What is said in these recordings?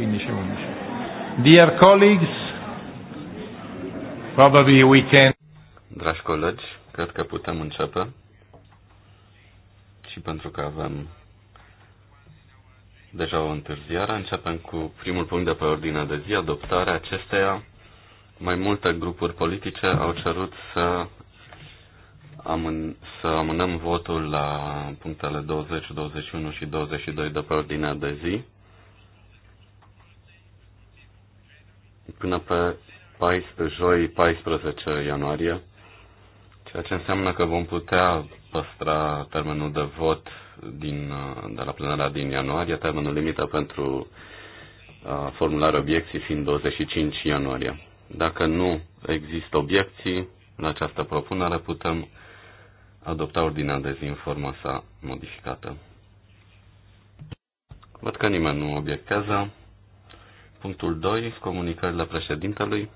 15 e 11. Dear colleagues, probably we can... Dragi colegi, cred că putem începe și pentru că avem deja o întârziere, începem cu primul punct de pe ordinea de zi, adoptarea acesteia. Mai multe grupuri politice au cerut să, amân, să amânăm votul la punctele 20, 21 și 22 de pe ordinea de zi. până pe 14, joi 14 ianuarie, ceea ce înseamnă că vom putea păstra termenul de vot din, de la plenarea din ianuarie, termenul limită pentru uh, formularea obiecții fiind 25 ianuarie. Dacă nu există obiecții la această propunere, putem adopta ordinea de zi în forma sa modificată. Văd că nimeni nu obiectează. Punctul 2. Comunicările președintelui.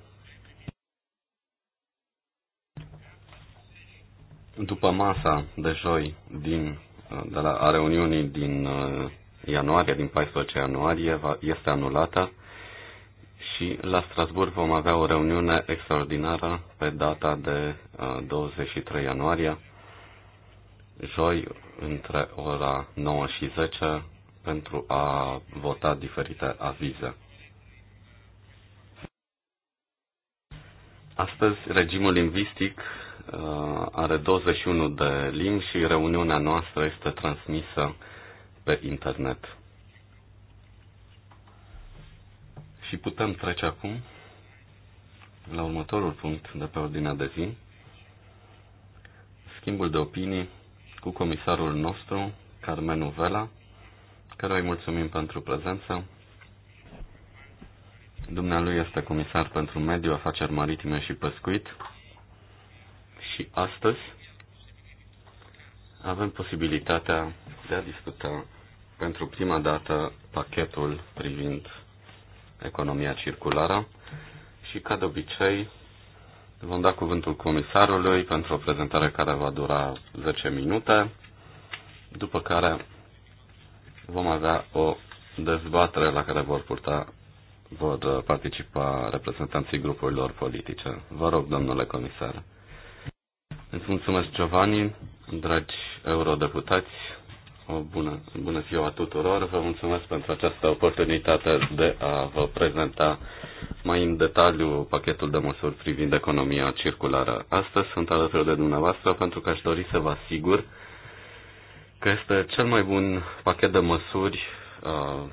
După masa de joi din, de la, a reuniunii din uh, ianuarie, din 14 ianuarie, este anulată și la Strasburg vom avea o reuniune extraordinară pe data de 23 uh, ianuarie, joi, între ora 9 și 10, pentru a vota diferite avize. Astăzi, regimul lingvistic uh, are 21 de limbi și reuniunea noastră este transmisă pe internet. Și putem trece acum la următorul punct de pe ordinea de zi, schimbul de opinii cu comisarul nostru, Carmenu Vela, care îi mulțumim pentru prezență Dumnealui este comisar pentru mediu, afaceri maritime și pescuit. Și astăzi avem posibilitatea de a discuta pentru prima dată pachetul privind economia circulară și, ca de obicei, vom da cuvântul comisarului pentru o prezentare care va dura 10 minute, după care vom avea o dezbatere la care vor purta vor uh, participa reprezentanții grupurilor politice. Vă rog, domnule comisar. Îți mulțumesc, Giovanni, dragi eurodeputați, o bună, bună ziua tuturor. Vă mulțumesc pentru această oportunitate de a vă prezenta mai în detaliu pachetul de măsuri privind economia circulară. Astăzi sunt alături de dumneavoastră pentru că aș dori să vă asigur că este cel mai bun pachet de măsuri uh,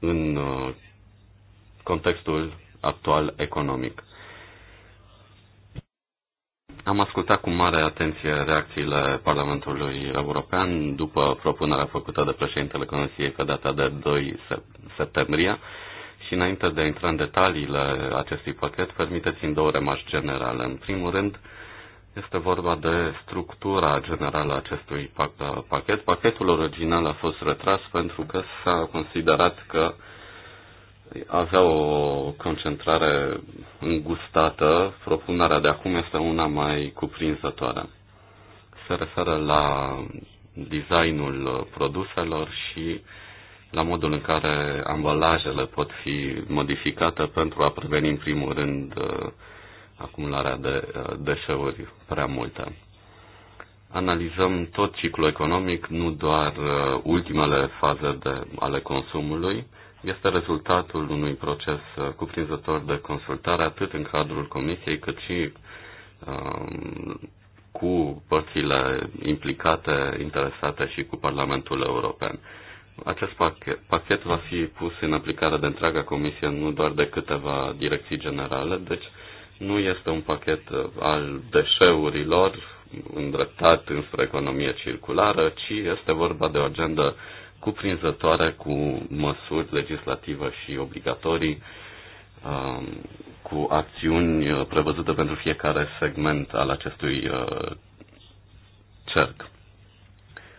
în uh, contextul actual economic. Am ascultat cu mare atenție reacțiile Parlamentului European după propunerea făcută de președintele Comisiei pe data de 2 septembrie și înainte de a intra în detaliile acestui pachet, permiteți-mi două remarci generale. În primul rând, este vorba de structura generală a acestui pachet. Pachetul original a fost retras pentru că s-a considerat că avea o concentrare îngustată, propunerea de acum este una mai cuprinzătoare. Se referă la designul produselor și la modul în care ambalajele pot fi modificate pentru a preveni, în primul rând, acumularea de deșeuri prea multe. Analizăm tot ciclul economic, nu doar ultimele faze de, ale consumului, este rezultatul unui proces uh, cuprinzător de consultare atât în cadrul Comisiei cât și um, cu părțile implicate, interesate și cu Parlamentul European. Acest pachet, pachet va fi pus în aplicare de întreaga Comisie, nu doar de câteva direcții generale, deci nu este un pachet uh, al deșeurilor îndreptat înspre economie circulară, ci este vorba de o agendă cuprinzătoare cu măsuri legislative și obligatorii, um, cu acțiuni uh, prevăzute pentru fiecare segment al acestui uh, cerc.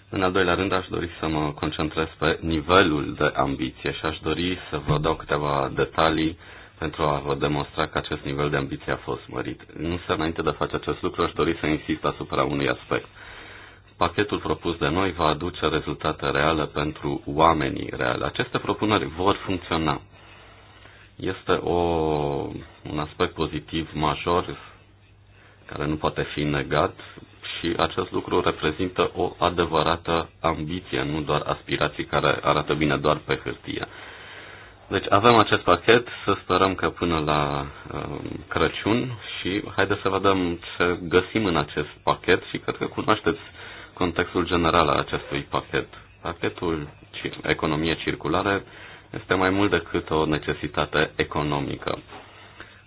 În al doilea rând, aș dori să mă concentrez pe nivelul de ambiție și aș dori să vă dau câteva detalii pentru a vă demonstra că acest nivel de ambiție a fost mărit. Însă, înainte de a face acest lucru, aș dori să insist asupra unui aspect pachetul propus de noi va aduce rezultate reale pentru oamenii reale. Aceste propuneri vor funcționa. Este o, un aspect pozitiv major care nu poate fi negat și acest lucru reprezintă o adevărată ambiție, nu doar aspirații care arată bine doar pe hârtie. Deci avem acest pachet, să sperăm că până la um, Crăciun și haideți să vedem ce găsim în acest pachet și cred că cunoașteți contextul general al acestui pachet. Pachetul economie circulară este mai mult decât o necesitate economică.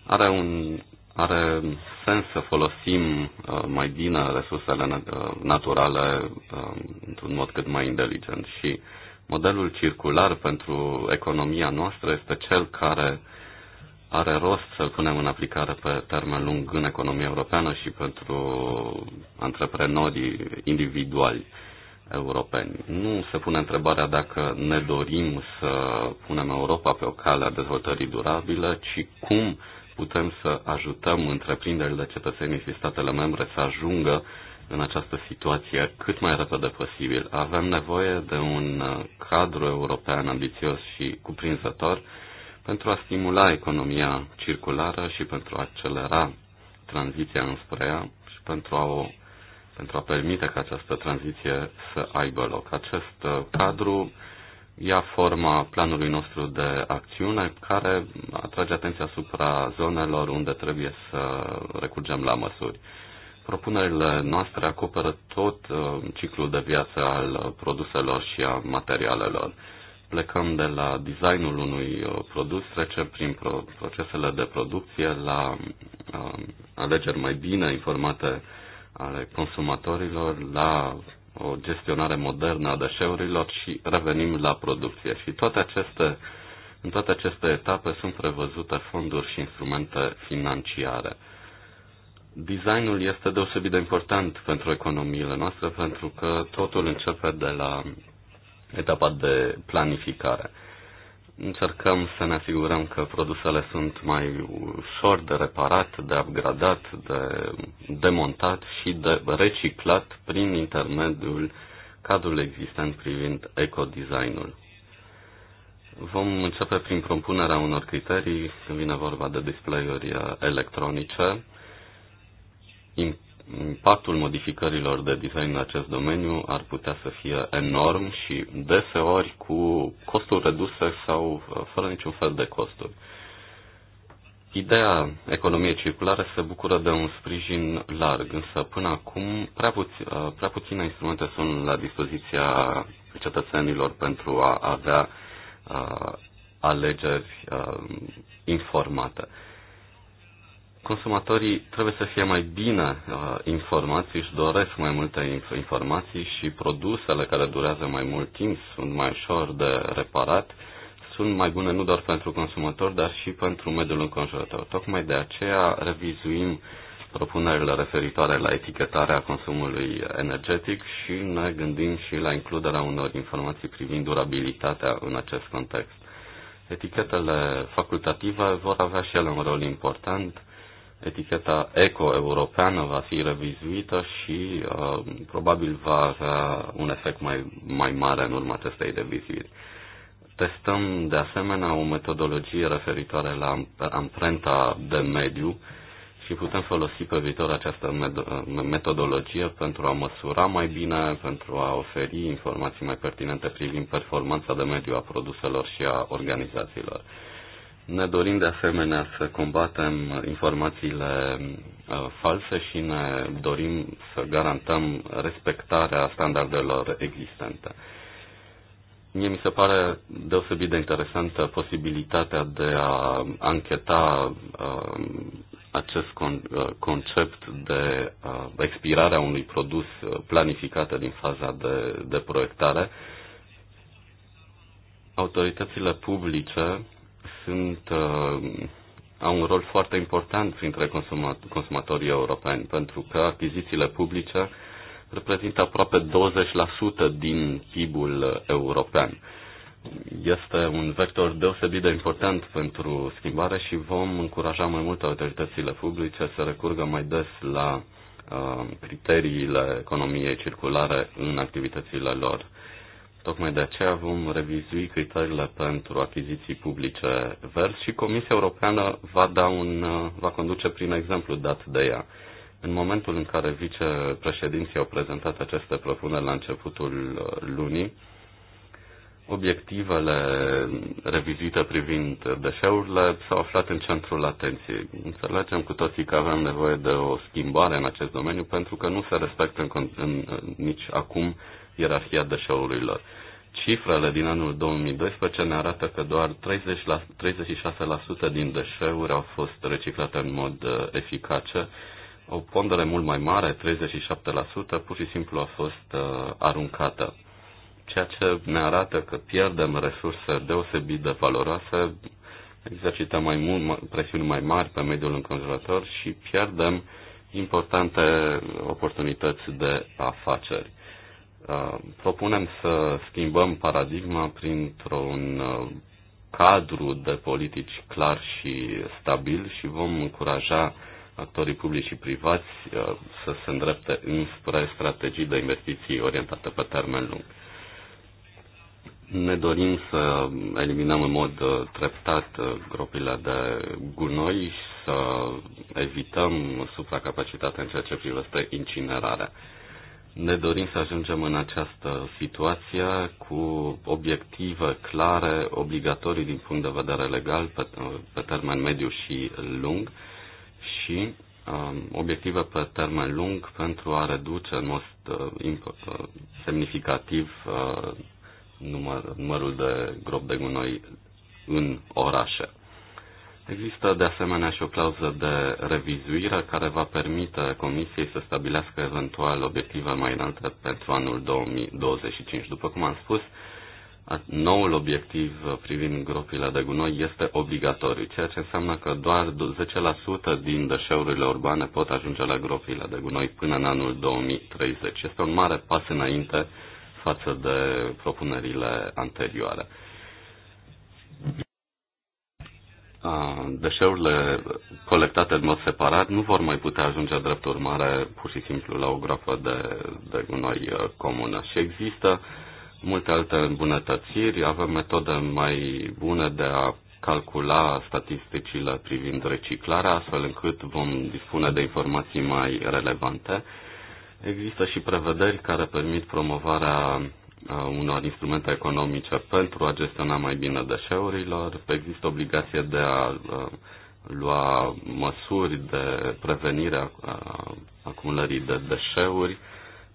Are un are sens să folosim uh, mai bine resursele uh, naturale uh, într-un mod cât mai inteligent și modelul circular pentru economia noastră este cel care are rost să-l punem în aplicare pe termen lung în economia europeană și pentru antreprenorii individuali europeni. Nu se pune întrebarea dacă ne dorim să punem Europa pe o cale a dezvoltării durabile, ci cum putem să ajutăm întreprinderile cetățenii și statele membre să ajungă în această situație cât mai repede posibil. Avem nevoie de un cadru european ambițios și cuprinzător pentru a stimula economia circulară și pentru a accelera tranziția înspre ea și pentru a, o, pentru a permite ca această tranziție să aibă loc. Acest uh, cadru ia forma planului nostru de acțiune care atrage atenția asupra zonelor unde trebuie să recurgem la măsuri. Propunerile noastre acoperă tot uh, ciclul de viață al produselor și a materialelor plecăm de la designul unui uh, produs, trecem prin procesele de producție la um, alegeri mai bine informate ale consumatorilor, la o gestionare modernă a deșeurilor și revenim la producție. Și toate aceste, în toate aceste etape sunt prevăzute fonduri și instrumente financiare. Designul este deosebit de important pentru economiile noastre pentru că totul începe de la etapa de planificare. Încercăm să ne asigurăm că produsele sunt mai ușor de reparat, de upgradat, de demontat și de reciclat prin intermediul cadrului existent privind ecodesignul. Vom începe prin propunerea unor criterii când vine vorba de display-uri electronice, impactul modificărilor de design în acest domeniu ar putea să fie enorm și deseori cu costuri reduse sau uh, fără niciun fel de costuri. Ideea economiei circulare se bucură de un sprijin larg, însă până acum prea, puț- uh, prea puține instrumente sunt la dispoziția cetățenilor pentru a avea uh, alegeri uh, informate. Uh, consumatorii trebuie să fie mai bine uh, informați, își doresc mai multe informații și produsele care durează mai mult timp sunt mai ușor de reparat, sunt mai bune nu doar pentru consumator, dar și pentru mediul înconjurător. Tocmai de aceea revizuim propunerile referitoare la etichetarea consumului energetic și ne gândim și la includerea unor informații privind durabilitatea în acest context. Etichetele facultative vor avea și ele un rol important eticheta eco-europeană va fi revizuită și uh, probabil va avea un efect mai, mai mare în urma acestei revizuiri. Testăm de asemenea o metodologie referitoare la amprenta de mediu și putem folosi pe viitor această uh, metodologie pentru a măsura mai bine, pentru a oferi informații mai pertinente privind performanța de mediu a produselor și a organizațiilor. Ne dorim de asemenea să combatem informațiile uh, false și ne dorim să garantăm respectarea standardelor existente. Mie mi se pare deosebit de interesantă posibilitatea de a ancheta uh, acest con- uh, concept de uh, expirarea unui produs uh, planificată din faza de, de proiectare. Autoritățile publice sunt, uh, au un rol foarte important printre consumat- consumatorii europeni, pentru că achizițiile publice reprezintă aproape 20% din PIB-ul european. Este un vector deosebit de important pentru schimbare și vom încuraja mai mult autoritățile publice să recurgă mai des la uh, criteriile economiei circulare în activitățile lor. Tocmai de aceea vom revizui criteriile pentru achiziții publice verzi și Comisia Europeană va, da un, va conduce prin exemplu dat de ea. În momentul în care vicepreședinții au prezentat aceste propuneri la începutul uh, lunii, obiectivele revizuite privind deșeurile s-au aflat în centrul atenției. Înțelegem cu toții că avem nevoie de o schimbare în acest domeniu pentru că nu se respectă în, în, nici acum ierarhia deșeurilor. Cifrele din anul 2012 ne arată că doar 30 la, 36% din deșeuri au fost reciclate în mod uh, eficace. O pondere mult mai mare, 37%, pur și simplu a fost uh, aruncată. Ceea ce ne arată că pierdem resurse deosebit de valoroase, exercităm mai mult, presiuni mai mari pe mediul înconjurător și pierdem importante oportunități de afaceri. Uh, propunem să schimbăm paradigma printr-un uh, cadru de politici clar și stabil și vom încuraja actorii publici și privați uh, să se îndrepte înspre strategii de investiții orientate pe termen lung. Ne dorim să eliminăm în mod treptat gropile de gunoi și să evităm supracapacitatea în ceea ce privește incinerarea ne dorim să ajungem în această situație cu obiective clare, obligatorii din punct de vedere legal, pe, pe termen mediu și lung și um, obiective pe termen lung pentru a reduce în mod uh, uh semnificativ uh, număr, numărul de gropi de gunoi în orașe. Există de asemenea și o clauză de revizuire care va permite Comisiei să stabilească eventual obiective mai înalte pentru anul 2025. După cum am spus, noul obiectiv privind gropile de gunoi este obligatoriu, ceea ce înseamnă că doar 10% din deșeurile urbane pot ajunge la gropile de gunoi până în anul 2030. Este un mare pas înainte față de propunerile anterioare. deșeurile colectate în mod separat nu vor mai putea ajunge drept urmare pur și simplu la o groapă de, de gunoi uh, comună. Și există multe alte îmbunătățiri, avem metode mai bune de a calcula statisticile privind reciclarea, astfel încât vom dispune de informații mai relevante. Există și prevederi care permit promovarea Uh, unor instrumente economice pentru a gestiona mai bine deșeurilor, există obligație de a uh, lua măsuri de prevenire a acumulării de deșeuri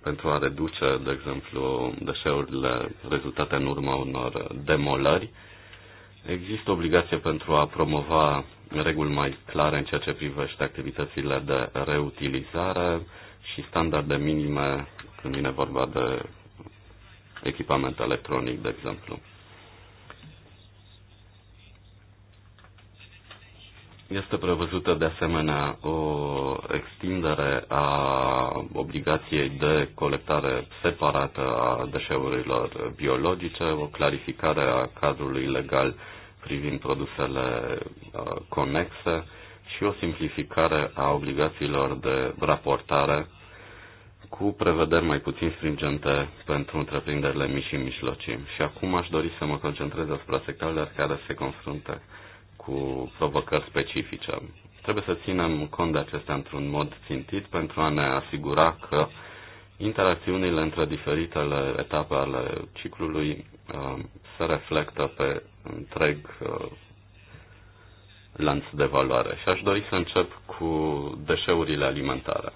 pentru a reduce, de exemplu, deșeurile rezultate în urma unor demolări. Există obligație pentru a promova reguli mai clare în ceea ce privește activitățile de reutilizare și standarde minime când vine vorba de echipament electronic, de exemplu. Este prevăzută de asemenea o extindere a obligației de colectare separată a deșeurilor biologice, o clarificare a cadrului legal privind produsele uh, conexe și o simplificare a obligațiilor de raportare cu prevederi mai puțin stringente pentru întreprinderile mici și mijlocii. Și acum aș dori să mă concentrez asupra sectoarelor care se confruntă cu provocări specifice. Trebuie să ținem cont de acestea într-un mod țintit pentru a ne asigura că interacțiunile între diferitele etape ale ciclului uh, se reflectă pe întreg uh, lanț de valoare. Și aș dori să încep cu deșeurile alimentare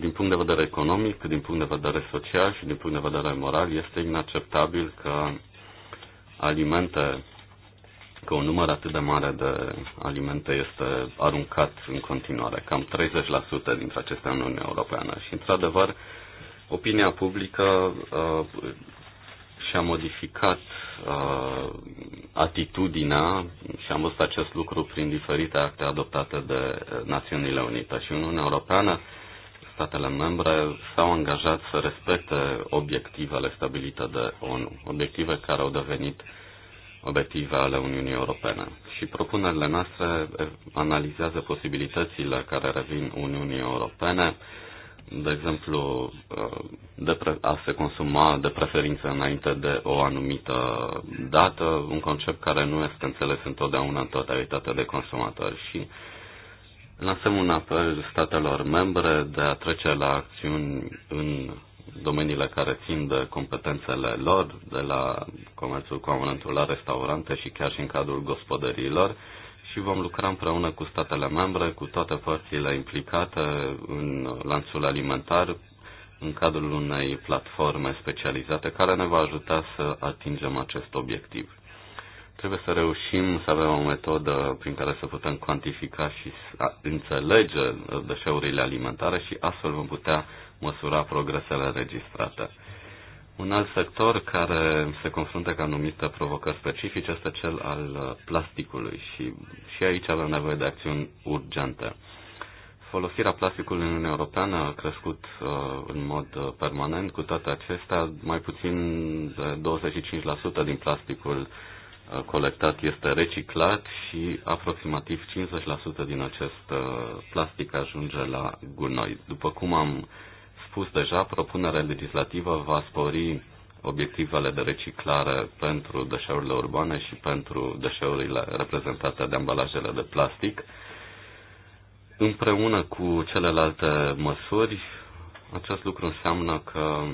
din punct de vedere economic, din punct de vedere social și din punct de vedere moral, este inacceptabil că alimente, că un număr atât de mare de alimente este aruncat în continuare, cam 30% dintre acestea în Uniunea Europeană. Și, într-adevăr, opinia publică uh, și-a modificat uh, atitudinea și am văzut acest lucru prin diferite acte adoptate de uh, Națiunile Unite. Și Uniunea Europeană statele membre s-au angajat să respecte obiectivele stabilite de ONU, obiective care au devenit obiective ale Uniunii Europene. Și propunerile noastre analizează posibilitățile care revin Uniunii Europene, de exemplu, de pre- a se consuma de preferință înainte de o anumită dată, un concept care nu este înțeles întotdeauna în totalitate de consumatori și Lansăm un apel statelor membre de a trece la acțiuni în domeniile care țin de competențele lor, de la comerțul cu amănântul la restaurante și chiar și în cadrul gospodăriilor și vom lucra împreună cu statele membre, cu toate părțile implicate în lanțul alimentar, în cadrul unei platforme specializate care ne va ajuta să atingem acest obiectiv. Trebuie să reușim să avem o metodă prin care să putem cuantifica și să înțelege deșeurile alimentare și astfel vom putea măsura progresele înregistrate. Un alt sector care se confruntă cu anumite provocări specifice este cel al plasticului și, și aici avem nevoie de acțiuni urgente. Folosirea plasticului în Uniunea Europeană a crescut uh, în mod uh, permanent, cu toate acestea mai puțin de 25% din plasticul colectat este reciclat și aproximativ 50% din acest uh, plastic ajunge la gunoi. După cum am spus deja, propunerea legislativă va spori obiectivele de reciclare pentru deșeurile urbane și pentru deșeurile reprezentate de ambalajele de plastic. Împreună cu celelalte măsuri, acest lucru înseamnă că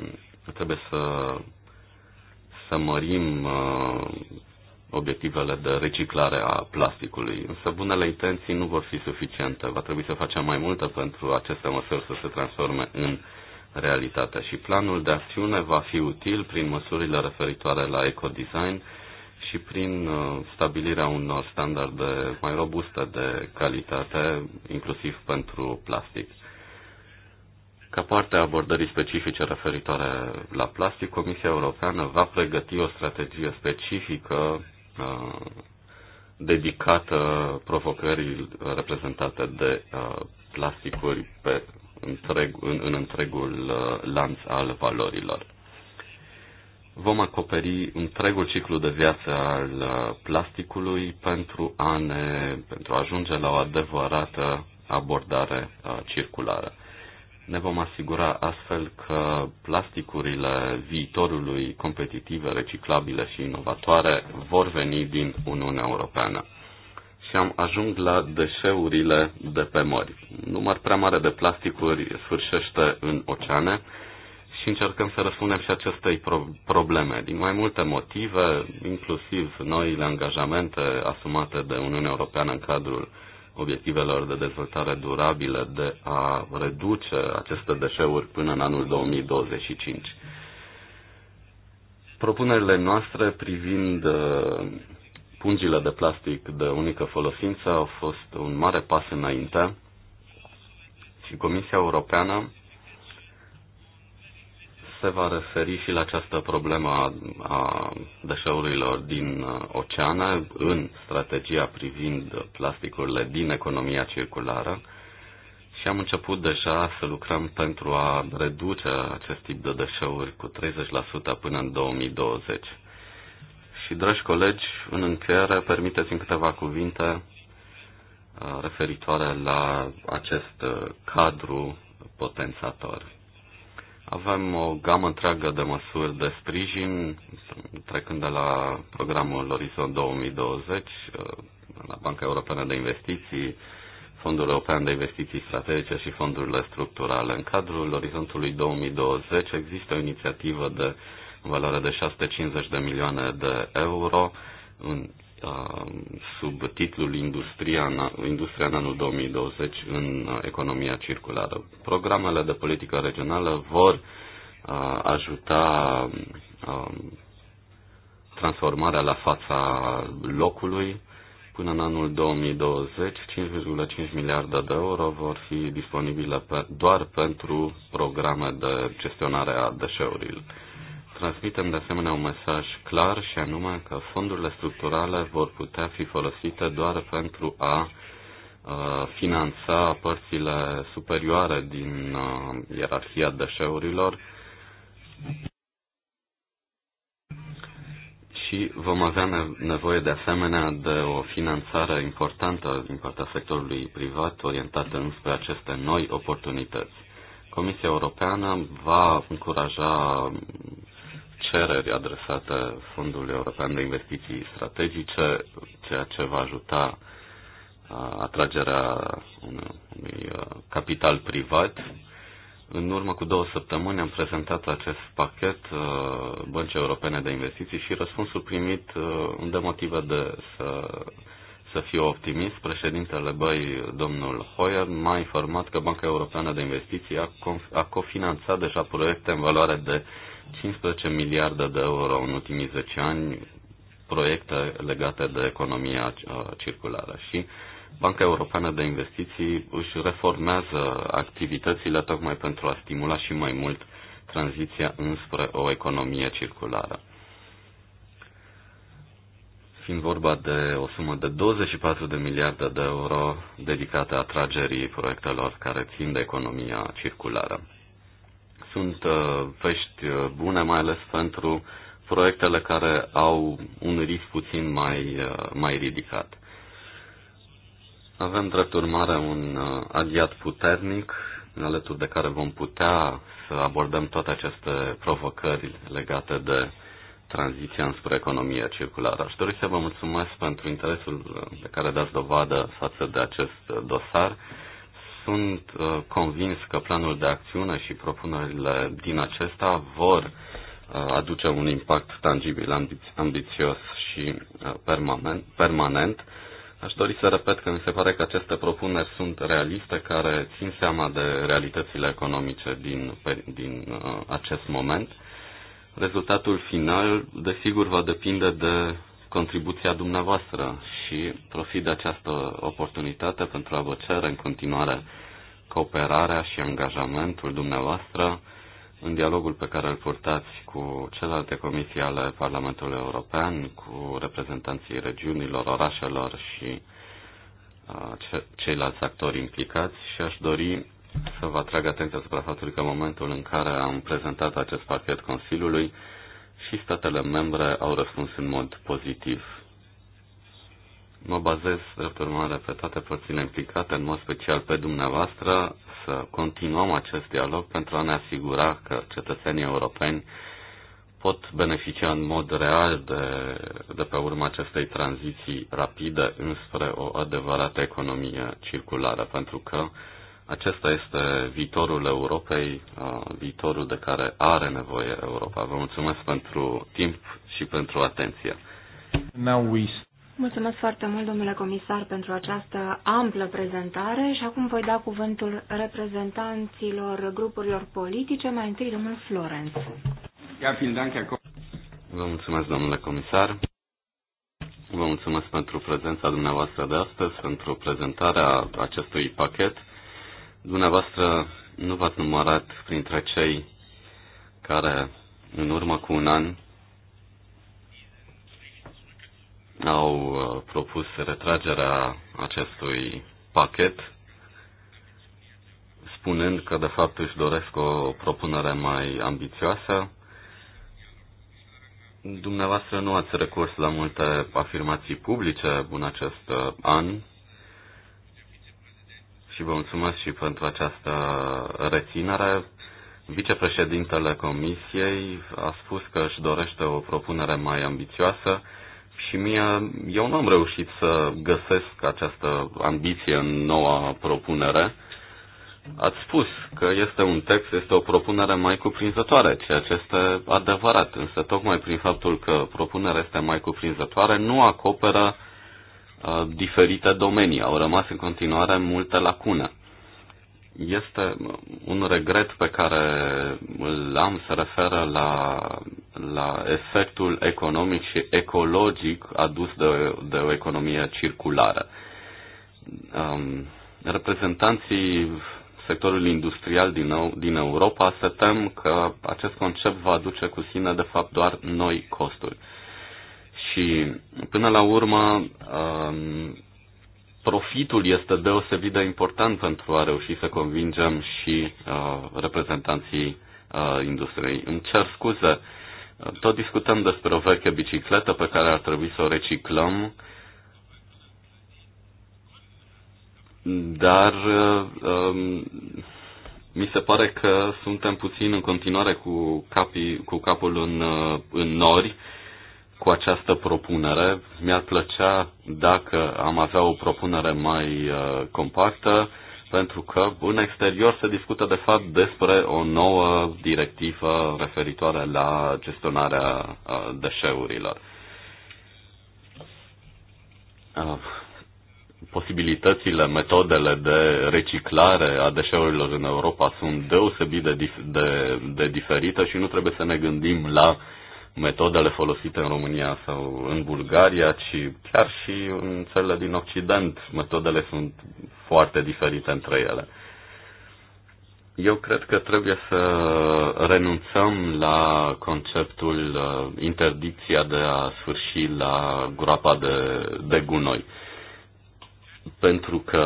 trebuie să să mărim uh, obiectivele de reciclare a plasticului. Însă bunele intenții nu vor fi suficiente. Va trebui să facem mai multe pentru aceste măsuri să se transforme în realitate. Și planul de acțiune va fi util prin măsurile referitoare la ecodesign și prin uh, stabilirea unor standarde mai robuste de calitate, inclusiv pentru plastic. Ca parte a abordării specifice referitoare la plastic, Comisia Europeană va pregăti o strategie specifică Uh, dedicată provocării uh, reprezentate de uh, plasticuri pe întreg, în, în întregul lanț al valorilor. Vom acoperi întregul ciclu de viață al plasticului pentru a, ne, pentru a ajunge la o adevărată abordare circulară. Ne vom asigura astfel că plasticurile viitorului competitive, reciclabile și inovatoare vor veni din Uniunea Europeană. Și am ajung la deșeurile de pe mări. Număr prea mare de plasticuri sfârșește în oceane și încercăm să răspundem și acestei pro- probleme din mai multe motive, inclusiv noile angajamente asumate de Uniunea Europeană în cadrul uh, obiectivelor de dezvoltare durabilă de a reduce aceste deșeuri până în anul 2025. Propunerile noastre privind uh, pungile de plastic de unică folosință au fost un mare pas înainte și Comisia Europeană se va referi și la această problemă a, a deșeurilor din uh, oceane în strategia privind plasticurile din economia circulară și am început deja să lucrăm pentru a reduce acest tip de deșeuri cu 30% până în 2020. Și, dragi colegi, în încheiere, permiteți-mi câteva cuvinte uh, referitoare la acest uh, cadru potențator. Avem o gamă întreagă de măsuri de sprijin, trecând de la programul Orizon 2020, uh, la Banca Europeană de Investiții, Fondul European de Investiții Strategice și fondurile structurale. În cadrul Orizontului 2020 există o inițiativă de valoare de 650 de milioane de euro în sub titlul Industria Industria în anul 2020 în economia circulară. Programele de politică regională vor ajuta transformarea la fața locului. Până în anul 2020, 5,5 miliarde de euro vor fi disponibile doar pentru programe de gestionare a deșeurilor transmitem de asemenea un mesaj clar și anume că fondurile structurale vor putea fi folosite doar pentru a uh, finanța părțile superioare din uh, ierarhia deșeurilor și vom avea nevoie de asemenea de o finanțare importantă din partea sectorului privat orientată înspre aceste noi oportunități. Comisia Europeană va încuraja cereri adresate Fondului European de Investiții Strategice, ceea ce va ajuta atragerea unui capital privat. În urmă cu două săptămâni am prezentat acest pachet Băncii Europene de Investiții și răspunsul primit îmi dă motive de să, să fiu optimist. Președintele Băi, domnul Hoyer, m-a informat că Banca Europeană de Investiții a, a cofinanțat deja proiecte în valoare de 15 miliarde de euro în ultimii 10 ani proiecte legate de economia uh, circulară și Banca Europeană de Investiții își reformează activitățile tocmai pentru a stimula și mai mult tranziția înspre o economie circulară. Fiind vorba de o sumă de 24 de miliarde de euro dedicate atragerii proiectelor care țin de economia circulară sunt uh, vești uh, bune, mai ales pentru proiectele care au un risc puțin mai, uh, mai ridicat. Avem drept urmare un aliat puternic alături de care vom putea să abordăm toate aceste provocări legate de tranziția înspre economia circulară. Aș dori să vă mulțumesc pentru interesul pe care dați dovadă față de acest dosar. Sunt uh, convins că planul de acțiune și propunerile din acesta vor uh, aduce un impact tangibil, ambi- ambițios și uh, permanent, permanent. Aș dori să repet că mi se pare că aceste propuneri sunt realiste, care țin seama de realitățile economice din, din acest moment. Rezultatul final, desigur, va depinde de contribuția dumneavoastră și profit de această oportunitate pentru a vă cere în continuare cooperarea și angajamentul dumneavoastră în dialogul pe care îl purtați cu celelalte comisii ale Parlamentului European, cu reprezentanții regiunilor, orașelor și ceilalți actori implicați și aș dori să vă atrag atenția asupra faptului că în momentul în care am prezentat acest pachet Consiliului, și statele membre au răspuns în mod pozitiv. Mă bazez, drept urmare, pe toate părțile implicate, în mod special pe dumneavoastră, să continuăm acest dialog pentru a ne asigura că cetățenii europeni pot beneficia în mod real de, de pe urma acestei tranziții rapide înspre o adevărată economie circulară, pentru că acesta este viitorul Europei, viitorul de care are nevoie Europa. Vă mulțumesc pentru timp și pentru atenție. Now we... Mulțumesc foarte mult, domnule comisar, pentru această amplă prezentare și acum voi da cuvântul reprezentanților grupurilor politice, mai întâi domnul Florenț. Vă mulțumesc, domnule comisar. Vă mulțumesc pentru prezența dumneavoastră de astăzi, pentru prezentarea acestui pachet Dumneavoastră nu v-ați numărat printre cei care în urmă cu un an au uh, propus retragerea acestui pachet, spunând că de fapt își doresc o propunere mai ambițioasă. Dumneavoastră nu ați recurs la multe afirmații publice în acest uh, an, și vă mulțumesc și pentru această reținere. Vicepreședintele Comisiei a spus că își dorește o propunere mai ambițioasă și mie, eu nu am reușit să găsesc această ambiție în noua propunere. Ați spus că este un text, este o propunere mai cuprinzătoare, ceea ce este adevărat, însă tocmai prin faptul că propunerea este mai cuprinzătoare nu acoperă Uh, diferite domenii. Au rămas în continuare multe lacune. Este un regret pe care îl am, se referă la, la efectul economic și ecologic adus de, de o economie circulară. Um, reprezentanții sectorul industrial din, nou, din Europa, se tem că acest concept va aduce cu sine, de fapt, doar noi costuri. Și până la urmă, um, profitul este deosebit de important pentru a reuși să convingem și uh, reprezentanții uh, industriei. Îmi cer scuze, tot discutăm despre o veche bicicletă pe care ar trebui să o reciclăm, dar um, mi se pare că suntem puțin în continuare cu, capii, cu capul în, uh, în nori cu această propunere. Mi-ar plăcea dacă am avea o propunere mai uh, compactă, pentru că în exterior se discută de fapt despre o nouă directivă referitoare la gestionarea uh, deșeurilor. Uh, posibilitățile, metodele de reciclare a deșeurilor în Europa sunt deosebit de, de, de diferite și nu trebuie să ne gândim la uh, metodele folosite în România sau în Bulgaria, ci chiar și în țările din Occident, metodele sunt foarte diferite între ele. Eu cred că trebuie să renunțăm la conceptul uh, interdicția de a sfârși la groapa de, de gunoi. Pentru că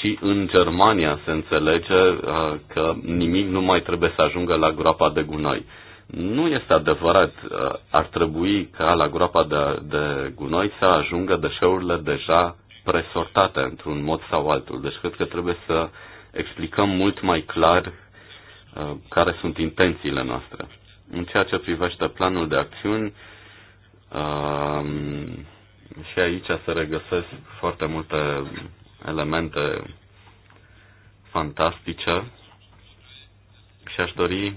și în Germania se înțelege uh, că nimic nu mai trebuie să ajungă la groapa de gunoi. Nu este adevărat. Uh, ar trebui ca la groapa de, de gunoi să ajungă deșeurile deja presortate într-un mod sau altul. Deci cred că trebuie să explicăm mult mai clar uh, care sunt intențiile noastre. În ceea ce privește planul de acțiuni, um, și aici se regăsesc foarte multe elemente fantastice și aș dori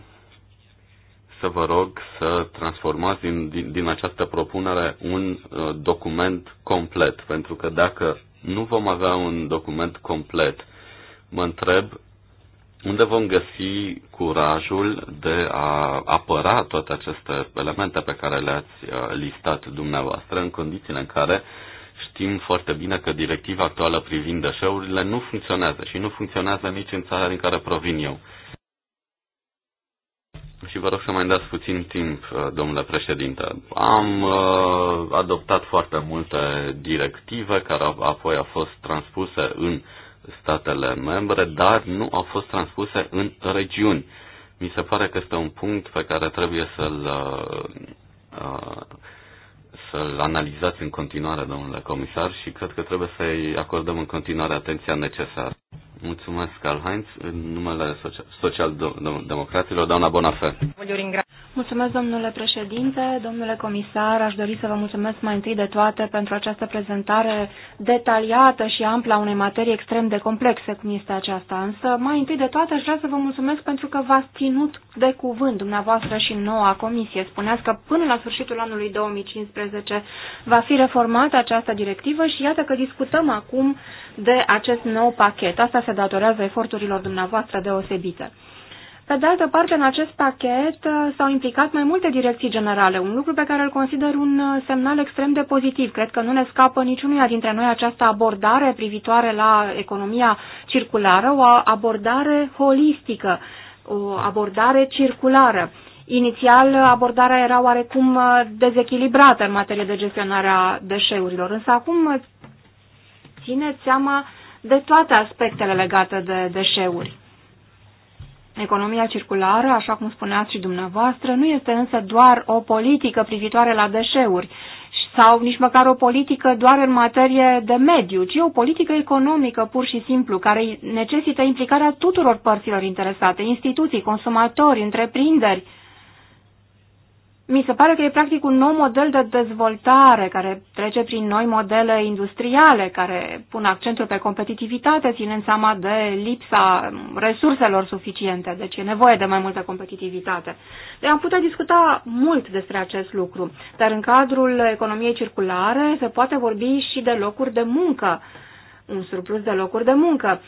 să vă rog să transformați din, din, din această propunere un uh, document complet, pentru că dacă nu vom avea un document complet, mă întreb unde vom găsi curajul de a apăra toate aceste elemente pe care le-ați uh, listat dumneavoastră în condițiile în care știm foarte bine că directiva actuală privind deșeurile nu funcționează și nu funcționează nici în țara din care provin eu și vă rog să mai dați puțin timp, uh, domnule președinte. Am uh, adoptat foarte multe directive care apoi au fost transpuse în statele membre, dar nu au fost transpuse în regiuni. Mi se pare că este un punct pe care trebuie să-l uh, uh, să-l analizați în continuare, domnule comisar, și cred că trebuie să-i acordăm în continuare atenția necesară. Mulțumesc, Karl Heinz. În numele social-democraților, doamna Bonafé. Mulțumesc, domnule președinte, domnule comisar. Aș dori să vă mulțumesc mai întâi de toate pentru această prezentare detaliată și amplă a unei materii extrem de complexe, cum este aceasta. Însă, mai întâi de toate, aș vrea să vă mulțumesc pentru că v-ați ținut de cuvânt dumneavoastră și noua comisie. Spuneați că până la sfârșitul anului 2015 va fi reformată această directivă și iată că discutăm acum de acest nou pachet mult. Asta se datorează eforturilor dumneavoastră deosebite. Pe de altă parte, în acest pachet uh, s-au implicat mai multe direcții generale, un lucru pe care îl consider un uh, semnal extrem de pozitiv. Cred că nu ne scapă niciunuia dintre noi această abordare privitoare la economia circulară, o abordare holistică, o abordare circulară. Inițial, abordarea era oarecum uh, dezechilibrată în materie de gestionare a deșeurilor, însă acum țineți seama de toate aspectele legate de deșeuri. Economia circulară, așa cum spuneați și dumneavoastră, nu este însă doar o politică privitoare la deșeuri sau nici măcar o politică doar în materie de mediu, ci o politică economică pur și simplu, care necesită implicarea tuturor părților interesate, instituții, consumatori, întreprinderi, mi se pare că e practic un nou model de dezvoltare care trece prin noi modele industriale care pun accentul pe competitivitate, ținând seama de lipsa resurselor suficiente, deci e nevoie de mai multă competitivitate. Deci am putea discuta mult despre acest lucru, dar în cadrul economiei circulare se poate vorbi și de locuri de muncă, un surplus de locuri de muncă.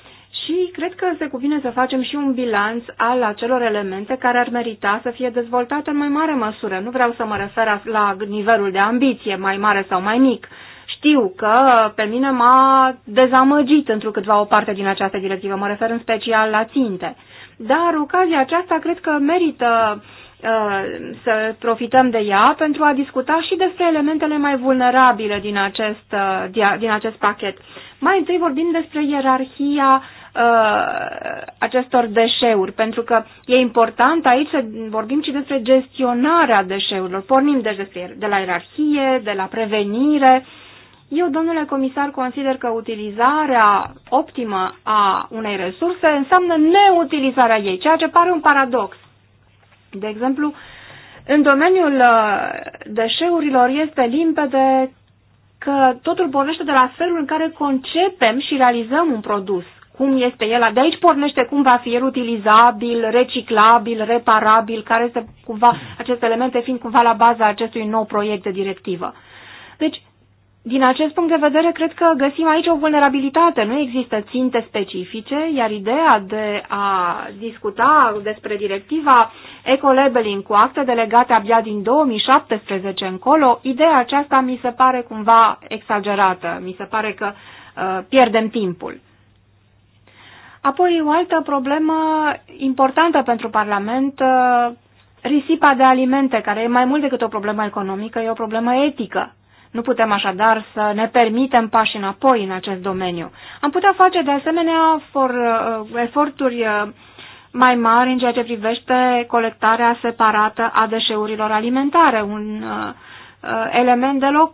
Și cred că se cuvine să facem și un bilanț al acelor elemente care ar merita să fie dezvoltate în mai mare măsură. Nu vreau să mă refer la nivelul de ambiție, mai mare sau mai mic. Știu că pe mine m-a dezamăgit într-o câtva o parte din această directivă, mă refer în special la ținte. Dar ocazia aceasta cred că merită uh, să profităm de ea pentru a discuta și despre elementele mai vulnerabile din acest, uh, din acest pachet. Mai întâi vorbim despre ierarhia Uh, acestor deșeuri, pentru că e important aici să vorbim și despre gestionarea deșeurilor. Pornim deci despre, de la ierarhie, de la prevenire. Eu, domnule comisar, consider că utilizarea optimă a unei resurse înseamnă neutilizarea ei, ceea ce pare un paradox. De exemplu, în domeniul uh, deșeurilor este limpede că totul pornește de la felul în care concepem și realizăm un produs cum este el. De aici pornește cum va fi el utilizabil, reciclabil, reparabil, care este cumva, aceste elemente fiind cumva la baza acestui nou proiect de directivă. Deci, din acest punct de vedere, cred că găsim aici o vulnerabilitate. Nu există ținte specifice, iar ideea de a discuta despre directiva eco-labeling cu acte delegate abia din 2017 încolo, ideea aceasta mi se pare cumva exagerată. Mi se pare că uh, pierdem timpul. Apoi o altă problemă importantă pentru Parlament, uh, risipa de alimente, care e mai mult decât o problemă economică, e o problemă etică. Nu putem așadar să ne permitem pași înapoi în acest domeniu. Am putea face de asemenea for, uh, eforturi uh, mai mari în ceea ce privește colectarea separată a deșeurilor alimentare, un element deloc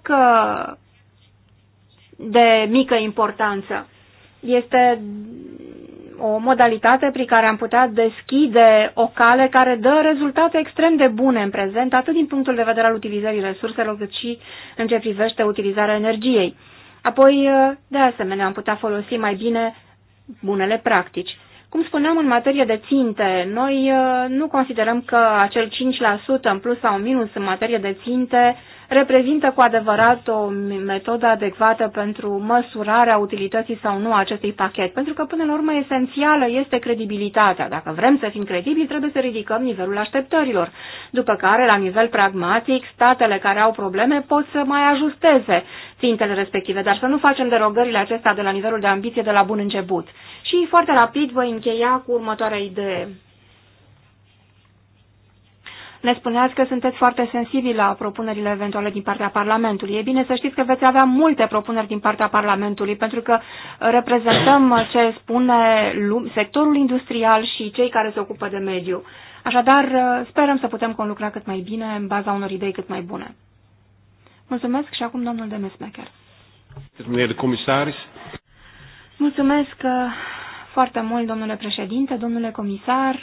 de mică importanță. Este o modalitate prin care am putea deschide o cale care dă rezultate extrem de bune în prezent, atât din punctul de vedere al utilizării resurselor, cât și în ce privește utilizarea energiei. Apoi, de asemenea, am putea folosi mai bine bunele practici. Cum spuneam, în materie de ținte, noi uh, nu considerăm că acel 5% în plus sau în minus în materie de ținte reprezintă cu adevărat o metodă adecvată pentru măsurarea utilității sau nu a acestui pachet, pentru că până la urmă esențială este credibilitatea. Dacă vrem să fim credibili, trebuie să ridicăm nivelul așteptărilor, după care, la nivel pragmatic, statele care au probleme pot să mai ajusteze țintele respective, dar să nu facem derogările acestea de la nivelul de ambiție de la bun început. Și foarte rapid voi încheia cu următoarea idee. Ne spuneați că sunteți foarte sensibili la propunerile eventuale din partea Parlamentului. E bine să știți că veți avea multe propuneri din partea Parlamentului, pentru că reprezentăm ce spune sectorul industrial și cei care se ocupă de mediu. Așadar, sperăm să putem conlucra cât mai bine, în baza unor idei cât mai bune. Mulțumesc și acum domnul Demesmecher. Domnule Mulțumesc uh, foarte mult, domnule președinte, domnule comisar,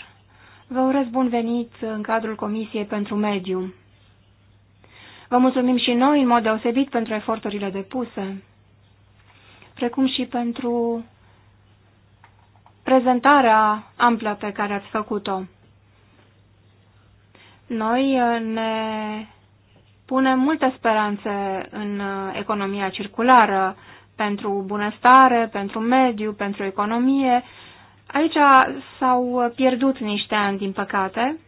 Vă urez bun venit în cadrul Comisiei pentru Mediu. Vă mulțumim și noi în mod deosebit pentru eforturile depuse, precum și pentru prezentarea amplă pe care ați făcut-o. Noi uh, ne punem multe speranțe în uh, economia circulară, pentru bunăstare, pentru mediu, pentru economie Aici s-au pierdut niște ani, din păcate,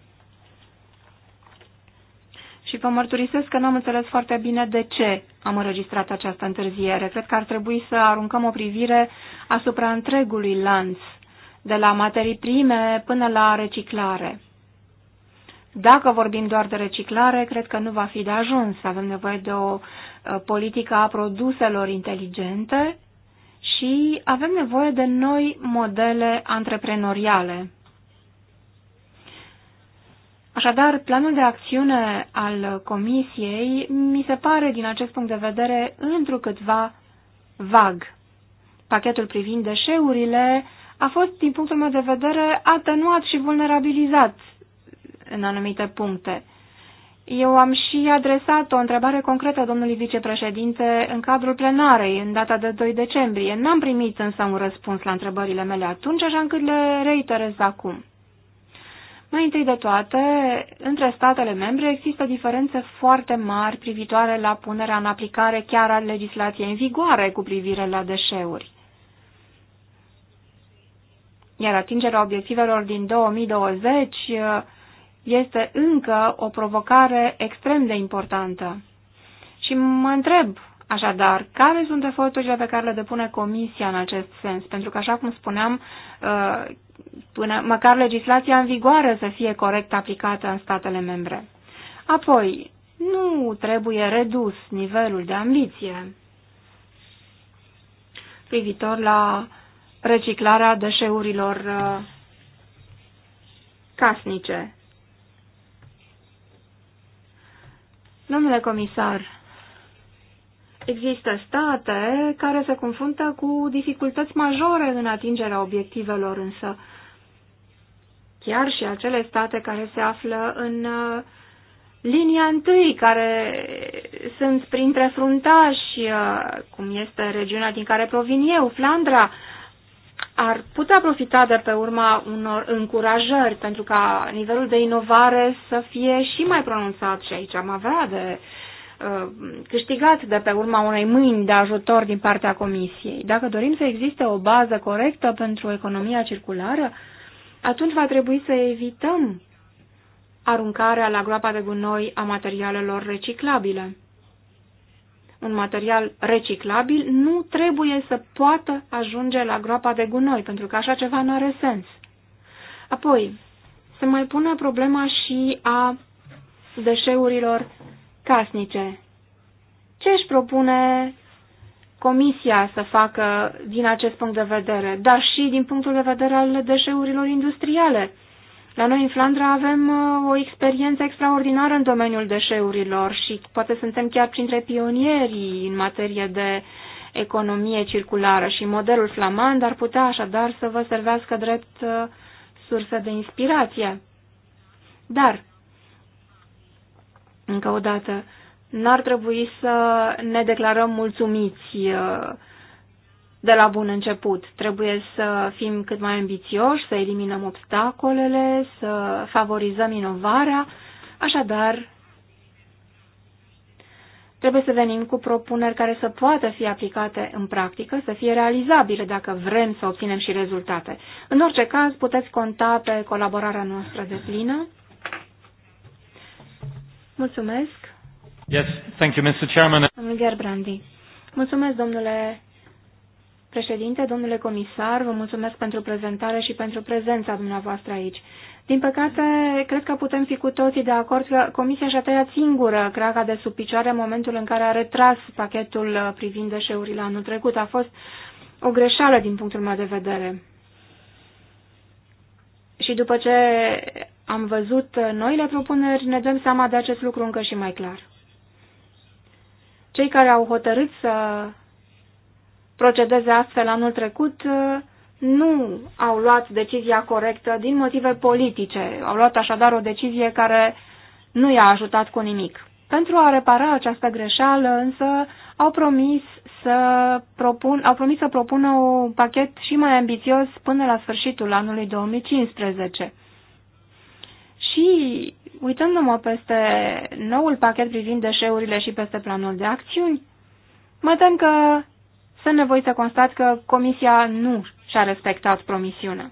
și vă mărturisesc că n-am înțeles foarte bine de ce am înregistrat această întârziere. Cred că ar trebui să aruncăm o privire asupra întregului lanț, de la materii prime până la reciclare. Dacă vorbim doar de reciclare, cred că nu va fi de ajuns. Avem nevoie de o uh, politică a produselor inteligente și avem nevoie de noi modele antreprenoriale. Așadar, planul de acțiune al Comisiei mi se pare, din acest punct de vedere, întrucâtva vag. Pachetul privind deșeurile a fost, din punctul meu de vedere, atenuat și vulnerabilizat în anumite puncte. Eu am și adresat o întrebare concretă domnului vicepreședinte în cadrul plenarei, în data de 2 decembrie. N-am primit însă un răspuns la întrebările mele atunci, așa încât le reiterez acum. Mai întâi de toate, între statele membre există diferențe foarte mari privitoare la punerea în aplicare chiar a legislației în vigoare cu privire la deșeuri. Iar atingerea obiectivelor din 2020 este încă o provocare extrem de importantă. Și mă întreb, așadar, care sunt eforturile pe care le depune Comisia în acest sens? Pentru că, așa cum spuneam, uh, până măcar legislația în vigoare să fie corect aplicată în statele membre. Apoi, nu trebuie redus nivelul de ambiție privitor la reciclarea deșeurilor uh, casnice. Domnule comisar, există state care se confruntă cu dificultăți majore în atingerea obiectivelor, însă chiar și acele state care se află în uh, linia întâi, care sunt printre fruntași, uh, cum este regiunea din care provin eu, Flandra, ar putea profita de pe urma unor încurajări pentru ca nivelul de inovare să fie și mai pronunțat și aici am avea de uh, câștigat de pe urma unei mâini de ajutor din partea Comisiei. Dacă dorim să existe o bază corectă pentru economia circulară, atunci va trebui să evităm aruncarea la groapa de gunoi a materialelor reciclabile un material reciclabil nu trebuie să poată ajunge la groapa de gunoi, pentru că așa ceva nu are sens. Apoi, se mai pune problema și a deșeurilor casnice. Ce își propune Comisia să facă din acest punct de vedere, dar și din punctul de vedere al deșeurilor industriale? La noi în Flandra avem uh, o experiență extraordinară în domeniul deșeurilor și poate suntem chiar printre pionierii în materie de economie circulară și modelul flamand ar putea așadar să vă servească drept uh, sursă de inspirație. Dar, încă o dată, n-ar trebui să ne declarăm mulțumiți uh, de la bun început. Trebuie să fim cât mai ambițioși, să eliminăm obstacolele, să favorizăm inovarea. Așadar, trebuie să venim cu propuneri care să poată fi aplicate în practică, să fie realizabile dacă vrem să obținem și rezultate. În orice caz, puteți conta pe colaborarea noastră de plină. Mulțumesc. Yes, thank you, Mr. Chairman. Gerbrandi. Mulțumesc, domnule Președinte, domnule comisar, vă mulțumesc pentru prezentare și pentru prezența dumneavoastră aici. Din păcate, cred că putem fi cu toții de acord că Comisia și-a tăiat singură craca de sub picioare în momentul în care a retras pachetul privind deșeurile anul trecut. A fost o greșeală din punctul meu de vedere. Și după ce am văzut noile propuneri, ne dăm seama de acest lucru încă și mai clar. Cei care au hotărât să procedeze astfel anul trecut uh, nu au luat decizia corectă din motive politice. Au luat așadar o decizie care nu i-a ajutat cu nimic. Pentru a repara această greșeală, însă, au promis să, propun, au promis să propună un pachet și mai ambițios până la sfârșitul anului 2015. Și, uitându-mă peste noul pachet privind deșeurile și peste planul de acțiuni, mă tem că sunt nevoi să constat că Comisia nu și-a respectat promisiunea.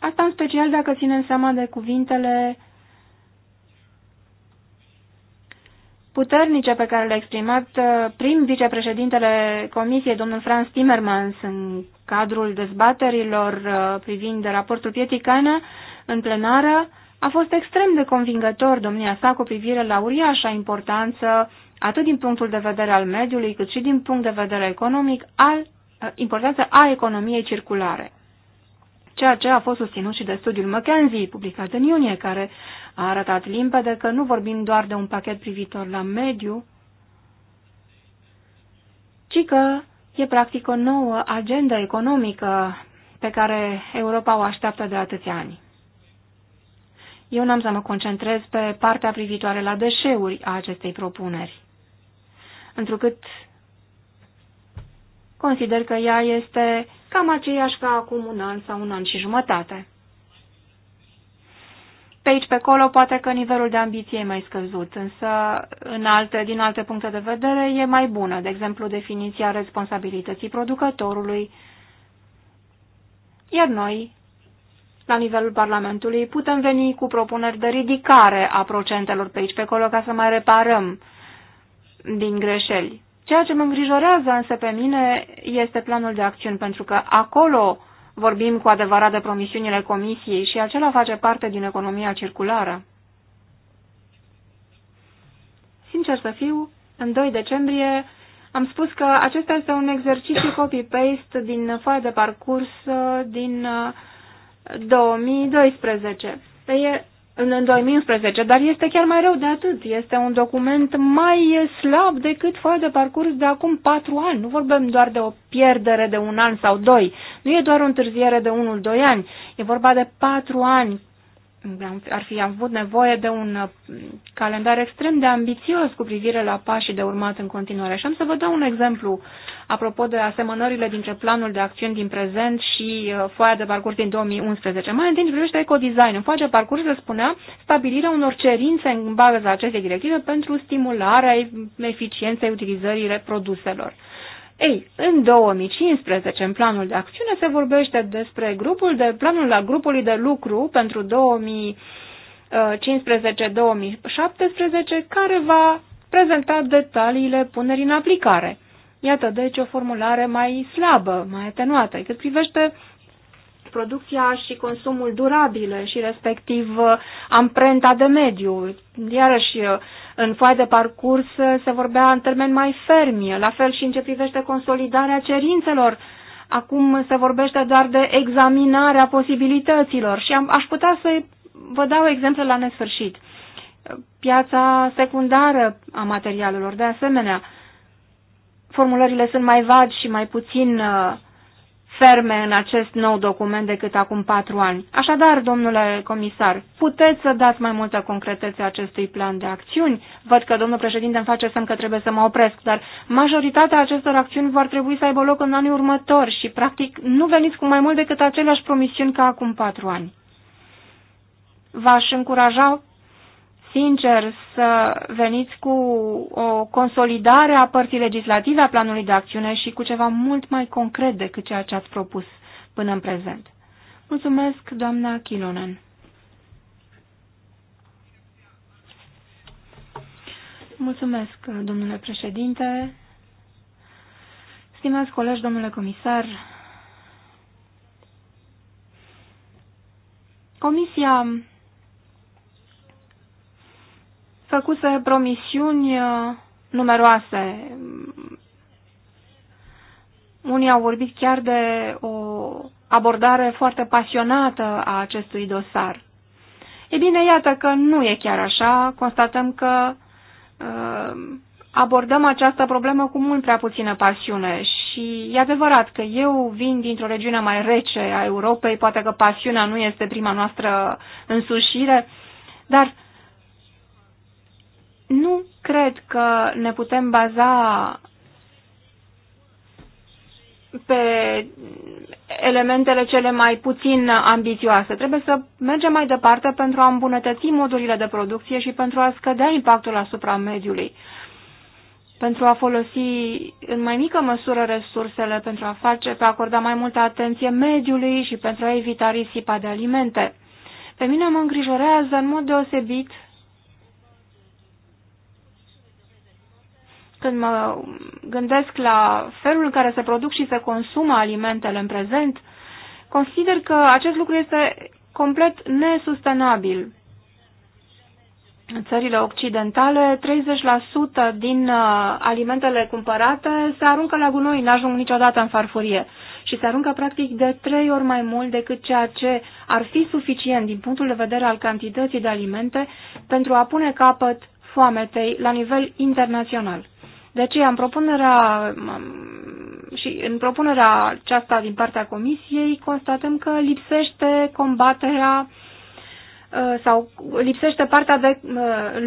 Asta în special dacă ținem seama de cuvintele puternice pe care le-a exprimat uh, prim vicepreședintele Comisiei, domnul Franz Timmermans, în cadrul dezbaterilor uh, privind de raportul Pieticană în plenară, a fost extrem de convingător domnia sa cu privire la uriașa importanță atât din punctul de vedere al mediului, cât și din punct de vedere economic, al uh, importanța a economiei circulare. Ceea ce a fost susținut și de studiul McKenzie, publicat în iunie, care a arătat limpede că nu vorbim doar de un pachet privitor la mediu, ci că e practic o nouă agenda economică pe care Europa o așteaptă de atâția ani. Eu n-am să mă concentrez pe partea privitoare la deșeuri a acestei propuneri întrucât consider că ea este cam aceeași ca acum un an sau un an și jumătate. Pe aici, pe acolo, poate că nivelul de ambiție e mai scăzut, însă în alte, din alte puncte de vedere e mai bună, de exemplu definiția responsabilității producătorului. Iar noi, la nivelul Parlamentului, putem veni cu propuneri de ridicare a procentelor pe aici, pe acolo, ca să mai reparăm uh, din greșeli. Ceea ce mă îngrijorează însă pe mine este planul de acțiuni, pentru că acolo vorbim cu adevărat de promisiunile comisiei și acela face parte din economia circulară. Sincer să fiu, în 2 decembrie am spus că acesta este un exercițiu copy-paste din foaia de parcurs uh, din 2012. Uh, în 2011, dar este chiar mai rău de atât. Este un document mai slab decât foaia de parcurs de acum patru ani. Nu vorbim doar de o pierdere de un an sau doi. Nu e doar o întârziere de unul, doi ani. E vorba de patru ani ar fi avut nevoie de un uh, calendar extrem de ambițios cu privire la pașii de urmat în continuare. Și am să vă dau un exemplu apropo de asemănările dintre planul de acțiuni din prezent și uh, foaia de parcurs din 2011. Mai întâi privește ecodesign. În foaia de parcurs se spunea stabilirea unor cerințe în baza acestei directive pentru stimularea eficienței utilizării produselor. Ei, în 2015, în planul de acțiune, se vorbește despre grupul de, planul la grupului de lucru pentru 2015-2017, care va prezenta detaliile punerii în aplicare. Iată, deci, o formulare mai slabă, mai atenuată. Cât privește producția și consumul durabile și respectiv uh, amprenta de mediu. Iarăși uh, în foaie de parcurs se vorbea în termeni mai fermi, la fel și în ce privește consolidarea cerințelor. Acum se vorbește doar de examinarea posibilităților și am, aș putea să vă dau exemple la nesfârșit. Piața secundară a materialelor, de asemenea, formulările sunt mai vagi și mai puțin uh, ferme în acest nou document decât acum patru ani. Așadar, domnule comisar, puteți să dați mai multă concretețe acestui plan de acțiuni? Văd că domnul președinte îmi face semn că trebuie să mă opresc, dar majoritatea acestor acțiuni vor trebui să aibă loc în anii următori și, practic, nu veniți cu mai mult decât aceleași promisiuni ca acum patru ani. V-aș încuraja sincer, să veniți cu o consolidare a părții legislative a planului de acțiune și cu ceva mult mai concret decât ceea ce ați propus până în prezent. Mulțumesc, doamna Chilonen. Mulțumesc, domnule președinte. Stimați colegi, domnule comisar, Comisia făcuse promisiuni uh, numeroase. Unii au vorbit chiar de o abordare foarte pasionată a acestui dosar. E bine, iată că nu e chiar așa. Constatăm că uh, abordăm această problemă cu mult prea puțină pasiune și e adevărat că eu vin dintr-o regiune mai rece a Europei, poate că pasiunea nu este prima noastră însușire, dar uh, nu cred că ne putem baza pe elementele cele mai puțin ambițioase. Trebuie să mergem mai departe pentru a îmbunătăți modurile de producție și pentru a scădea impactul asupra mediului, pentru a folosi în mai mică măsură resursele, pentru a face, pe a acorda mai multă atenție mediului și pentru a evita risipa de alimente. Pe mine mă îngrijorează în mod deosebit Când mă gândesc la felul în care se produc și se consumă alimentele în prezent, consider că acest lucru este complet nesustenabil. În țările occidentale, 30% din uh, alimentele cumpărate se aruncă la gunoi, n-ajung niciodată în farfurie și se aruncă practic de trei ori mai mult decât ceea ce ar fi suficient din punctul de vedere al cantității de alimente pentru a pune capăt foametei la nivel internațional. De aceea, în propunerea și în propunerea aceasta din partea Comisiei, constatăm că lipsește combaterea uh, sau lipsește partea de uh,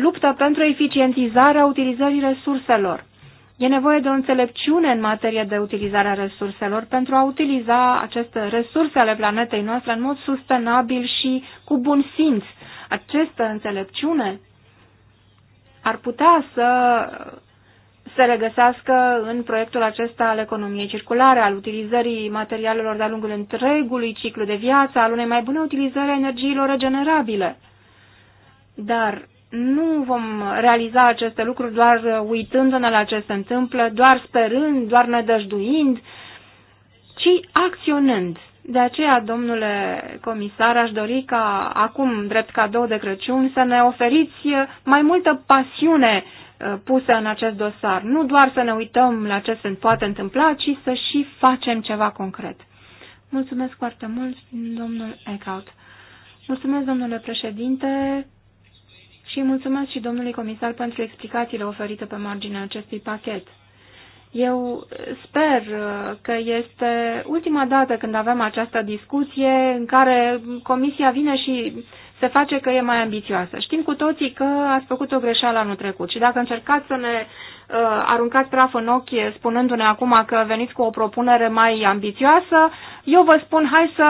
luptă pentru eficientizarea utilizării resurselor. E nevoie de o înțelepciune în materie de utilizarea resurselor pentru a utiliza aceste resurse ale planetei noastre în mod sustenabil și cu bun simț. Această înțelepciune ar putea să se regăsească în proiectul acesta al economiei circulare, al utilizării materialelor de-a lungul întregului ciclu de viață, al unei mai bune utilizări a energiilor regenerabile. Dar nu vom realiza aceste lucruri doar uitându-ne la ce se întâmplă, doar sperând, doar nădăjduind, ci acționând. De aceea, domnule comisar, aș dori ca acum, drept cadou de Crăciun, să ne oferiți mai multă pasiune Uh, puse în acest dosar. Nu doar să ne uităm la ce se poate întâmpla, ci să și facem ceva concret. Mulțumesc foarte mult, domnul Eckhout. Mulțumesc, domnule președinte, și mulțumesc și domnului comisar pentru explicațiile oferite pe marginea acestui pachet. Eu sper uh, că este ultima dată când avem această discuție în care comisia vine și se face că e mai ambițioasă. Știm cu toții că ați făcut o greșeală anul trecut și dacă încercați să ne uh, aruncați praf în ochi spunându-ne acum că veniți cu o propunere mai ambițioasă, eu vă spun hai să,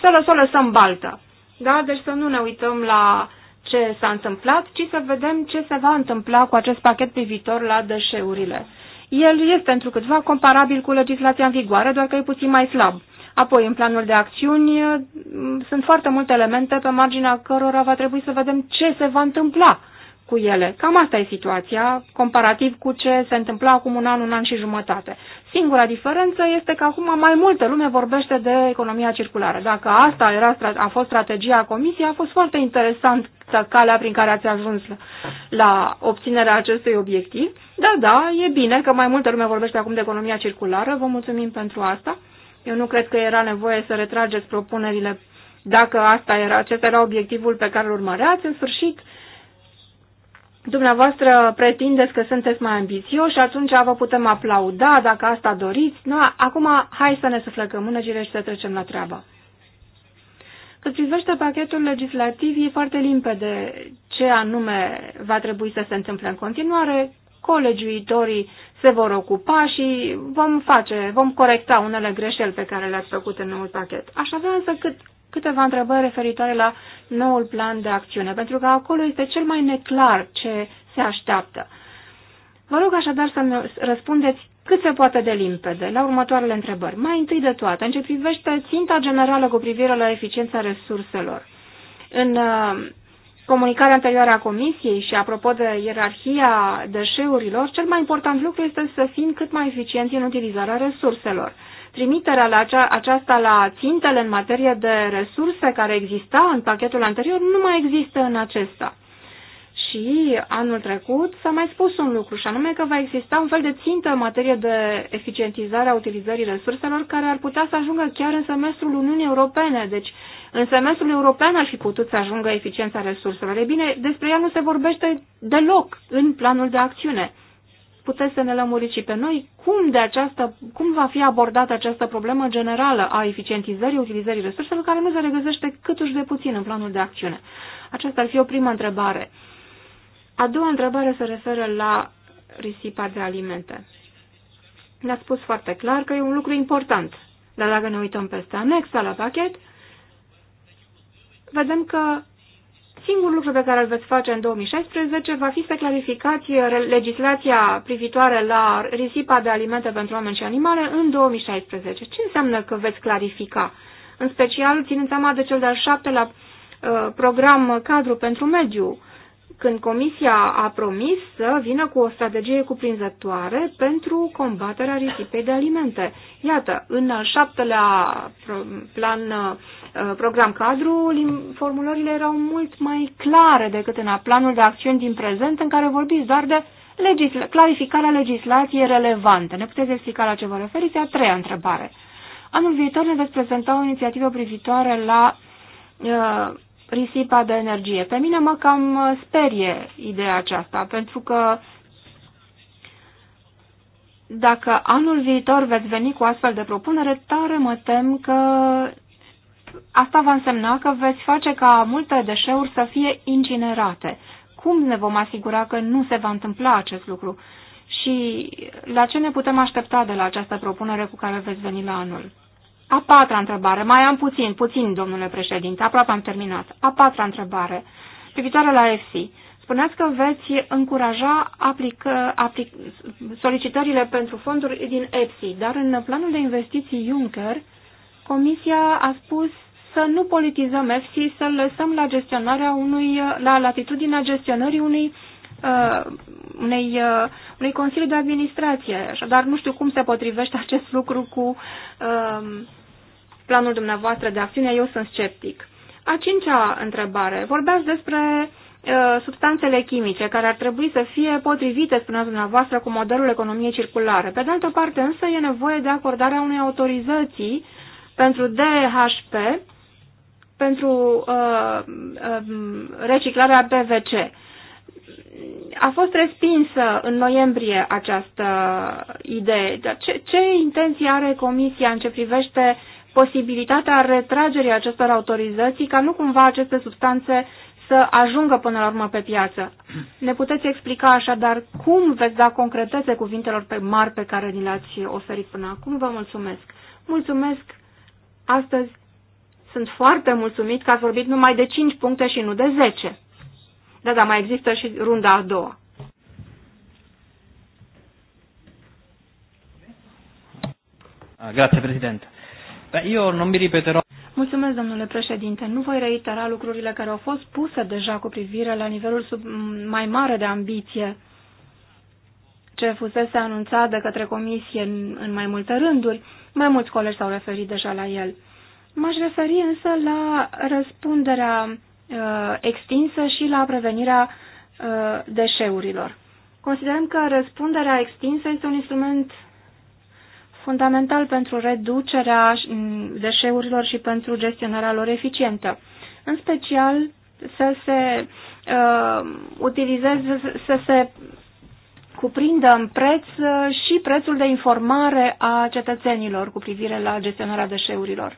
să, să o lăsăm baltă. Da? Deci să nu ne uităm la ce s-a întâmplat, ci să vedem ce se va întâmpla cu acest pachet privitor la deșeurile. El este câțiva, comparabil cu legislația în vigoare, doar că e puțin mai slab. Apoi, în planul de acțiuni, mm, sunt foarte multe elemente pe marginea cărora va trebui să vedem ce se va întâmpla cu ele. Cam asta e situația, comparativ cu ce se întâmpla acum un an, un an și jumătate. Singura diferență este că acum mai multă lume vorbește de economia circulară. Dacă asta era, a fost strategia Comisiei, a fost foarte interesant calea prin care ați ajuns la obținerea acestui obiectiv. Da, da, e bine că mai multă lume vorbește acum de economia circulară. Vă mulțumim pentru asta. Eu nu cred că era nevoie să retrageți propunerile dacă asta era, acesta era obiectivul pe care îl urmăreați. În sfârșit, dumneavoastră pretindeți că sunteți mai ambițioși, atunci vă putem aplauda dacă asta doriți. No, acum, hai să ne suflecăm mânecile și să trecem la treabă. Cât privește pachetul legislativ, e foarte limpede ce anume va trebui să se întâmple în continuare. Colegiuitorii se vor ocupa și vom face, vom corecta unele greșeli pe care le-ați făcut în noul pachet. Aș avea însă cât, câteva întrebări referitoare la noul plan de acțiune, pentru că acolo este cel mai neclar ce se așteaptă. Vă rog așadar să-mi răspundeți cât se poate de limpede la următoarele întrebări. Mai întâi de toate, în ce privește ținta generală cu privire la eficiența resurselor. În uh, comunicarea anterioară a Comisiei și apropo de ierarhia deșeurilor, cel mai important lucru este să fim cât mai eficienți în utilizarea resurselor. Trimiterea la acea, aceasta la țintele în materie de resurse care exista în pachetul anterior nu mai există în acesta. Și anul trecut s-a mai spus un lucru, și anume că va exista un fel de țintă în materie de eficientizare a utilizării resurselor care ar putea să ajungă chiar în semestrul Uniunii Europene. Deci în semestrul european ar fi putut să ajungă eficiența resurselor. E bine, despre ea nu se vorbește deloc în planul de acțiune. Puteți să ne lămuriți și pe noi cum, de această, cum va fi abordată această problemă generală a eficientizării, utilizării resurselor, care nu se regăsește uși de puțin în planul de acțiune. Aceasta ar fi o primă întrebare. A doua întrebare se referă la risipa de alimente. Ne-a spus foarte clar că e un lucru important, dar dacă ne uităm peste anexa la pachet, vedem că singurul lucru pe care îl veți face în 2016 va fi să clarificați legislația privitoare la risipa de alimente pentru oameni și animale în 2016. Ce înseamnă că veți clarifica? În special, ținând seama de cel de-al șaptelea uh, program cadru pentru mediu, când Comisia a promis să vină cu o strategie cuprinzătoare pentru combaterea risipei de alimente. Iată, în al șaptelea plan, uh, program cadru, formulările erau mult mai clare decât în planul de acțiuni din prezent, în care vorbiți doar de legisla- clarificarea legislației relevante. Ne puteți explica la ce vă referiți? A treia întrebare. Anul viitor ne veți prezenta o inițiativă privitoare la uh, risipa de energie. Pe mine mă cam sperie ideea aceasta, pentru că dacă anul viitor veți veni cu astfel de propunere, tare mă tem că asta va însemna că veți face ca multe deșeuri să fie incinerate. Cum ne vom asigura că nu se va întâmpla acest lucru? Și la ce ne putem aștepta de la această propunere cu care veți veni la anul? A patra întrebare. Mai am puțin, puțin, domnule președinte. Aproape am terminat. A patra întrebare. Privitoare la EFSI. Spuneați că veți încuraja aplică, aplic, solicitările pentru fonduri din EFSI, dar în planul de investiții Juncker, Comisia a spus să nu politizăm EFSI, să-l lăsăm la gestionarea unui, la latitudinea gestionării unui uh, unei, uh, unei Consiliu de Administrație. Dar nu știu cum se potrivește acest lucru cu uh, planul dumneavoastră de acțiune, eu sunt sceptic. A cincea întrebare. Vorbeați despre uh, substanțele chimice care ar trebui să fie potrivite, spuneați dumneavoastră, cu modelul economiei circulare. Pe de altă parte, însă, e nevoie de acordarea unei autorizații pentru DHP, pentru uh, uh, reciclarea PVC. A fost respinsă în noiembrie această idee. Dar ce, ce intenție are Comisia în ce privește posibilitatea retragerii acestor autorizații ca nu cumva aceste substanțe să ajungă până la urmă pe piață. Ne puteți explica așadar cum veți da concretețe cuvintelor pe mari pe care ni le-ați oferit până acum? Vă mulțumesc! Mulțumesc! Astăzi sunt foarte mulțumit că ați vorbit numai de 5 puncte și nu de 10. Da, da, mai există și runda a doua. Grazie Presidente. Eu nu mi ripeterò. Mulțumesc, domnule președinte. Nu voi reitera lucrurile care au fost puse deja cu privire la nivelul sub, mai mare de ambiție ce fusese anunțat de către comisie în, în mai multe rânduri. Mai mulți colegi s-au referit deja la el. M-aș referi însă la răspunderea uh, extinsă și la prevenirea uh, deșeurilor. Considerăm că răspunderea extinsă este un instrument fundamental pentru reducerea deșeurilor și pentru gestionarea lor eficientă. În special să se uh, utilizeze, să se cuprindă în preț și prețul de informare a cetățenilor cu privire la gestionarea deșeurilor.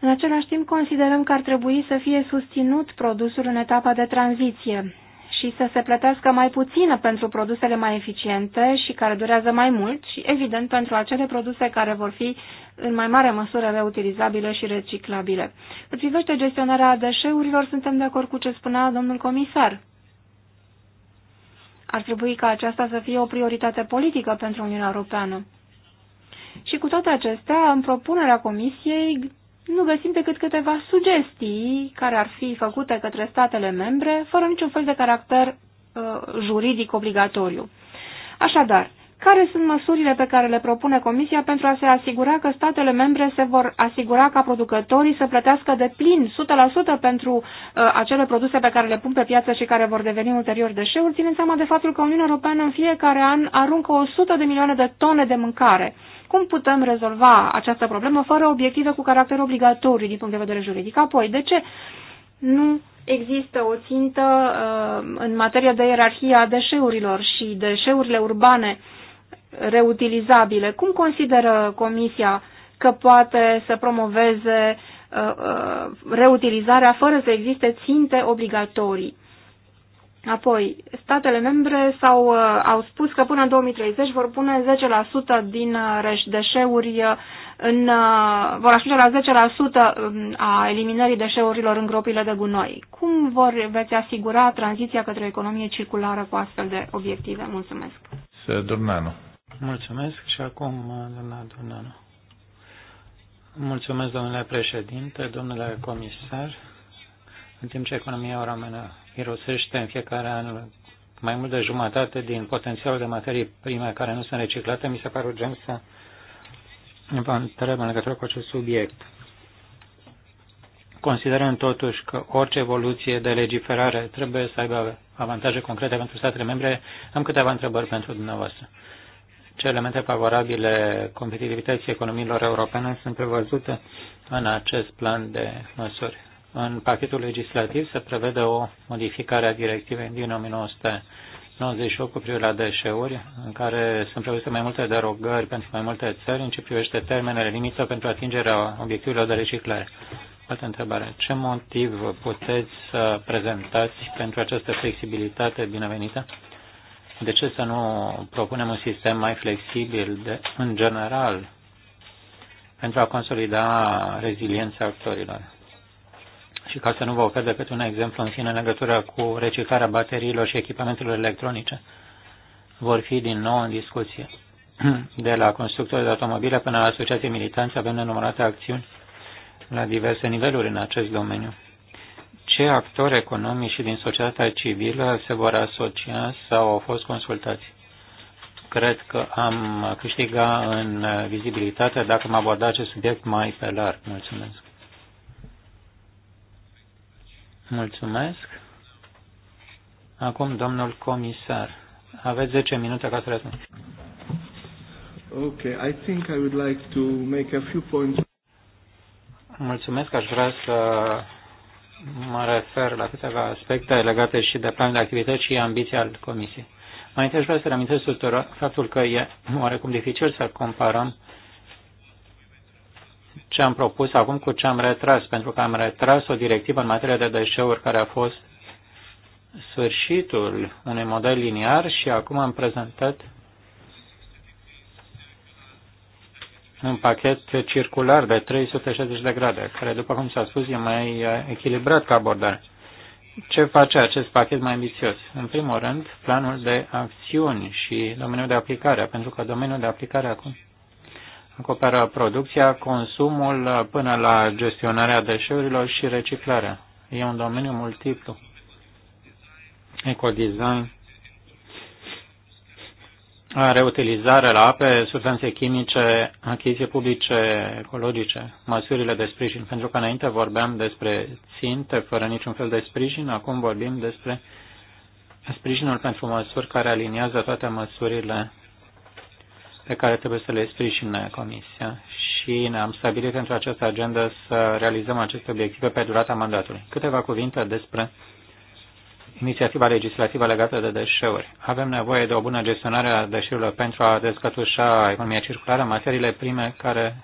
În același timp, considerăm că ar trebui să fie susținut produsul în etapa de tranziție și să se plătească mai puțină pentru produsele mai eficiente și care durează mai mult și, evident, pentru acele produse care vor fi în mai mare măsură reutilizabile și reciclabile. Cât privește gestionarea deșeurilor, suntem de acord cu ce spunea domnul comisar. Ar trebui ca aceasta să fie o prioritate politică pentru Uniunea Europeană. Și cu toate acestea, în propunerea Comisiei nu găsim decât câteva sugestii care ar fi făcute către statele membre, fără niciun fel de caracter uh, juridic obligatoriu. Așadar, care sunt măsurile pe care le propune Comisia pentru a se asigura că statele membre se vor asigura ca producătorii să plătească de plin 100% pentru uh, acele produse pe care le pun pe piață și care vor deveni ulterior deșeuri, ținând seama de faptul că Uniunea Europeană în fiecare an aruncă 100 de milioane de tone de mâncare? Cum putem rezolva această problemă fără obiective cu caracter obligatoriu din punct de vedere juridic? Apoi, de ce nu există o țintă uh, în materie de ierarhia deșeurilor și deșeurile urbane uh, reutilizabile. Cum consideră Comisia că poate să promoveze uh, uh, reutilizarea fără să existe ținte obligatorii? Apoi, statele membre au uh, au spus că până în 2030 vor pune 10% din deșeuri în, vor ajunge la 10% um, a eliminării deșeurilor în gropile de gunoi. Cum vor, veți asigura tranziția către o economie circulară cu astfel de obiective? Mulțumesc. Dornano. Mulțumesc și acum, doamna Dunanu. Mulțumesc, domnule președinte, domnule comisar. În timp ce economia română irosește în fiecare an mai mult de jumătate din potențialul de materii prime care nu sunt reciclate, mi se pare urgent să vă întreb în legătură cu acest subiect. Considerăm totuși că orice evoluție de legiferare trebuie să aibă avantaje concrete pentru statele membre. Am câteva întrebări pentru dumneavoastră ce elemente favorabile competitivității economiilor europene sunt prevăzute în acest plan de măsuri. În pachetul legislativ se prevede o modificare a directivei din 1998 cu privire la deșeuri, în care sunt prevăzute mai multe derogări pentru mai multe țări în ce privește termenele limită pentru atingerea obiectivelor de reciclare. Altă întrebare. Ce motiv puteți să prezentați pentru această flexibilitate binevenită? De ce să nu propunem un sistem mai flexibil de, în general pentru a consolida reziliența actorilor? Și ca să nu vă ofer decât un exemplu în sine în legătură cu reciclarea bateriilor și echipamentelor electronice, vor fi din nou în discuție. De la constructori de automobile până la asociații militanți avem nenumărate acțiuni la diverse niveluri în acest domeniu ce actori economici și din societatea civilă se vor asocia sau au fost consultați. Cred că am câștigat în vizibilitate dacă am abordat acest subiect mai pe larg. Mulțumesc. Mulțumesc. Acum, domnul comisar, aveți 10 minute ca să răspund. Ok, I think I would like to make a few points. Mulțumesc, aș vrea să mă refer la câteva aspecte legate și de planul de activități și ambiția al Comisiei. Mai întâi vreau să reamintesc tuturor faptul că e oarecum dificil să comparăm ce am propus acum cu ce am retras, pentru că am retras o directivă în materie de deșeuri care a fost sfârșitul unui model liniar și acum am prezentat un pachet circular de 360 de grade, care, după cum s-a spus, e mai uh, echilibrat ca abordare. Ce face acest pachet mai ambițios? În primul rând, planul de acțiuni și domeniul de aplicare, pentru că domeniul de aplicare acum acoperă producția, consumul până la gestionarea deșeurilor și reciclarea. E un domeniu multiplu. Ecodesign, reutilizare la ape, substanțe chimice, achiziții publice ecologice, măsurile de sprijin. Pentru că înainte vorbeam despre ținte fără niciun fel de sprijin, acum vorbim despre sprijinul pentru măsuri care aliniază toate măsurile pe care trebuie să le sprijine Comisia și ne-am stabilit pentru această agendă să realizăm aceste obiective pe durata mandatului. Câteva cuvinte despre inițiativa legislativă legată de deșeuri. Avem nevoie de o bună gestionare a deșeurilor pentru a descătușa economia circulară, materiile prime care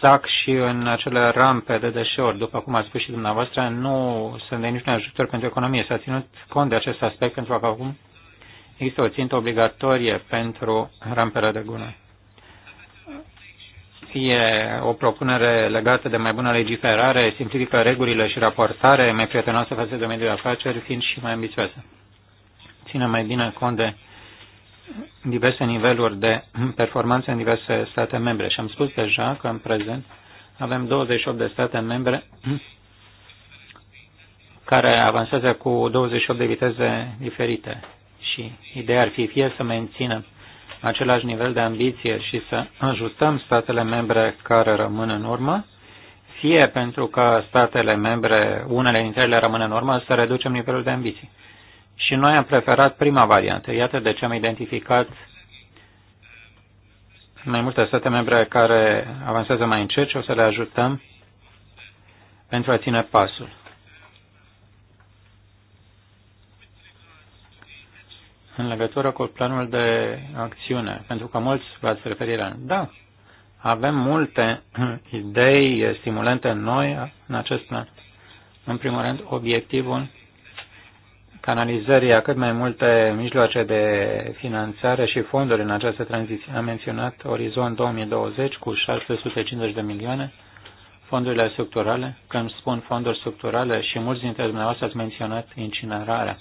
zac și în acele rampe de deșeuri, după cum ați spus și dumneavoastră, nu sunt de niciun ajutor pentru economie. S-a ținut cont de acest aspect pentru că acum există o țintă obligatorie pentru rampele de gunoi fie o propunere legată de mai bună legiferare, simplifică regulile și raportare, mai prietenoasă față de mediul afaceri, fiind și mai ambițioasă. Ține mai bine cont de diverse niveluri de performanță în diverse state membre. Și am spus deja că în prezent avem 28 de state membre care avansează cu 28 de viteze diferite. Și ideea ar fi fie să menținem același nivel de ambiție și să ajutăm statele membre care rămân în urmă, fie pentru că statele membre, unele dintre ele rămân în urmă, să reducem nivelul de ambiție. Și noi am preferat prima variantă. Iată de ce am identificat mai multe state membre care avansează mai încet și o să le ajutăm pentru a ține pasul. în legătură cu planul de acțiune, pentru că mulți v-ați referit la... Da, avem multe idei stimulente noi în acest plan. În primul rând, obiectivul canalizării a cât mai multe mijloace de finanțare și fonduri în această tranziție. Am menționat Orizont 2020 cu 650 de milioane, fondurile structurale. Când spun fonduri structurale și mulți dintre dumneavoastră ați menționat incinerarea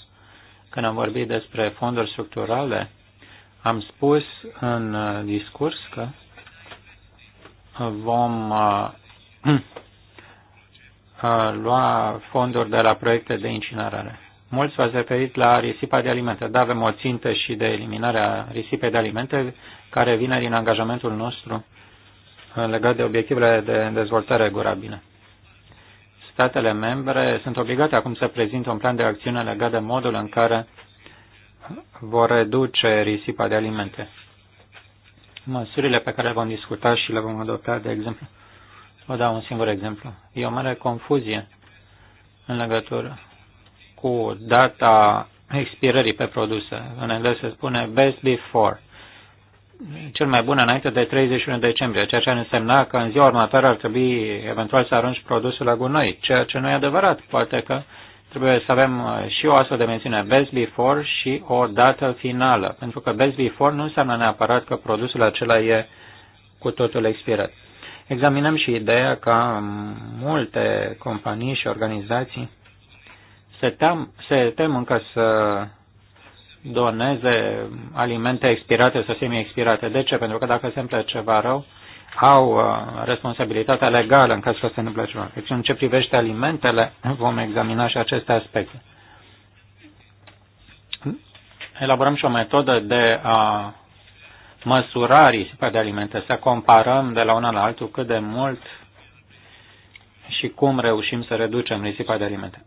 când am vorbit despre fonduri structurale, am spus în uh, discurs că vom uh, uh, lua fonduri de la proiecte de incinerare. Mulți v-ați referit la risipa de alimente. Da, avem o țintă și de eliminarea risipei de alimente care vine din angajamentul nostru legat de obiectivele de dezvoltare durabilă statele membre sunt obligate acum să prezinte un plan de acțiune legat de modul în care vor reduce risipa de alimente. Măsurile pe care le vom discuta și le vom adopta, de exemplu, vă dau un singur exemplu. E o mare confuzie în legătură cu data expirării pe produse. În engleză se spune best before cel mai bun înainte de 31 decembrie, ceea ce ar însemna că în ziua următoare ar trebui eventual să arunci produsul la gunoi, ceea ce nu e adevărat. Poate că trebuie să avem uh, și o astfel de mențiune best before și o dată finală, pentru că best before nu înseamnă neapărat că produsul acela e cu totul expirat. Examinăm și ideea că multe companii și organizații se, tem, se tem încă să doneze alimente expirate sau semi-expirate. De ce? Pentru că dacă se întâmplă ceva rău, au uh, responsabilitatea legală în cazul că se întâmplă ceva. Deci în ce privește alimentele, vom examina și aceste aspecte. Elaborăm și o metodă de a măsura risipa de alimente, să comparăm de la una la altul cât de mult și cum reușim să reducem risipa de alimente.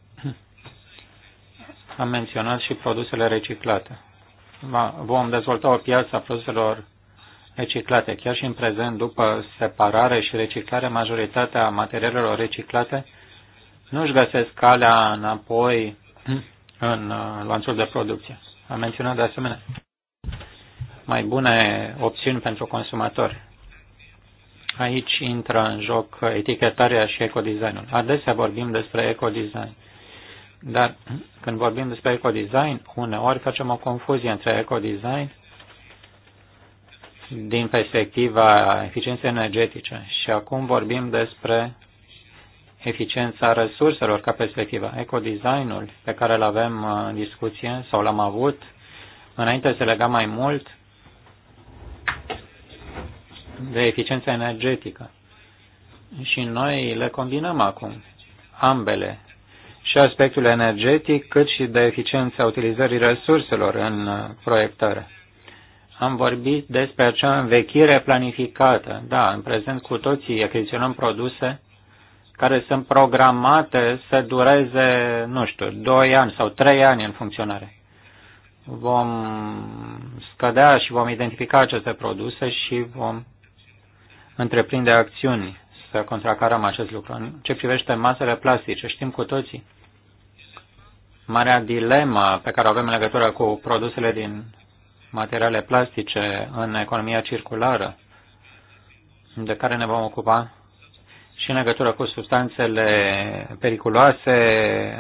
Am menționat și produsele reciclate. Vom dezvolta o piață a produselor reciclate. Chiar și în prezent, după separare și reciclare, majoritatea materialelor reciclate nu își găsesc calea înapoi în uh, lanțul de producție. Am menționat de asemenea mai bune opțiuni pentru consumatori. Aici intră în joc etichetarea și ecodesignul. Adesea vorbim despre ecodesign dar când vorbim despre ecodesign, uneori facem o confuzie între ecodesign din perspectiva eficienței energetice și acum vorbim despre eficiența resurselor ca perspectivă. Ecodesignul pe care îl avem în discuție sau l-am avut înainte se lega mai mult de eficiența energetică. Și noi le combinăm acum, ambele, și aspectul energetic, cât și de eficiența utilizării resurselor în uh, proiectare. Am vorbit despre acea învechire planificată. Da, în prezent cu toții achiziționăm produse care sunt programate să dureze, nu știu, 2 ani sau 3 ani în funcționare. Vom scădea și vom identifica aceste produse și vom întreprinde acțiuni să contracarăm acest lucru. În ce privește masele plastice, știm cu toții marea dilemă pe care o avem în legătură cu produsele din materiale plastice în economia circulară, de care ne vom ocupa și în legătură cu substanțele periculoase,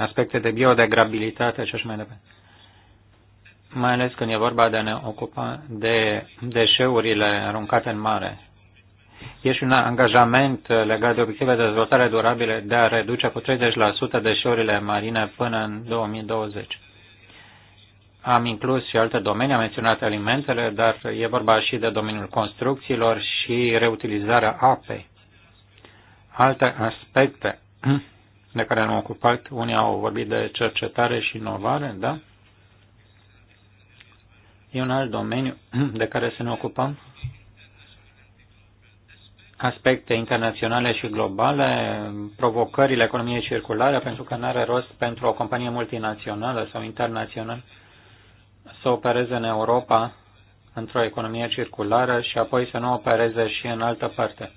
aspecte de biodegrabilitate și așa mai departe. Mai ales când e vorba de a ne ocupa de deșeurile aruncate în mare. E și un angajament legat de obiective de dezvoltare durabile de a reduce cu 30% deșeurile marine până în 2020. Am inclus și alte domenii, am menționat alimentele, dar e vorba și de domeniul construcțiilor și reutilizarea apei. Alte aspecte de care ne-am ocupat, unii au vorbit de cercetare și inovare, da? E un alt domeniu de care să ne ocupăm aspecte internaționale și globale, provocările economiei circulare, pentru că nu are rost pentru o companie multinațională sau internațională să opereze în Europa într-o economie circulară și apoi să nu opereze și în altă parte,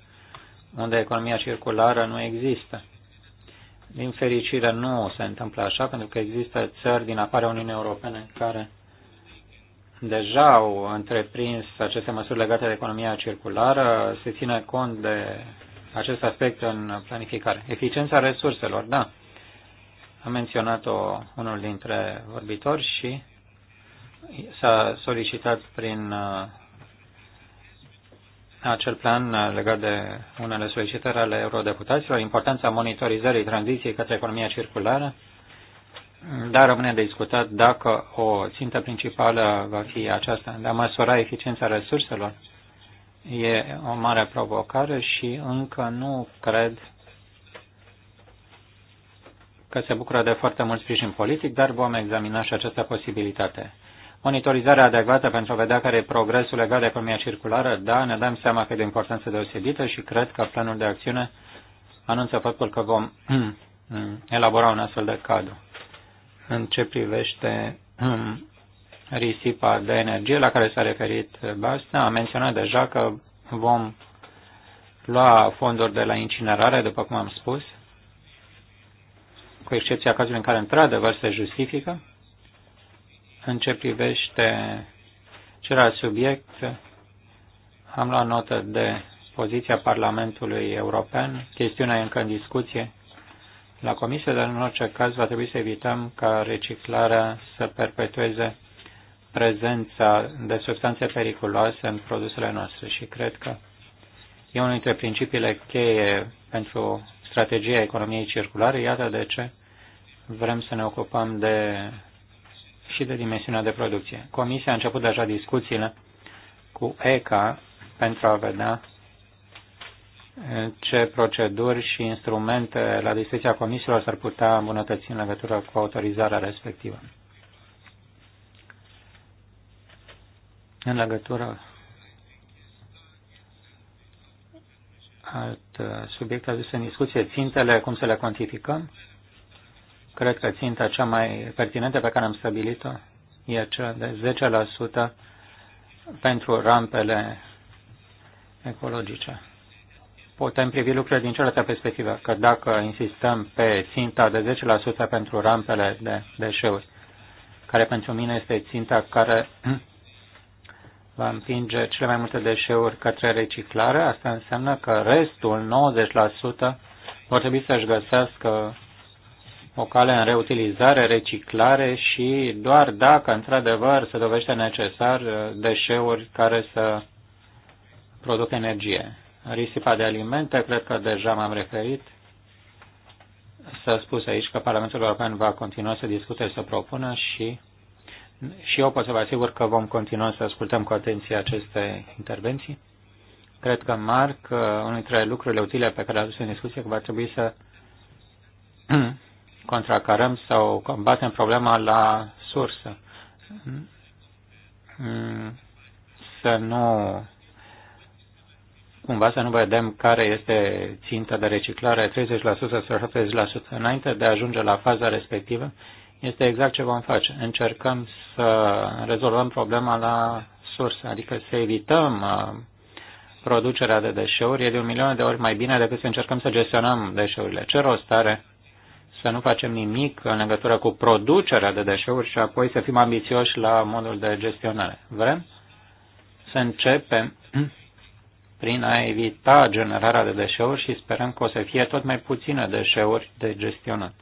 unde economia circulară nu există. Din fericire nu se întâmplă așa, pentru că există țări din afara Uniunii Europene care deja au întreprins aceste măsuri legate de economia circulară, se ține cont de acest aspect în planificare. Eficiența resurselor, da. A menționat-o unul dintre vorbitori și s-a solicitat prin uh, acel plan legat de unele solicitări ale eurodeputaților, importanța monitorizării tranziției către economia circulară, dar rămâne de discutat dacă o țintă principală va fi aceasta. De a măsura eficiența resurselor e o mare provocare și încă nu cred că se bucură de foarte mult sprijin politic, dar vom examina și această posibilitate. Monitorizarea adecvată pentru a vedea care e progresul legat de economia circulară, da, ne dăm seama că e de importanță deosebită și cred că planul de acțiune anunță faptul că vom elabora un astfel de cadru în ce privește hmm, risipa de energie la care s-a referit Basta. Am menționat deja că vom lua fonduri de la incinerare, după cum am spus, cu excepția cazului în care într-adevăr se justifică. În ce privește celălalt subiect, am luat notă de poziția Parlamentului European. Chestiunea e încă în discuție la comisie, dar în orice caz va trebui să evităm ca reciclarea să perpetueze prezența de substanțe periculoase în produsele noastre și cred că e unul dintre principiile cheie pentru strategia economiei circulare. Iată de ce vrem să ne ocupăm de, și de dimensiunea de producție. Comisia a început deja discuțiile cu ECA pentru a vedea ce proceduri și instrumente la dispoziția comisiilor s-ar putea îmbunătăți în legătură cu autorizarea respectivă. În legătură alt subiect adus în discuție, țintele, cum să le cuantificăm? Cred că ținta cea mai pertinentă pe care am stabilit-o e cea de 10% pentru rampele ecologice putem privi lucrurile din cealaltă perspectivă, că dacă insistăm pe ținta de 10% pentru rampele de deșeuri, care pentru mine este ținta care va împinge cele mai multe deșeuri către reciclare, asta înseamnă că restul, 90%, vor trebui să-și găsească o cale în reutilizare, reciclare și doar dacă, într-adevăr, se dovește necesar deșeuri care să producă energie. Risipa de alimente, cred că deja m-am referit. S-a spus aici că Parlamentul European va continua să discute, să propună și, și eu pot să vă asigur că vom continua să ascultăm cu atenție aceste intervenții. Cred că Marc, unul dintre lucrurile utile pe care le-a adus în discuție, că va trebui să contracarăm sau combatem problema la sursă. Mm. Mm. Să nu cumva să nu vedem care este ținta de reciclare 30% sau 70% înainte de a ajunge la faza respectivă, este exact ce vom face. Încercăm să rezolvăm problema la sursă, adică să evităm uh, producerea de deșeuri. E de un milion de ori mai bine decât să încercăm să gestionăm deșeurile. Ce rost are să nu facem nimic în legătură cu producerea de deșeuri și apoi să fim ambițioși la modul de gestionare? Vrem să începem prin a evita generarea de deșeuri și sperăm că o să fie tot mai puține deșeuri de gestionat.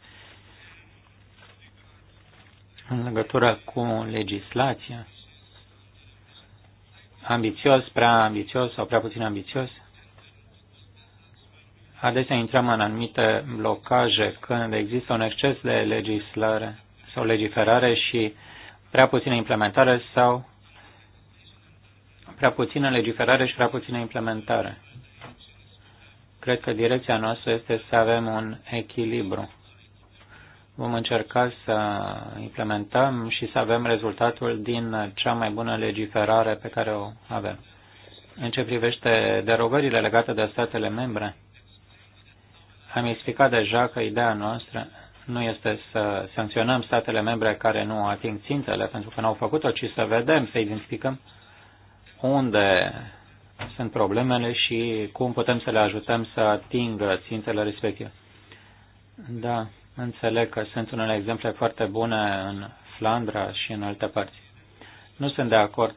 În legătură cu legislația, ambițios, prea ambițios sau prea puțin ambițios, adesea intrăm în anumite blocaje când există un exces de legislare sau legiferare și prea puțină implementare sau prea puțină legiferare și prea puțină implementare. Cred că direcția noastră este să avem un echilibru. Vom încerca să implementăm și să avem rezultatul din cea mai bună legiferare pe care o avem. În ce privește derogările legate de statele membre, am explicat deja că ideea noastră nu este să sancționăm statele membre care nu ating țintele, pentru că n-au făcut-o, ci să vedem, să identificăm unde sunt problemele și cum putem să le ajutăm să atingă țintele respective. Da, înțeleg că sunt unele exemple foarte bune în Flandra și în alte părți. Nu sunt de acord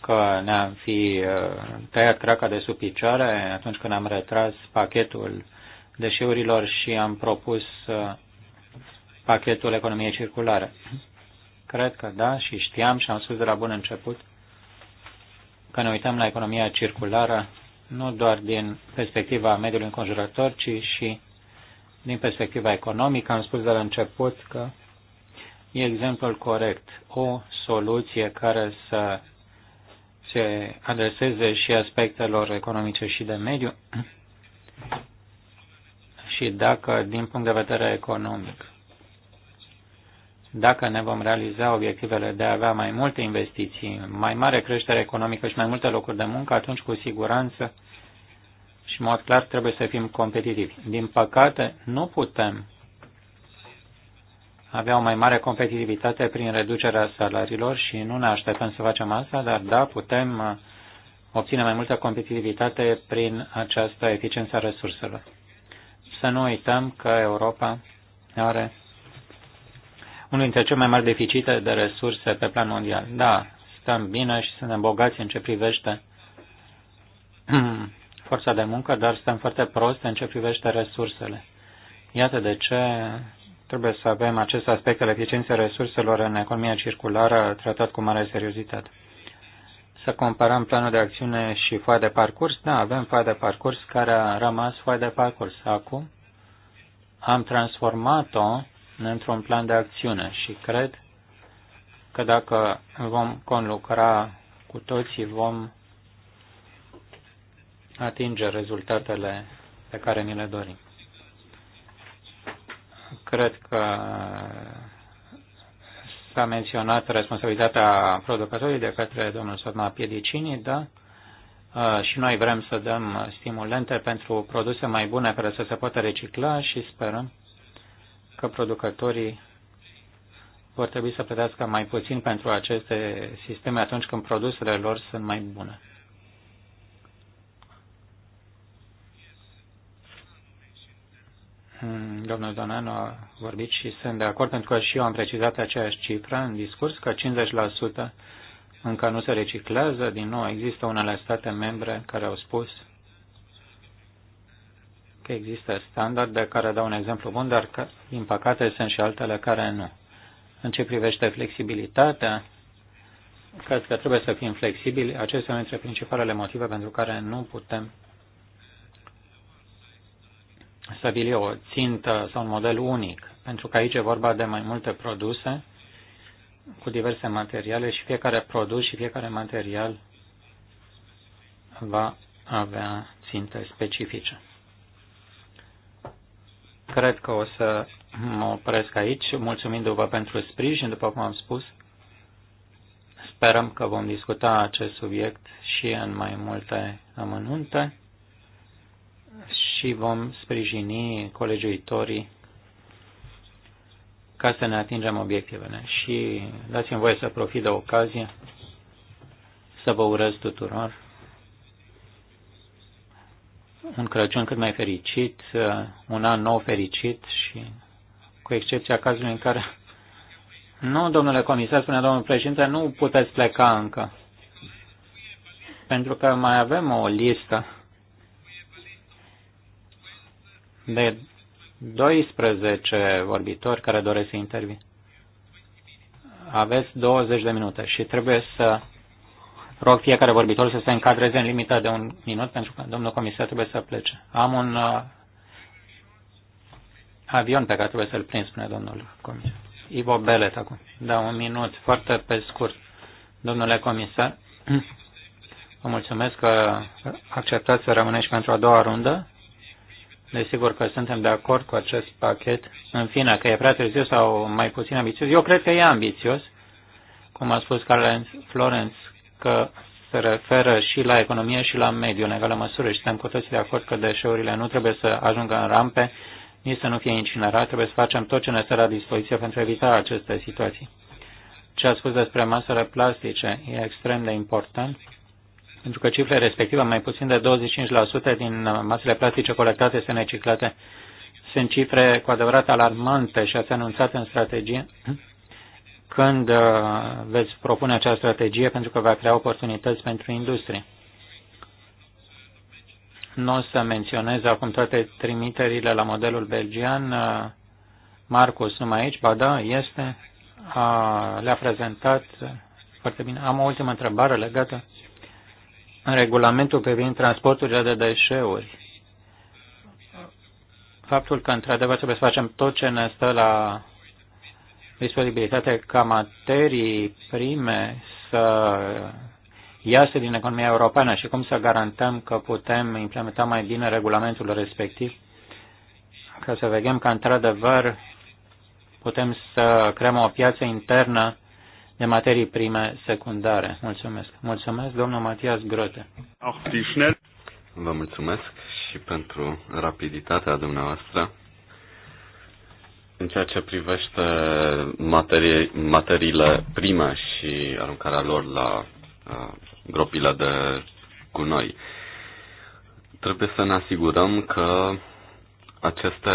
că ne-am fi uh, tăiat craca de sub picioare atunci când am retras pachetul deșeurilor și am propus uh, pachetul economiei circulare. Cred că da și știam și am spus de la bun început că ne uităm la economia circulară nu doar din perspectiva mediului înconjurător, ci și din perspectiva economică. Am spus de la început că e exemplul corect. O soluție care să se adreseze și aspectelor economice și de mediu și dacă din punct de vedere economic dacă ne vom realiza obiectivele de a avea mai multe investiții, mai mare creștere economică și mai multe locuri de muncă, atunci cu siguranță și în mod clar trebuie să fim competitivi. Din păcate, nu putem avea o mai mare competitivitate prin reducerea salariilor și nu ne așteptăm să facem asta, dar da, putem uh, obține mai multă competitivitate prin această eficiență a resurselor. Să nu uităm că Europa are unul dintre cele mai mari deficite de resurse pe plan mondial. Da, stăm bine și suntem bogați în ce privește forța de muncă, dar stăm foarte prost în ce privește resursele. Iată de ce trebuie să avem acest aspect al eficienței resurselor în economia circulară tratat cu mare seriozitate. Să comparăm planul de acțiune și foaia de parcurs, da, avem foaia de parcurs care a rămas foaia de parcurs. Acum am transformat-o într-un plan de acțiune și cred că dacă vom conlucra cu toții, vom atinge rezultatele pe care ni le dorim. Cred că s-a menționat responsabilitatea producătorii de către domnul Sotma Piedicini, da? Și noi vrem să dăm stimulente pentru produse mai bune care să se poată recicla și sperăm că producătorii vor trebui să plătească mai puțin pentru aceste sisteme atunci când produsele lor sunt mai bune. Domnul Donan a vorbit și sunt de acord pentru că și eu am precizat aceeași cifră în discurs că 50% încă nu se reciclează. Din nou, există unele state membre care au spus că există standarde care dau un exemplu bun, dar că, din păcate sunt și altele care nu. În ce privește flexibilitatea, cred că trebuie să fim flexibili. Acestea sunt dintre principalele motive pentru care nu putem stabili o țintă sau un model unic, pentru că aici e vorba de mai multe produse cu diverse materiale și fiecare produs și fiecare material va avea ținte specifice. Cred că o să mă opresc aici, mulțumindu-vă pentru sprijin, după cum am spus. Sperăm că vom discuta acest subiect și în mai multe amănunte și vom sprijini colegiuitorii ca să ne atingem obiectivele. Și dați-mi voie să profit de ocazie să vă urez tuturor un Crăciun cât mai fericit, un an nou fericit și cu excepția cazului în care... Nu, domnule comisar, spune domnul președinte, nu puteți pleca încă. Pentru că mai avem o listă de 12 vorbitori care doresc să intervin. Aveți 20 de minute și trebuie să Rog fiecare vorbitor să se încadreze în limita de un minut, pentru că domnul comisar trebuie să plece. Am un uh, avion pe care trebuie să-l prind, spune domnul comisar. Ivo Belet acum. Da, un minut, foarte pe scurt. Domnule comisar, vă mulțumesc că acceptați să rămâneți pentru a doua rundă. Desigur că suntem de acord cu acest pachet. În fine, că e prea târziu sau mai puțin ambițios. Eu cred că e ambițios. Cum a spus Florence, că se referă și la economie și la mediu în egală măsură și suntem cu toții de acord că deșeurile nu trebuie să ajungă în rampe, nici să nu fie incinerate, trebuie să facem tot ce ne stă la dispoziție pentru a evita aceste situații. Ce a spus despre masele plastice e extrem de important, pentru că cifrele respective, mai puțin de 25% din masele plastice colectate sunt reciclate, sunt cifre cu adevărat alarmante și ați anunțat în strategie când uh, veți propune această strategie pentru că va crea oportunități pentru industrie. Nu o să menționez acum toate trimiterile la modelul belgian. Uh, Marcus, numai aici, ba da, este, le-a prezentat uh, foarte bine. Am o ultimă întrebare legată în regulamentul privind transporturile de deșeuri. Faptul că, într-adevăr, trebuie să facem tot ce ne stă la disponibilitatea ca materii prime să iasă din economia europeană și cum să garantăm că putem implementa mai bine regulamentul respectiv, ca să vedem că, într-adevăr, putem să creăm o piață internă de materii prime secundare. Mulțumesc. Mulțumesc, domnul Matias Grote. Vă mulțumesc și pentru rapiditatea dumneavoastră. În ceea ce privește materie, materiile prime și aruncarea lor la uh, gropile de gunoi, trebuie să ne asigurăm că aceste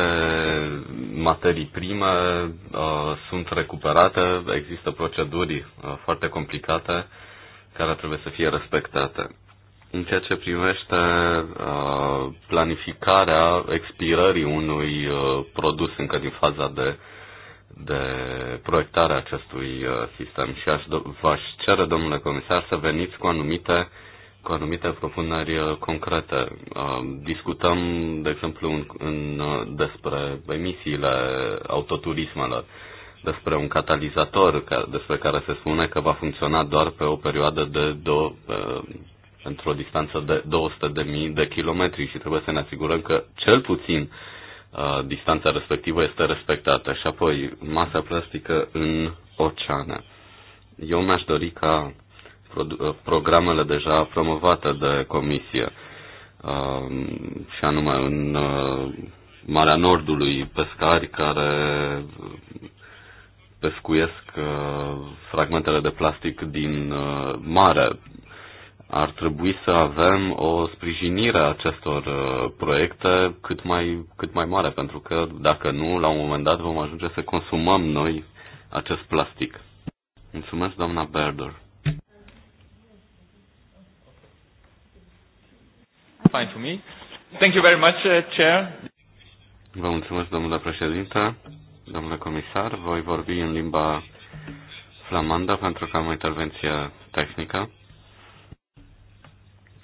materii prime uh, sunt recuperate, există proceduri uh, foarte complicate care trebuie să fie respectate în ceea ce privește uh, planificarea expirării unui uh, produs încă din faza de, de proiectare a acestui uh, sistem și aș, v-aș cere, domnule comisar, să veniți cu anumite, cu anumite propuneri concrete. Discutăm, de exemplu, în, în, despre emisiile autoturismelor despre un catalizator despre care se spune că va funcționa doar pe o perioadă de, două într-o distanță de 200.000 de kilometri și trebuie să ne asigurăm că cel puțin uh, distanța respectivă este respectată și apoi masa plastică în oceane. Eu mi-aș dori ca uh, programele deja promovate de comisie uh, și anume în uh, Marea Nordului pescari care pescuiesc uh, fragmentele de plastic din uh, mare ar trebui să avem o sprijinire a acestor uh, proiecte cât mai, cât mai mare, pentru că dacă nu, la un moment dat vom ajunge să consumăm noi acest plastic. Mulțumesc, doamna Berder. Fine for me. Thank you very much, uh, Chair. Vă mulțumesc, domnule președinte, domnule comisar. Voi vorbi în limba flamandă pentru că am o intervenție tehnică.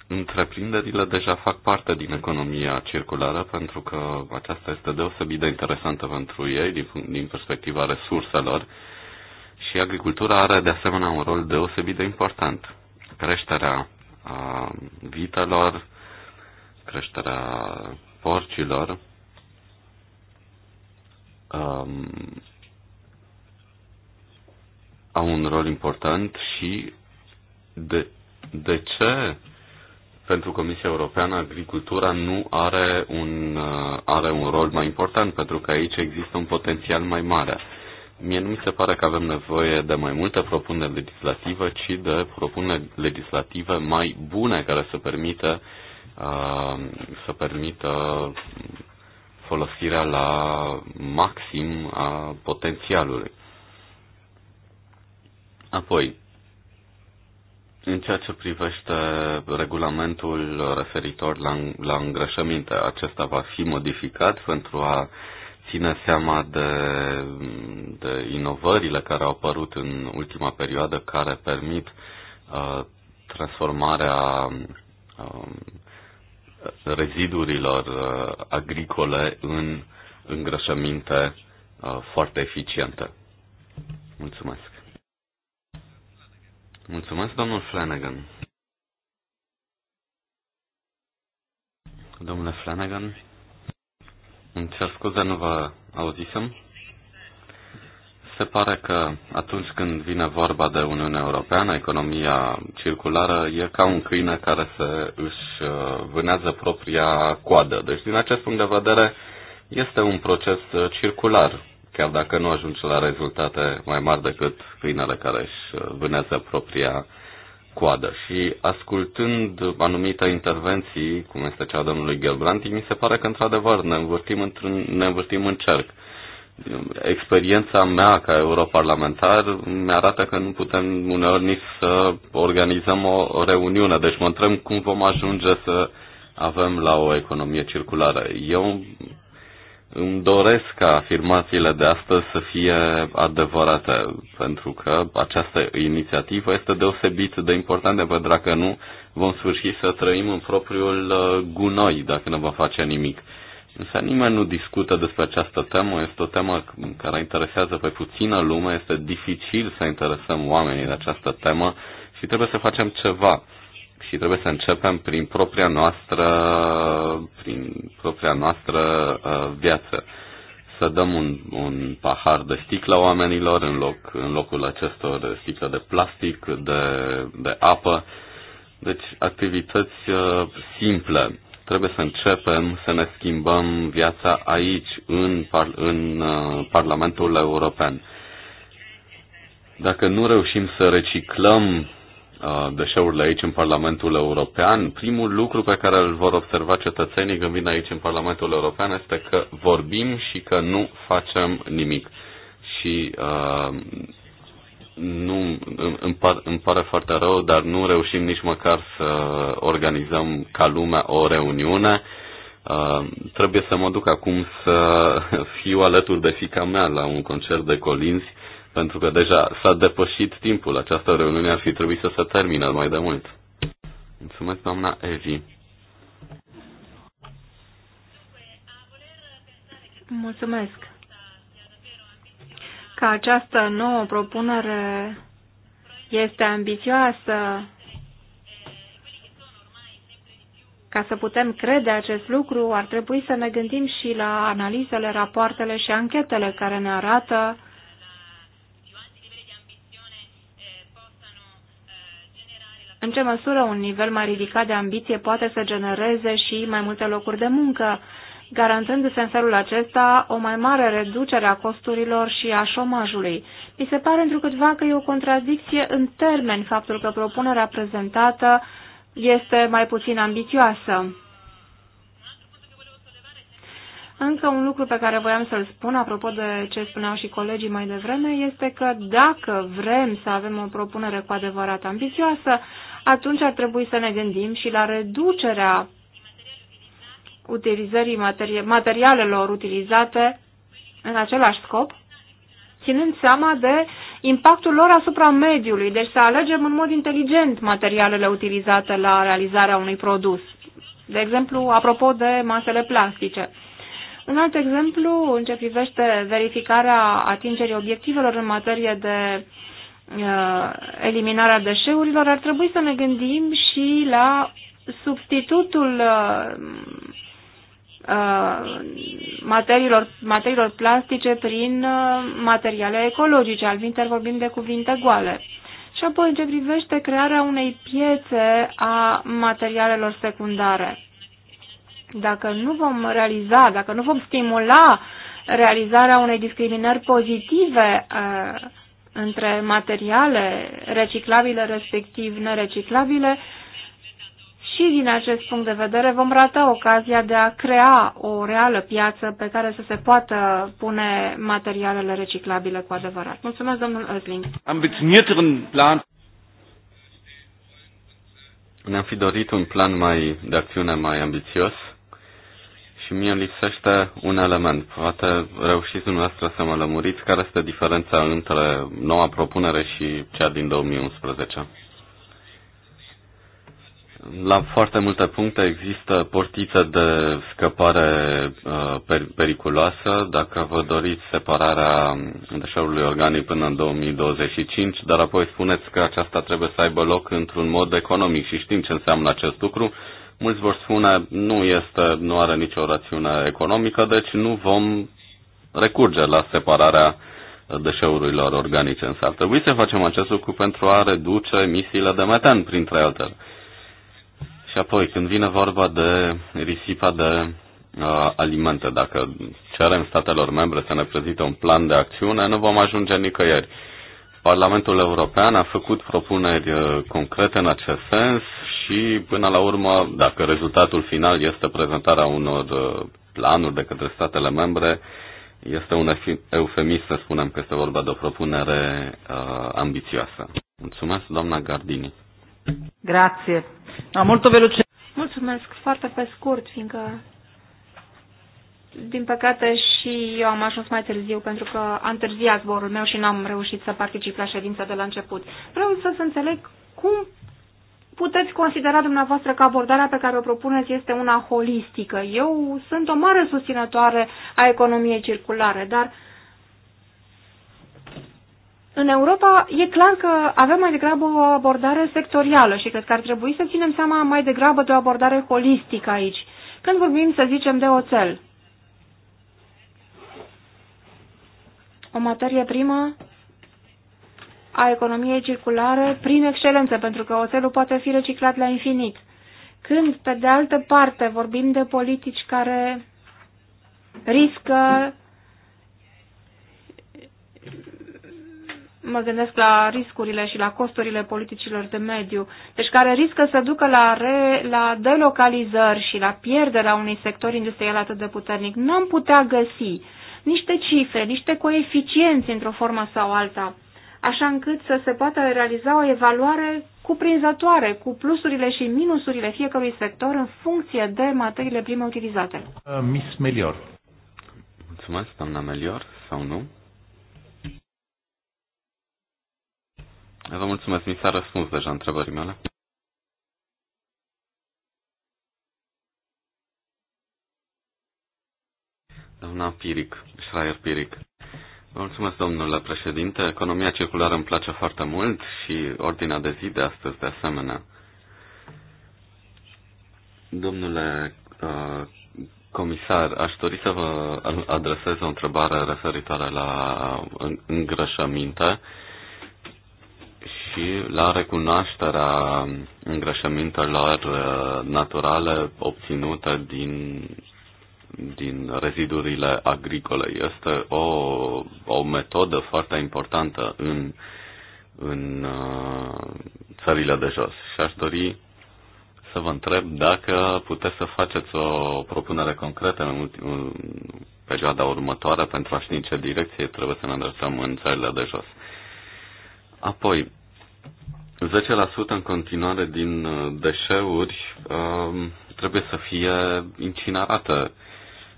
Întreprinderile deja fac parte din economia circulară pentru că aceasta este deosebit de interesantă pentru ei din, din perspectiva resurselor și agricultura are de asemenea un rol deosebit de important. Creșterea a vitelor, creșterea porcilor, um, au un rol important și de, de ce pentru Comisia Europeană agricultura nu are un, uh, are un rol mai important, pentru că aici există un potențial mai mare. Mie nu mi se pare că avem nevoie de mai multă propunere legislativă, ci de propuneri legislative mai bune care să permită, uh, să permită folosirea la maxim a potențialului. Apoi, în ceea ce privește regulamentul referitor la, la îngrășăminte, acesta va fi modificat pentru a ține seama de, de inovările care au apărut în ultima perioadă, care permit uh, transformarea uh, rezidurilor uh, agricole în îngrășăminte uh, foarte eficiente. Mulțumesc! Mulțumesc, domnul Flanagan. Domnule Flanagan, îmi cer scuze, nu vă auzisem. Se pare că atunci când vine vorba de Uniunea Europeană, economia circulară e ca un câine care se își uh, vânează propria coadă. Deci, din acest punct de vedere, este un proces uh, circular chiar dacă nu ajunge la rezultate mai mari decât câinele care își uh, vânează propria coadă. Și ascultând anumite intervenții, cum este cea a domnului Gelbranti, mi se pare că într-adevăr ne învârtim, într ne învârtim în cerc. Experiența mea ca europarlamentar mi-arată că nu putem uneori nici să organizăm o reuniune. Deci mă întreb cum vom ajunge să avem la o economie circulară. Eu îmi doresc ca afirmațiile de astăzi să fie adevărate, pentru că această inițiativă este deosebit de importantă, pentru că nu, vom sfârși să trăim în propriul uh, gunoi, dacă nu va face nimic. Însă nimeni nu discută despre această temă, este o temă care interesează pe puțină lume, este dificil să interesăm oamenii de această temă și trebuie să facem ceva și trebuie să începem prin propria noastră, prin propria noastră uh, viață. Să dăm un, un pahar de sticlă oamenilor în, loc, în locul acestor sticle de plastic, de, de apă. Deci activități uh, simple. Trebuie să începem să ne schimbăm viața aici, în, par, în uh, Parlamentul European. Dacă nu reușim să reciclăm deșeurile aici în Parlamentul European, primul lucru pe care îl vor observa cetățenii când vin aici în Parlamentul European este că vorbim și că nu facem nimic. Și uh, nu, îmi, par, îmi pare foarte rău, dar nu reușim nici măcar să organizăm ca lumea o reuniune. Uh, trebuie să mă duc acum să fiu alături de fica mea la un concert de colinzi pentru că deja s-a depășit timpul. Această reuniune ar fi trebuit să se termine mai de mult. Mulțumesc, doamna Evi. Mulțumesc. Că această nouă propunere este ambițioasă, ca să putem crede acest lucru, ar trebui să ne gândim și la analizele, rapoartele și anchetele care ne arată În ce măsură un nivel mai ridicat de ambiție poate să genereze și mai multe locuri de muncă, garantându-se în felul acesta o mai mare reducere a costurilor și a șomajului. Mi se pare întrucâtva că e o contradicție în termeni faptul că propunerea prezentată este mai puțin ambițioasă. Încă un lucru pe care voiam să-l spun, apropo de ce spuneau și colegii mai devreme, este că dacă vrem să avem o propunere cu adevărat ambițioasă, atunci ar trebui să ne gândim și la reducerea utilizării materi materialelor utilizate în același scop, ținând seama de impactul lor asupra mediului, deci să alegem în mod inteligent materialele utilizate la realizarea unui produs. De exemplu, apropo de masele plastice. Un alt exemplu, în ce privește verificarea atingerii obiectivelor în materie de Uh, eliminarea deșeurilor, ar trebui să ne gândim și la substitutul uh, uh, materiilor, materiilor plastice prin materiale ecologice. Alvinter vorbim de cuvinte goale. Și apoi, ce privește crearea unei piețe a materialelor secundare. Dacă nu vom realiza, dacă nu vom stimula realizarea unei discriminări pozitive între materiale reciclabile, respectiv nereciclabile, și din acest punct de vedere vom rata ocazia de a crea o reală piață pe care să se poată pune materialele reciclabile cu adevărat. Mulțumesc, domnul Özling. Ne-am fi dorit un plan mai de acțiune mai ambițios și mie îmi lipsește un element. Poate reușiți dumneavoastră să mă lămuriți care este diferența între noua propunere și cea din 2011. La foarte multe puncte există portiță de scăpare uh, periculoasă. Dacă vă doriți separarea deșeurilor organic până în 2025, dar apoi spuneți că aceasta trebuie să aibă loc într-un mod economic și știm ce înseamnă acest lucru. Uh, Mulți vor spune, nu, este, nu are nicio rațiune economică, deci nu vom recurge la separarea deșeurilor organice. Însă ar trebui să facem acest lucru pentru a reduce emisiile de metan, printre altele. Și apoi, când vine vorba de risipa de uh, alimente, dacă cerem statelor membre să ne prezinte un plan de acțiune, nu vom ajunge nicăieri. Parlamentul European a făcut propuneri uh, concrete în acest sens și, până la urmă, dacă rezultatul final este prezentarea unor uh, planuri de către statele membre, este un eufemism să spunem că este vorba de o propunere uh, ambițioasă. Mulțumesc, doamna Gardini. Grazie. No, da, molto veloce. Mulțumesc, foarte pe scurt, fiindcă din păcate și eu am ajuns mai târziu pentru că a întârziat zborul meu și n-am reușit să particip la ședința de la început. Vreau să înțeleg cum puteți considera dumneavoastră că abordarea pe care o propuneți este una holistică. Eu sunt o mare susținătoare a economiei circulare, dar în Europa e clar că avem mai degrabă o abordare sectorială și cred că ar trebui să ținem seama mai degrabă de o abordare holistică aici. Când vorbim, să zicem, de oțel, o materie primă a economiei circulare prin excelență, pentru că oțelul poate fi reciclat la infinit. Când, pe de altă parte, vorbim de politici care riscă, mă gândesc la riscurile și la costurile politicilor de mediu, deci care riscă să ducă la, re, la delocalizări și la pierderea unui sector industrial atât de puternic, n-am putea găsi niște cifre, niște coeficienți într-o formă sau alta, așa încât să se poată realiza o evaluare cuprinzătoare cu plusurile și minusurile fiecărui sector în funcție de materiile prime utilizate. Uh, Miss Melior. Mulțumesc, doamna Melior, sau nu? Vă mulțumesc, mi s-a răspuns deja întrebării mele. Doamna Piric. Schreier Piric. Mulțumesc, domnule președinte. Economia circulară îmi place foarte mult și ordinea de zi de astăzi de asemenea. Domnule uh, comisar, aș dori să vă adresez o întrebare referitoare la îngrășăminte și la recunoașterea îngrășămintelor uh, naturale obținute din din rezidurile agricole. Este o, o metodă foarte importantă în, în uh, țările de jos. Și aș dori să vă întreb dacă puteți să faceți o propunere concretă în, ultim, perioada următoare pentru a ști în ce direcție trebuie să ne îndreptăm în țările de jos. Apoi, 10% în continuare din uh, deșeuri uh, trebuie să fie incinerate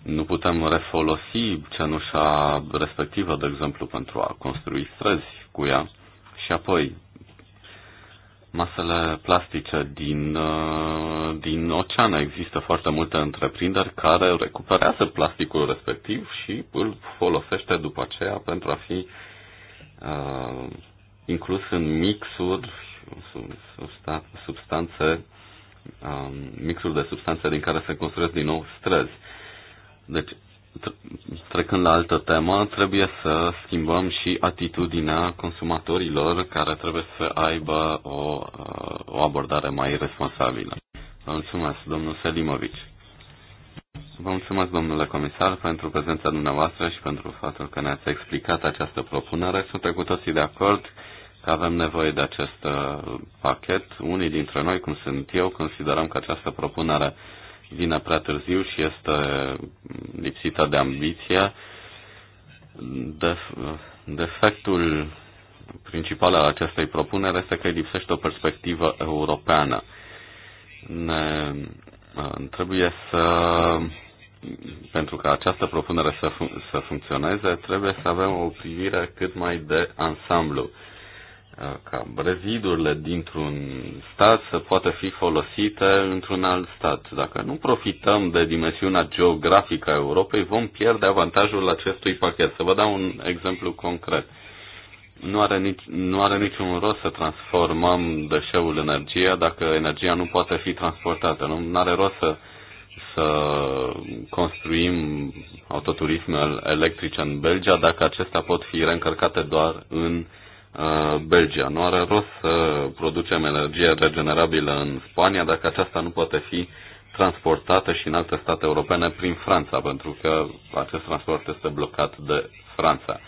nu putem refolosi cenușa respectivă, de exemplu, pentru a construi străzi cu ea. Și apoi, masele plastice din, uh, din ocean. Există foarte multe întreprinderi care recuperează plasticul respectiv și îl folosește după aceea pentru a fi uh, inclus în mixuri, substanțe, uh, mixuri de substanțe din care se construiesc din nou străzi. Deci, trecând la altă temă, trebuie să schimbăm și atitudinea consumatorilor care trebuie să aibă o, uh, o abordare mai responsabilă. Vă mulțumesc, domnul Selimovic. Vă mulțumesc, domnule comisar, pentru prezența dumneavoastră și pentru faptul că ne-ați explicat această propunere. Suntem cu toții de acord că avem nevoie de acest uh, pachet. Unii dintre noi, cum sunt eu, considerăm că această propunere vine prea târziu și este lipsită de ambiția. De, defectul principal al acestei propuneri este că îi lipsește o perspectivă europeană. Ne, trebuie să, pentru ca această propunere să, fun- să funcționeze, trebuie să avem o privire cât mai de ansamblu ca brezidurile dintr-un stat să poată fi folosite într-un alt stat. Dacă nu profităm de dimensiunea geografică a Europei, vom pierde avantajul acestui pachet. Să vă dau un exemplu concret. Nu are, nici, nu are niciun rost să transformăm deșeul energia energie dacă energia nu poate fi transportată. Nu are rost să, să construim autoturisme electrice în Belgia dacă acestea pot fi reîncărcate doar în uh, Uh, Belgia. Nu are rost să producem energie regenerabilă în Spania dacă aceasta nu poate fi transportată și în alte state europene prin Franța, pentru că acest transport este blocat de Franța.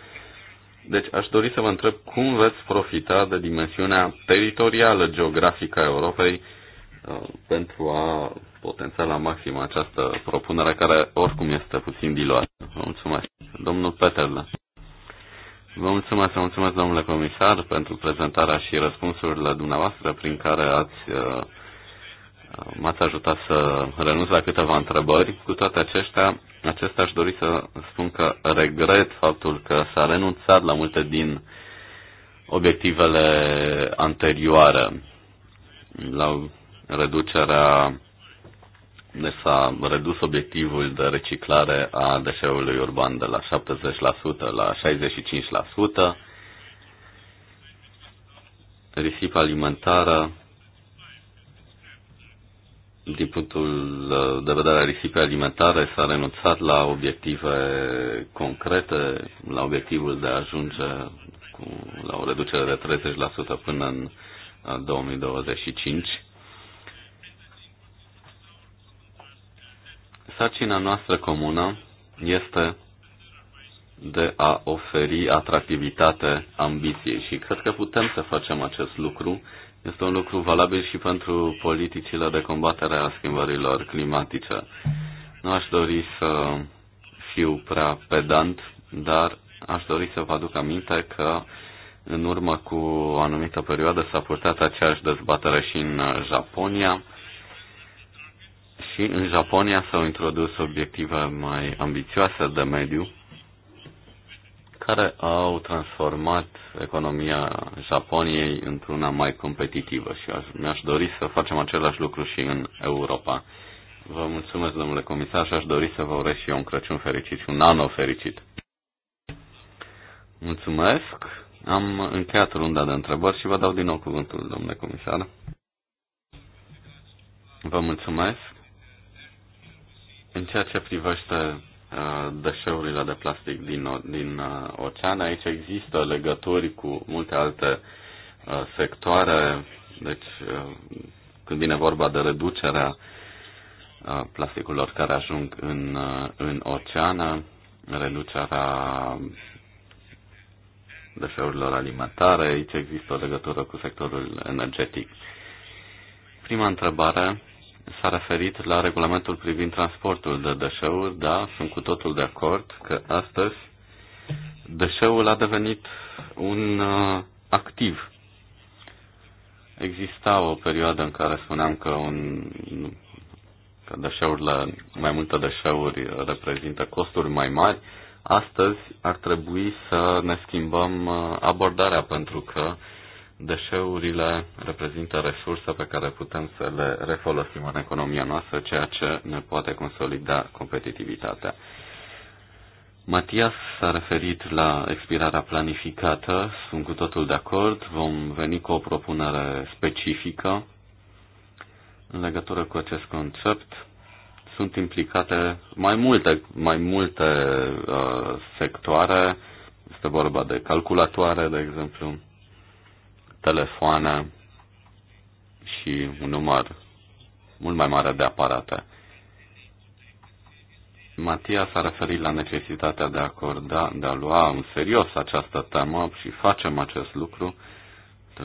Deci aș dori să vă întreb cum veți profita de dimensiunea teritorială geografică a Europei uh, pentru a potența la maxim această propunere care oricum este puțin diluată. Vă mulțumesc. Domnul Peterle. Vă mulțumesc, vă mulțumesc, domnule comisar, pentru prezentarea și răspunsurile dumneavoastră prin care ați, uh, m-ați ajutat să renunț la câteva întrebări. Cu toate acestea, acestea aș dori să spun că regret faptul că s-a renunțat la multe din obiectivele anterioare, la reducerea ne s-a redus obiectivul de reciclare a deșeului urban de la 70% la 65%. Risipa alimentară, din punctul de vedere a risipei alimentare, s-a renunțat la obiective concrete, la obiectivul de a ajunge cu, la o reducere de 30% până în 2025 uh, Sarcina noastră comună este de a oferi atractivitate ambiției și cred că putem să facem acest lucru. Este un lucru valabil și pentru politicile de combatere a schimbărilor climatice. Nu aș dori să fiu prea pedant, dar aș dori să vă aduc aminte că în urmă cu o anumită perioadă s-a purtat aceeași dezbatere și în Japonia și în Japonia s-au introdus obiective mai ambițioase de mediu care au transformat economia Japoniei într-una mai competitivă și aș, mi-aș dori să facem același lucru și în Europa. Vă mulțumesc, domnule comisar, și aș dori să vă urez și eu un Crăciun fericit și un anul fericit. Mulțumesc. Am încheiat runda de întrebări și vă dau din nou cuvântul, domnule comisar. Vă mulțumesc. În ceea ce privește uh, deșeurile de plastic din, din uh, ocean, aici există legături cu multe alte uh, sectoare, deci când vine vorba de reducerea plasticurilor care ajung în, în oceană, reducerea deșeurilor alimentare, aici există o legătură cu sectorul energetic. Prima întrebare s-a referit la regulamentul privind transportul de deșeuri, da, sunt cu totul de acord că astăzi deșeul a devenit un uh, activ. Exista o perioadă în care spuneam că, un, că deșeurile, mai multe deșeuri reprezintă costuri mai mari. Astăzi ar trebui să ne schimbăm uh, abordarea pentru că uh, deșeurile reprezintă resurse pe care putem să le refolosim în economia noastră, ceea ce ne poate consolida competitivitatea. Matias s-a referit la expirarea planificată, sunt cu totul de acord, vom veni cu o propunere specifică în legătură cu acest concept. Sunt implicate mai multe, mai multe uh, sectoare, este vorba de calculatoare, de exemplu, telefoane și un număr mult mai mare de aparate. Matia s-a referit la necesitatea de a acorda, de a lua în serios această temă și facem acest lucru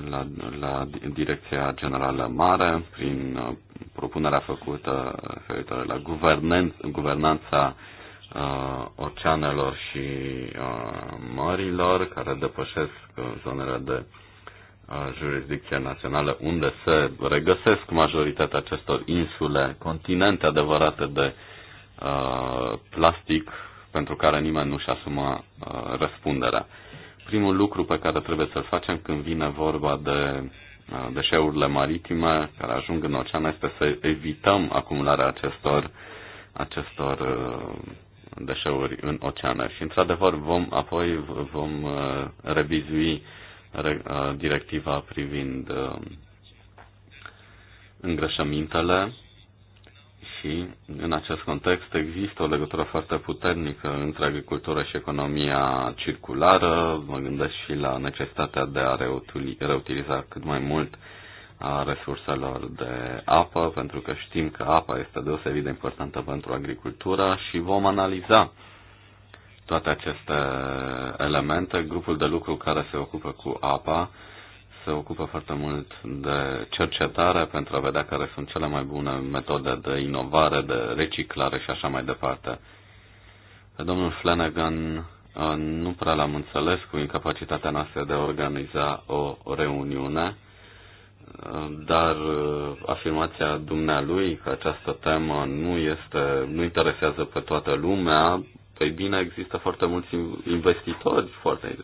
la, la Direcția Generală Mare, prin uh, propunerea făcută referitoare la guvernanța uh, oceanelor și uh, mărilor, care depășesc uh, zonele de jurisdicția națională unde se regăsesc majoritatea acestor insule, continente adevărate de uh, plastic pentru care nimeni nu-și asumă uh, răspunderea. Primul lucru pe care trebuie să-l facem când vine vorba de deșeurile maritime care ajung în ocean este să evităm acumularea acestor, acestor deșeuri în oceane. Și într-adevăr vom apoi vom revizui uh, directiva privind îngrășămintele și în acest context există o legătură foarte puternică între agricultură și economia circulară. Mă gândesc și la necesitatea de a reutiliza cât mai mult a resurselor de apă, pentru că știm că apa este deosebit de importantă pentru agricultura și vom analiza toate aceste elemente. Grupul de lucru care se ocupă cu apa se ocupă foarte mult de cercetare pentru a vedea care sunt cele mai bune metode de inovare, de reciclare și așa mai departe. Pe domnul Flanagan uh, nu prea l-am înțeles cu incapacitatea noastră de a organiza o reuniune, uh, dar uh, afirmația dumnealui că această temă nu, este, nu interesează pe toată lumea Păi bine, există foarte mulți investitori foarte,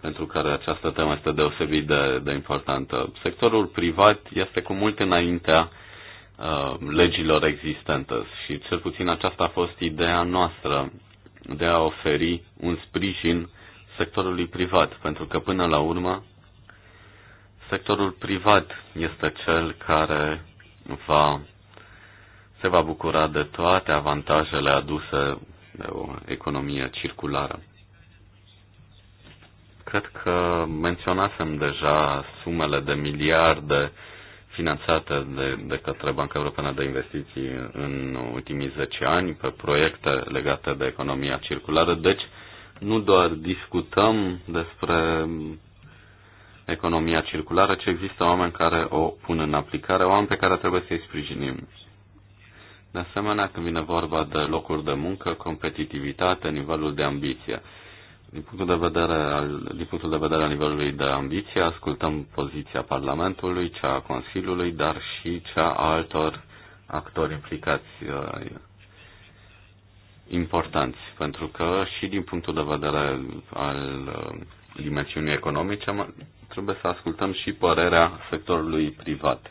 pentru care această temă este deosebit de, de importantă. Sectorul privat este cu mult înaintea uh, legilor existente și cel puțin aceasta a fost ideea noastră de a oferi un sprijin sectorului privat, pentru că până la urmă sectorul privat este cel care va, se va bucura de toate avantajele aduse de o economie circulară. Cred că menționasem deja sumele de miliarde finanțate de, de către Banca Europeană de Investiții în ultimii 10 ani pe proiecte legate de economia circulară. Deci, nu doar discutăm despre economia circulară, ci există oameni care o pun în aplicare, oameni pe care trebuie să-i sprijinim. De asemenea, când vine vorba de locuri de muncă, competitivitate, nivelul de ambiție. Din punctul de vedere al, din punctul de vedere al nivelului de ambiție, ascultăm poziția Parlamentului, cea a Consiliului, dar și cea a altor actori implicați uh, importanți, pentru că și din punctul de vedere al uh, dimensiunii economice trebuie să ascultăm și părerea sectorului privat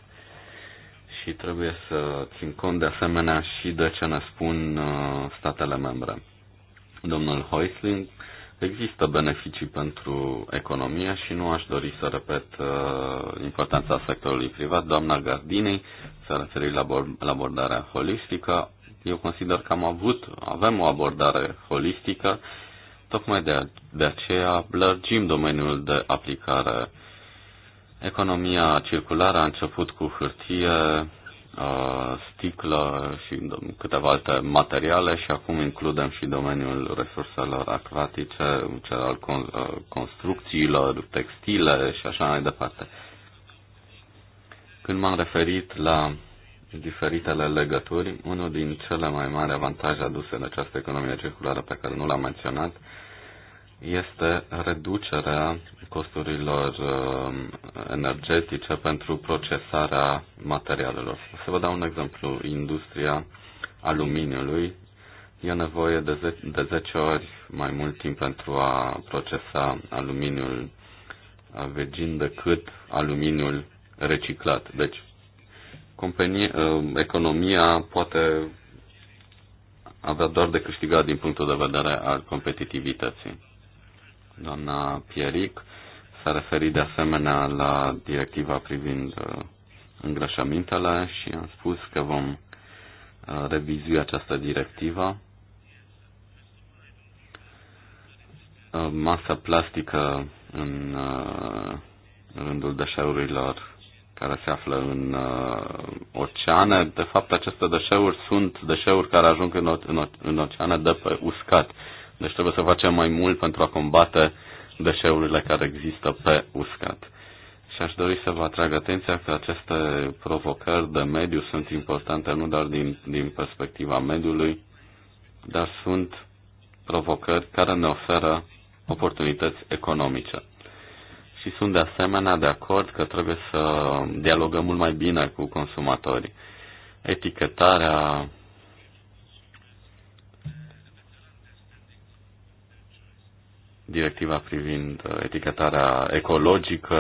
și trebuie să țin cont de asemenea și de ce ne spun uh, statele membre. Domnul Hoisling, există beneficii pentru economie și nu aș dori să repet uh, importanța sectorului privat. Doamna Gardini s-a referit la, la abordarea holistică. Eu consider că am avut, avem o abordare holistică, tocmai de, de aceea lărgim domeniul de aplicare Economia circulară a început cu hârtie, uh, sticlă și câteva alte materiale și acum includem și domeniul resurselor acvatice, cel al uh, construcțiilor, textile și așa mai departe. Când m-am referit la diferitele legături, unul din cele mai mari avantaje aduse de această economie circulară pe care nu l-am menționat este reducerea costurilor um, energetice pentru procesarea materialelor. Să vă dau un exemplu. Industria aluminiului e nevoie de 10, de 10 ori mai mult timp pentru a procesa aluminiul virgin decât aluminiul reciclat. Deci, companie, um, economia poate avea doar de câștigat din punctul de vedere al competitivității. Doamna Pieric s-a referit de asemenea la directiva privind uh, îngrășămintele și am spus că vom uh, revizui această directivă. Uh, Masa plastică în rândul deșeurilor care se află în uh, oceane. De fapt, aceste deșeuri sunt deșeuri care ajung în, o, în, o, în oceane de pe uscat. Deci trebuie să facem mai mult pentru a combate deșeurile care există pe uscat. Și aș dori să vă atrag atenția că aceste provocări de mediu sunt importante nu doar din, din perspectiva mediului, dar sunt provocări care ne oferă oportunități economice. Și sunt de asemenea de acord că trebuie să dialogăm mult mai bine cu consumatorii. Etichetarea directiva privind uh, etichetarea ecologică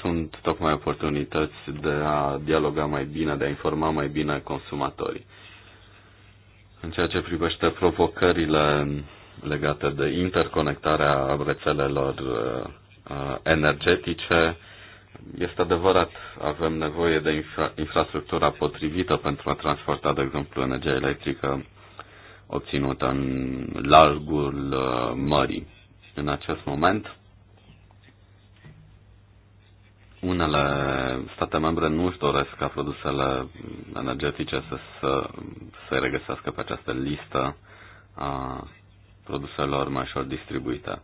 sunt tocmai oportunități de a dialoga mai bine, de a informa mai bine consumatorii. În ceea ce privește provocările legate de interconectarea rețelelor uh, uh, energetice, este adevărat, avem nevoie de infra- infrastructura potrivită pentru a transporta, de exemplu, energia electrică obținută în largul mării în acest moment. Unele state membre nu își doresc ca produsele energetice să, să regăsească pe această listă a produselor mai ușor distribuite.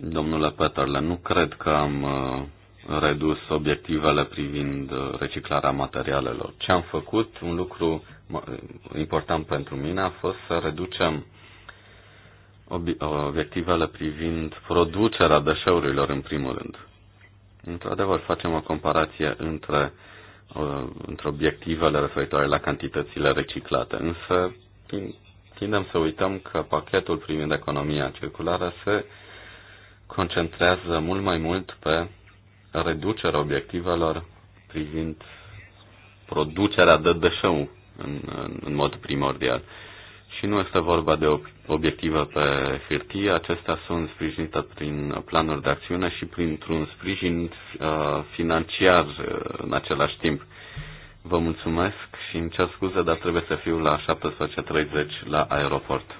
Domnule Peterle, nu cred că am uh, redus obiectivele privind uh, reciclarea materialelor. Ce am făcut, un lucru important pentru mine a fost să reducem obiectivele privind producerea deșeurilor, în primul rând. Într-adevăr, facem o comparație între, uh, între obiectivele referitoare la cantitățile reciclate, însă tindem să uităm că pachetul privind economia circulară se concentrează mult mai mult pe reducerea obiectivelor privind producerea de deșeu în, în, în mod primordial. Și nu este vorba de obiective pe hârtie, acestea sunt sprijinite prin planuri de acțiune și printr-un sprijin uh, financiar uh, în același timp. Vă mulțumesc și îmi cer scuze, dar trebuie să fiu la 17.30 la aeroport.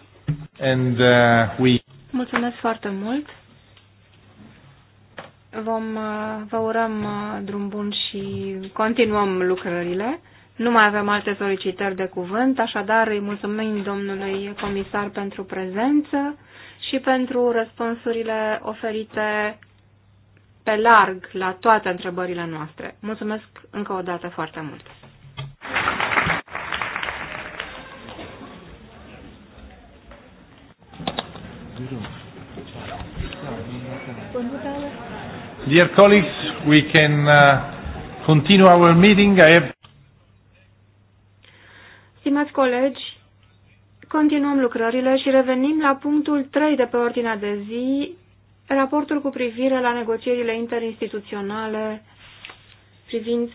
And, uh, we... Mulțumesc foarte mult. Vom, uh, vă urăm drum bun și continuăm lucrările. Nu mai avem alte solicitări de cuvânt, așadar îi mulțumim domnului comisar pentru prezență și pentru răspunsurile oferite pe larg la toate întrebările noastre. Mulțumesc încă o dată foarte mult! Dear colleagues, we can uh, continue our meeting. I have Stimați colegi, continuăm lucrările și revenim la punctul 3 de pe ordinea de zi, raportul cu privire la negocierile interinstituționale privind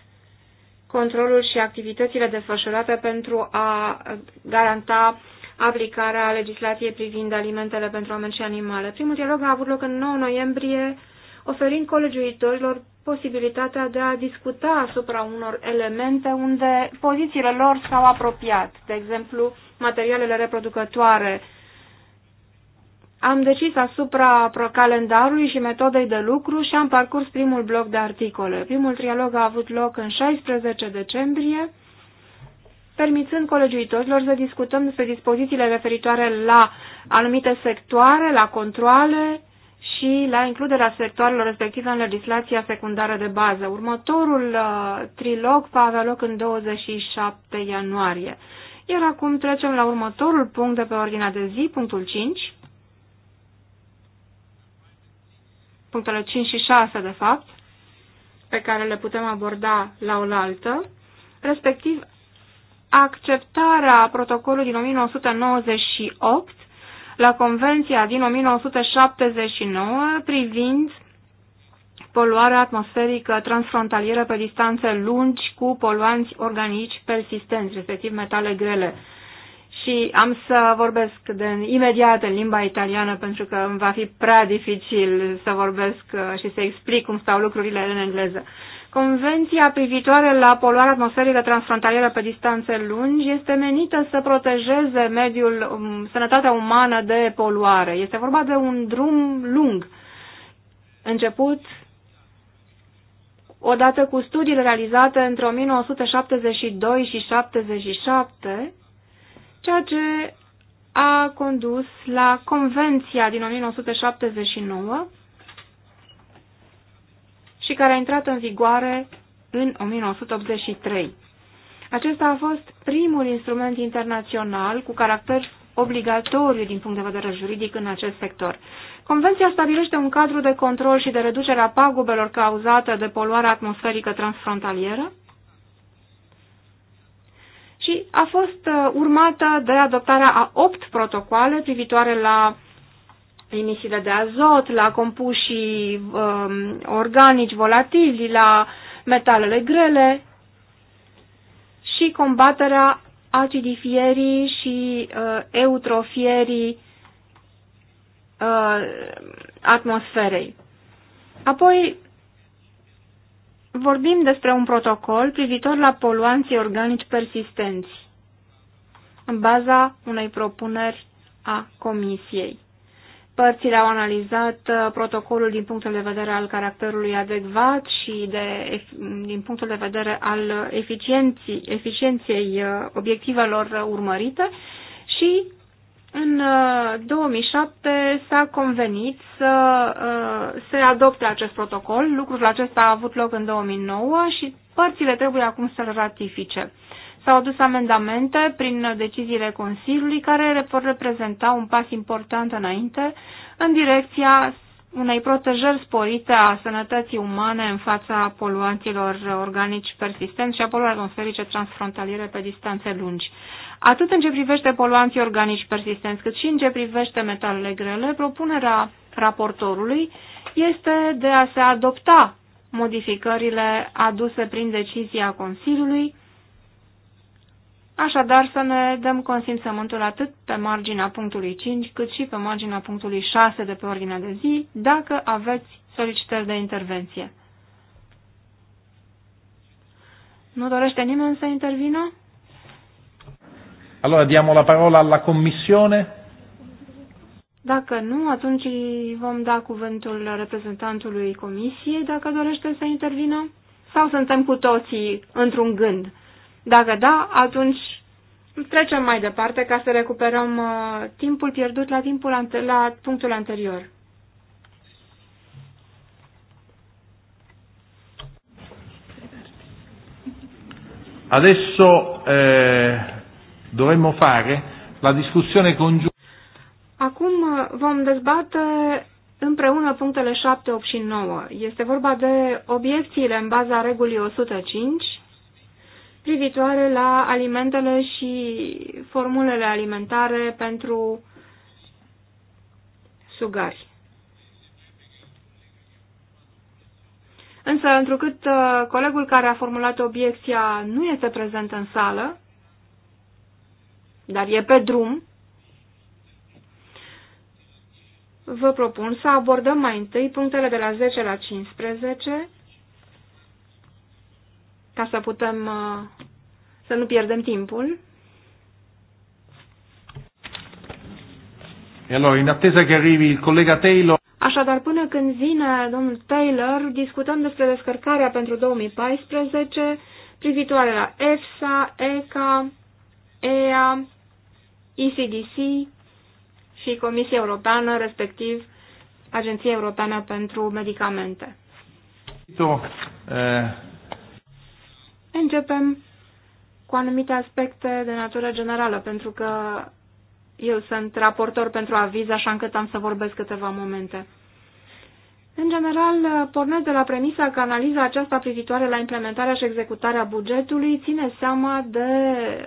controlul și activitățile desfășurate pentru a garanta aplicarea legislației privind alimentele pentru oameni și animale. Primul dialog a avut loc în 9 noiembrie, oferind colegiuitorilor posibilitatea de a discuta asupra unor elemente unde pozițiile lor s-au apropiat, de exemplu, materialele reproducătoare. Am decis asupra calendarului și metodei de lucru și am parcurs primul bloc de articole. Primul trialog a avut loc în 16 decembrie, permițând colegiuitorilor să discutăm despre dispozițiile referitoare la anumite sectoare, la controle, și la includerea sectoarelor respective în legislația secundară de bază. Următorul uh, trilog va avea loc în 27 ianuarie. Iar acum trecem la următorul punct de pe ordinea de zi, punctul 5. Punctele 5 și 6, de fapt, pe care le putem aborda la oaltă, respectiv acceptarea protocolului din 1998 la Convenția din 1979 privind poluarea atmosferică transfrontalieră pe distanțe lungi cu poluanți organici persistenți, respectiv metale grele. Și am să vorbesc de, imediat în limba italiană pentru că îmi va fi prea dificil să vorbesc uh, și să explic cum stau lucrurile în engleză. Uh, Convenția privitoare la poluarea atmosferică transfrontalieră pe distanțe lungi este menită să protejeze mediul, um, sănătatea umană de poluare. Este vorba de un drum lung, început odată cu studiile realizate între 1972 și 1977, ceea ce a condus la Convenția din 1979, și care a intrat în vigoare în 1983. Acesta a fost primul instrument internațional cu caracter obligatoriu din punct de vedere juridic în acest sector. Convenția stabilește un cadru de control și de reducere a pagubelor cauzate de poluarea atmosferică transfrontalieră și a fost uh, urmată de adoptarea a opt protocoale privitoare la emisiile de azot, la compușii um, organici volatili, la metalele grele și combaterea acidifierii și uh, eutrofierii uh, atmosferei. Apoi vorbim despre un protocol privitor la poluanții organici persistenți în baza unei propuneri a Comisiei. Părțile au analizat uh, protocolul din punctul de vedere al caracterului adecvat și de, din punctul de vedere al eficienței, eficienței uh, obiectivelor urmărite și în 2007 uh, s-a convenit să se adopte acest protocol. Lucrul acesta a avut loc în 2009 și părțile trebuie acum să-l ratifice. S-au adus amendamente prin deciziile Consiliului care vor reprezenta un pas important înainte în direcția unei protejări sporite a sănătății umane în fața poluanților organici persistenți și a poluării atmosferice transfrontaliere pe distanțe lungi. Atât în ce privește poluanții organici persistenți, cât și în ce privește metalele grele, propunerea raportorului este de a se adopta modificările aduse prin decizia Consiliului Așadar să ne dăm consimțământul atât pe marginea punctului 5, cât și pe marginea punctului 6 de pe ordinea de zi, dacă aveți solicitări de intervenție. Nu dorește nimeni să intervină? Allora diamo la parola alla Commissione. Dacă nu, atunci vom da cuvântul reprezentantului Comisiei, dacă dorește să intervină. Sau suntem cu toții într-un gând? Dacă da, atunci trecem mai departe ca să recuperăm uh, timpul pierdut la, timpul ante- la punctul anterior. Adesso eh, dovremmo fare la discussione congiunta. Acum uh, vom dezbate împreună punctele 7, 8 și 9. Este vorba de obiecțiile în baza regulii 105 privitoare la alimentele și formulele alimentare pentru sugari. Însă, întrucât uh, colegul care a formulat obiecția nu este prezent în sală, dar e pe drum, vă propun să abordăm mai întâi punctele de la 10 la 15, ca să putem uh, să nu pierdem timpul. Allora, in attesa che arrivi il collega Taylor. Așadar, până când vine domnul Taylor, discutăm despre descărcarea pentru 2014 privitoare la EFSA, ECA, EA, ECDC și Comisia Europeană, respectiv Agenția Europeană pentru Medicamente. Eh, începem cu anumite aspecte de natură generală, pentru că eu sunt raportor pentru aviz, așa încât am să vorbesc câteva momente. În general, pornesc de la premisa că analiza aceasta privitoare la implementarea și executarea bugetului ține seama de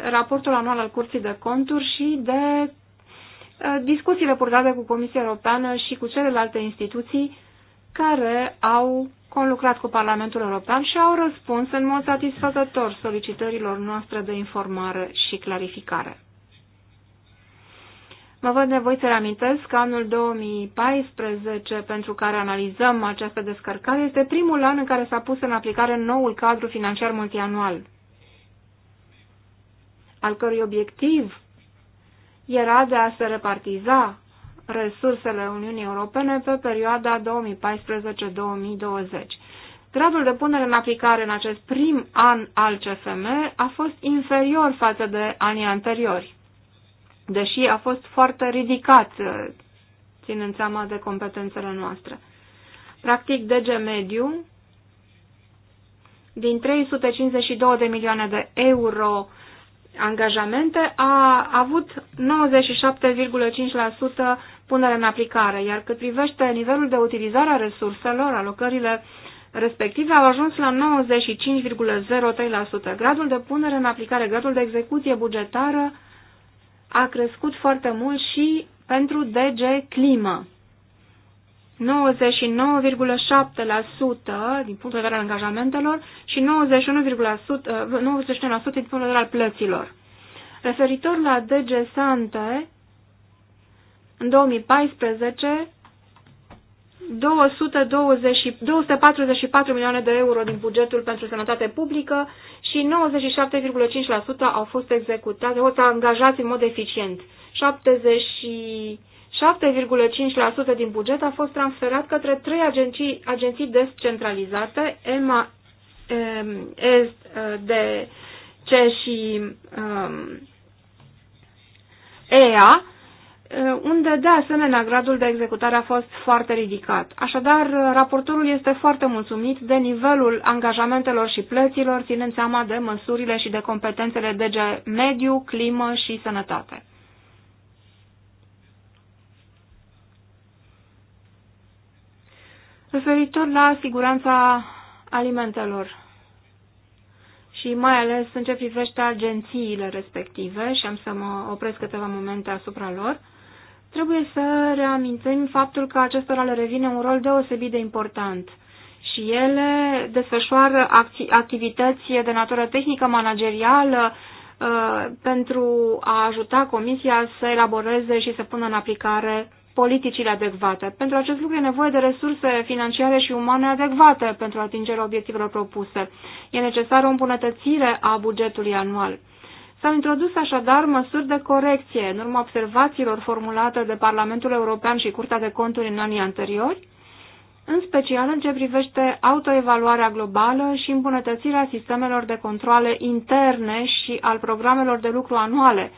raportul anual al Curții de Conturi și de eh, discuțiile purtate cu Comisia Europeană și cu celelalte instituții care au conlucrat cu Parlamentul European și au răspuns în mod satisfăcător solicitărilor noastre de informare și clarificare. Mă văd nevoit să reamintesc că anul 2014, pentru care analizăm această descărcare, este primul an în care s-a pus în aplicare noul cadru financiar multianual, al cărui obiectiv era de a se repartiza resursele Uniunii Europene pe perioada 2014-2020. Gradul de punere în aplicare în acest prim an al CFM a fost inferior față de anii anteriori, deși a fost foarte ridicat, eh, ținând seama de competențele noastre. Practic, DG Mediu, din 352 de milioane de euro angajamente, a avut 97,5% punere în aplicare, iar cât privește nivelul de utilizare a resurselor, alocările respective au ajuns la 95,03%. Gradul de punere în aplicare, gradul de execuție bugetară a crescut foarte mult și pentru DG Climă. 99,7% din punct de vedere al angajamentelor și 91,1% 91 uh, din punct de vedere al plăților. Referitor la DG Sante, în 2014, 220, 244 milioane de euro din bugetul pentru sănătate publică și 97,5% au fost executate, au fost angajați în mod eficient. 77,5% din buget a fost transferat către trei agenții, agenții descentralizate, EMA, ESDC și EA, Eh, unde de asemenea gradul de executare a fost foarte ridicat. Așadar, raportorul este foarte mulțumit de nivelul angajamentelor și plăților, ținând seama de măsurile și de competențele de Mediu, Climă și Sănătate. Referitor la siguranța alimentelor și mai ales în ce privește agențiile respective, și am să mă opresc câteva momente asupra lor, Trebuie să reamintim faptul că acestora le revine un rol deosebit de important și ele desfășoară activități de natură tehnică, managerială, uh, pentru a ajuta Comisia să elaboreze și să pună în aplicare politicile adecvate. Pentru acest lucru e nevoie de resurse financiare și umane adecvate pentru atingerea obiectivelor propuse. E necesară o îmbunătățire a bugetului anual. S-au introdus așadar măsuri de corecție în urma observațiilor formulate de Parlamentul European și Curtea de Conturi în anii anteriori, în special în ce privește autoevaluarea globală și îmbunătățirea sistemelor de controle interne și al programelor de lucru anuale,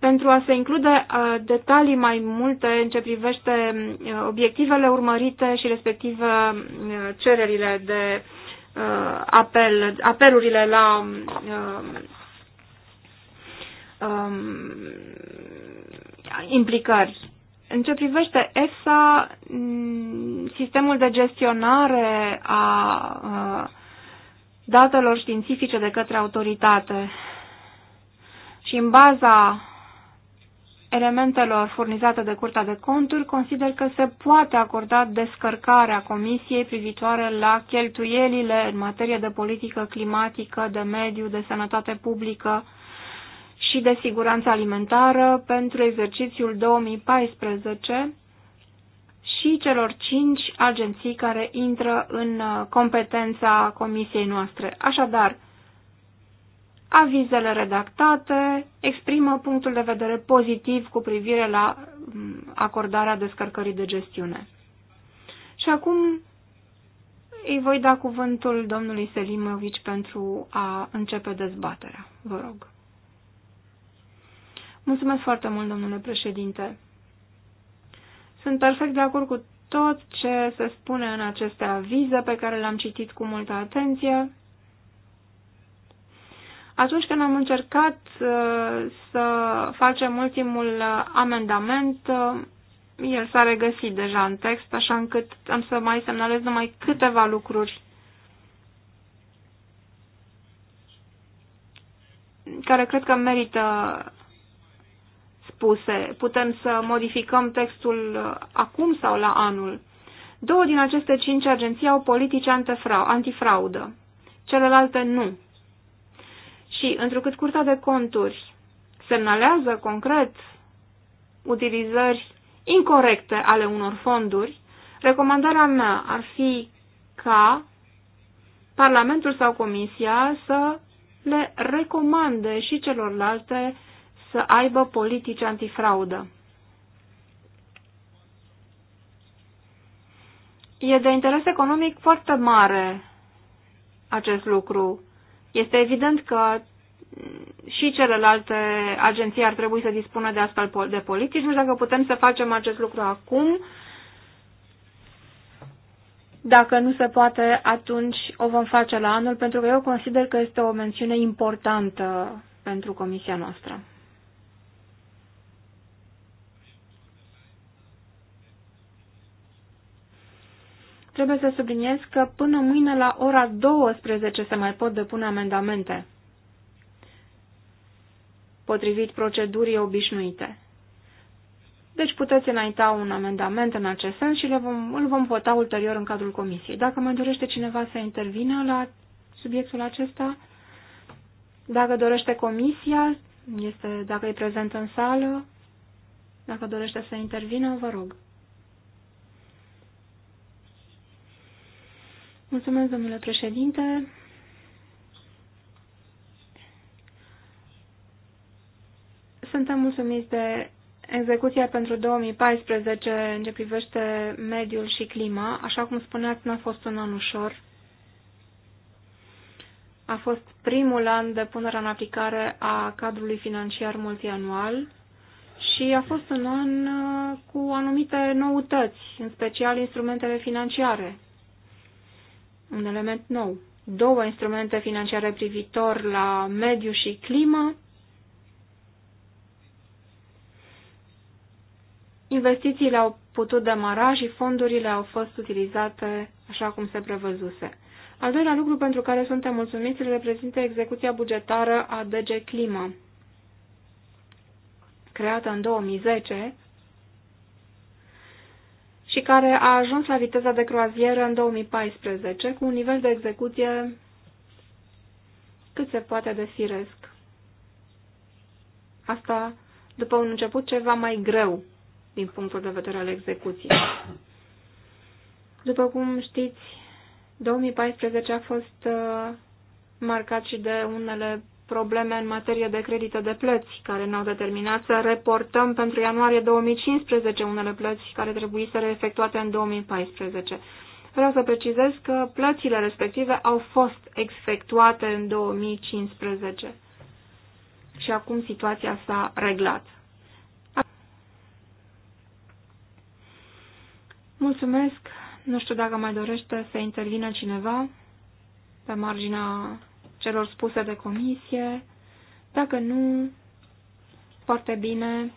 pentru a se include uh, detalii mai multe în ce privește uh, obiectivele urmărite și respectiv uh, cererile de apel, apelurile la um, implicări. În ce privește EFSA, mm, sistemul de gestionare a uh, datelor științifice de către autoritate și în baza elementelor furnizate de Curtea de Conturi, consider că se poate acorda descărcarea Comisiei privitoare la cheltuielile în materie de politică climatică, de mediu, de sănătate publică, și de siguranță alimentară pentru exercițiul 2014 și celor cinci agenții care intră în uh, competența comisiei noastre. Așadar, avizele redactate exprimă punctul de vedere pozitiv cu privire la mm, acordarea descărcării de gestiune. Și acum îi voi da cuvântul domnului Selimovici pentru a începe dezbaterea. Vă rog. Mulțumesc foarte mult, domnule președinte. Sunt perfect de acord cu tot ce se spune în aceste avize pe care le-am citit cu multă atenție. Atunci când am încercat uh, să facem ultimul uh, amendament, uh, el s-a regăsit deja în text, așa încât am să mai semnalez numai câteva lucruri care cred că merită spuse. Putem să modificăm textul acum sau la anul. Două din aceste cinci agenții au politici antifraudă, celelalte nu. Și, întrucât Curtea de Conturi semnalează concret utilizări incorrecte ale unor fonduri, recomandarea mea ar fi ca Parlamentul sau Comisia să le recomande și celorlalte să aibă politici antifraudă. E de interes economic foarte mare acest lucru. Este evident că și celelalte agenții ar trebui să dispună de astfel de politici. Nu știu dacă putem să facem acest lucru acum. Dacă nu se poate, atunci o vom face la anul, pentru că eu consider că este o mențiune importantă pentru comisia noastră. Trebuie să subliniez că până mâine la ora 12 se mai pot depune amendamente, potrivit procedurii obișnuite. Deci puteți înainta un amendament în acest sens și le vom, îl vom vota ulterior în cadrul comisiei. Dacă mai dorește cineva să intervină la subiectul acesta, dacă dorește comisia, este, dacă e prezent în sală, dacă dorește să intervină, vă rog. Mulțumesc, domnule președinte. Suntem mulțumiți de execuția pentru 2014 în ce privește mediul și clima. Așa cum spuneați, n-a fost un an ușor. A fost primul an de punere în aplicare a cadrului financiar multianual și a fost un an uh, cu anumite noutăți, în special instrumentele financiare, un element nou. Două instrumente financiare privitor la mediu și climă, Investițiile au putut demara și fondurile au fost utilizate așa cum se prevăzuse. Al doilea lucru pentru care suntem mulțumiți reprezintă execuția bugetară a DG Clima, creată în 2010 și care a ajuns la viteza de croazieră în 2014 cu un nivel de execuție cât se poate de firesc. Asta după un început ceva mai greu din punctul de vedere al execuției. După cum știți, 2014 a fost uh, marcat și de unele probleme în materie de credite de plăți, care ne-au determinat să reportăm pentru ianuarie 2015 unele plăți care trebuie să efectuate în 2014. Vreau să precizez că plățile respective au fost efectuate în 2015 și acum situația s-a reglat. Mulțumesc. Nu știu dacă mai dorește să intervină cineva pe marginea celor spuse de comisie. Dacă nu, foarte bine.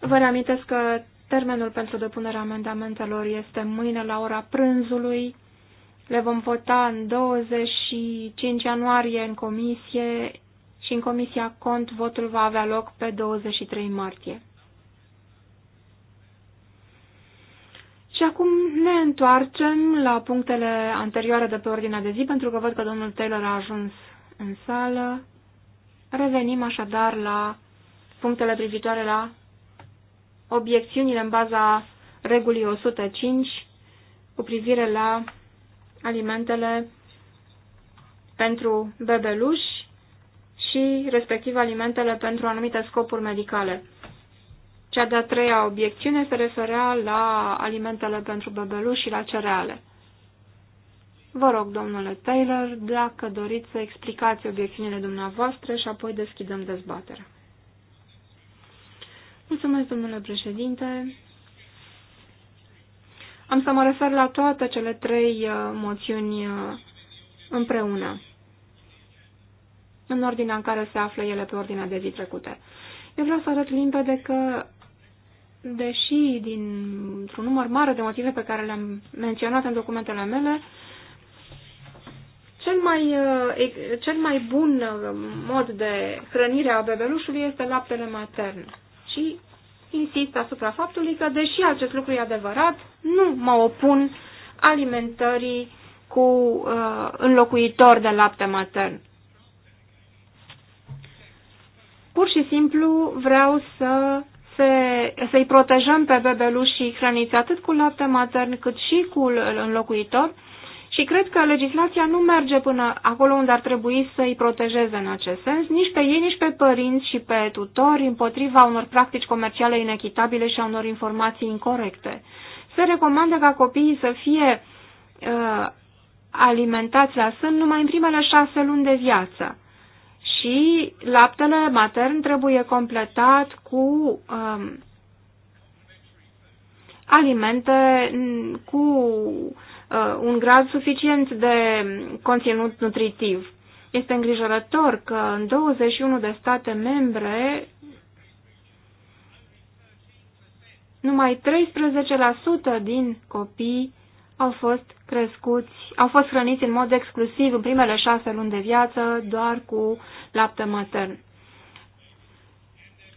Vă reamintesc că termenul pentru depunerea amendamentelor este mâine la ora prânzului. Le vom vota în 25 ianuarie în comisie și în comisia cont votul va avea loc pe 23 martie. Și acum ne întoarcem la punctele anterioare de pe ordinea de zi, pentru că văd că domnul Taylor a ajuns în sală. Revenim așadar la punctele privitoare la obiecțiunile în baza regulii 105 cu privire la alimentele pentru bebeluși și respectiv alimentele pentru anumite scopuri medicale. Cea de-a treia obiecțiune se referea la alimentele pentru bebeluși și la cereale. Vă rog, domnule Taylor, dacă doriți să explicați obiecțiunile dumneavoastră și apoi deschidem dezbaterea. Mulțumesc, domnule președinte. Am să mă refer la toate cele trei uh, moțiuni uh, împreună, în ordinea în care se află ele pe ordinea de zi trecute. Eu vreau să arăt limpede că deși din un număr mare de motive pe care le-am menționat în documentele mele, cel mai, uh, cel mai bun uh, mod de hrănire a bebelușului este laptele matern. Și insist asupra faptului că, deși acest lucru e adevărat, nu mă opun alimentării cu uh, înlocuitor de lapte matern. Pur și simplu vreau să se, să-i protejăm pe bebelușii hrăniți atât cu lapte matern cât și cu înlocuitor și cred că legislația nu merge până acolo unde ar trebui să-i protejeze în acest sens, nici pe ei, nici pe părinți și pe tutori, împotriva unor practici comerciale inechitabile și a unor informații incorrecte. Se recomandă ca copiii să fie uh, alimentați la sân numai în primele șase luni de viață și laptele matern trebuie completat cu um, alimente cu uh, un grad suficient de conținut nutritiv. Este îngrijorător că în 21 de state membre numai 13% din copii au fost crescuți, au fost hrăniți în mod exclusiv în primele șase luni de viață doar cu lapte matern.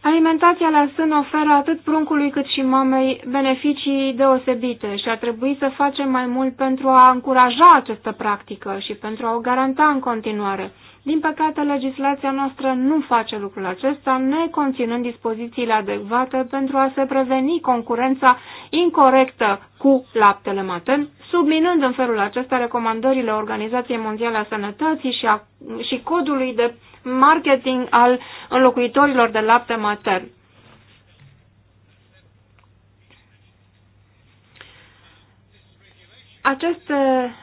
Alimentația la sân oferă atât pruncului cât și mamei beneficii deosebite și ar trebui să facem mai mult pentru a încuraja această practică și pentru a o garanta în continuare. Din păcate, legislația noastră nu face lucrul acesta, ne conținând dispozițiile adecvate pentru a se preveni concurența incorrectă cu laptele matern, subminând în felul acesta recomandările Organizației Mondiale a Sănătății și, a, și codului de marketing al înlocuitorilor de lapte matern. Aceste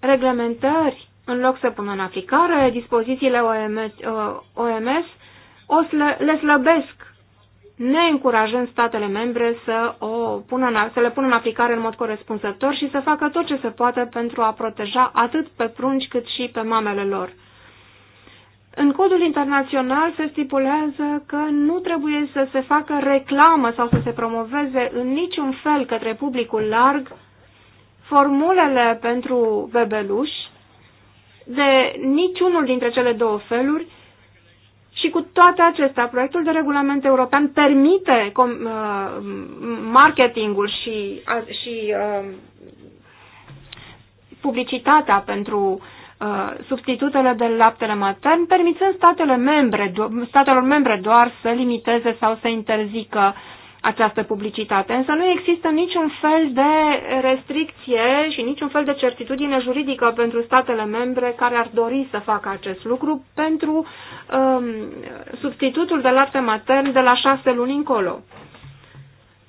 reglementări în loc să pună în aplicare dispozițiile OMS, uh, OMS o slă, le slăbesc, neîncurajând statele membre să, o pună în, să le pună în aplicare în mod corespunzător și să facă tot ce se poate pentru a proteja atât pe prunci cât și pe mamele lor. În codul internațional se stipulează că nu trebuie să se facă reclamă sau să se promoveze în niciun fel către publicul larg formulele pentru bebeluși de niciunul dintre cele două feluri și cu toate acestea, proiectul de regulament european permite uh, marketingul și, uh, și uh, publicitatea pentru substitutele de laptele matern, permițând statele membre, statelor membre doar să limiteze sau să interzică această publicitate, însă nu există niciun fel de restricție și niciun fel de certitudine juridică pentru statele membre care ar dori să facă acest lucru pentru um, substitutul de lapte matern de la șase luni încolo.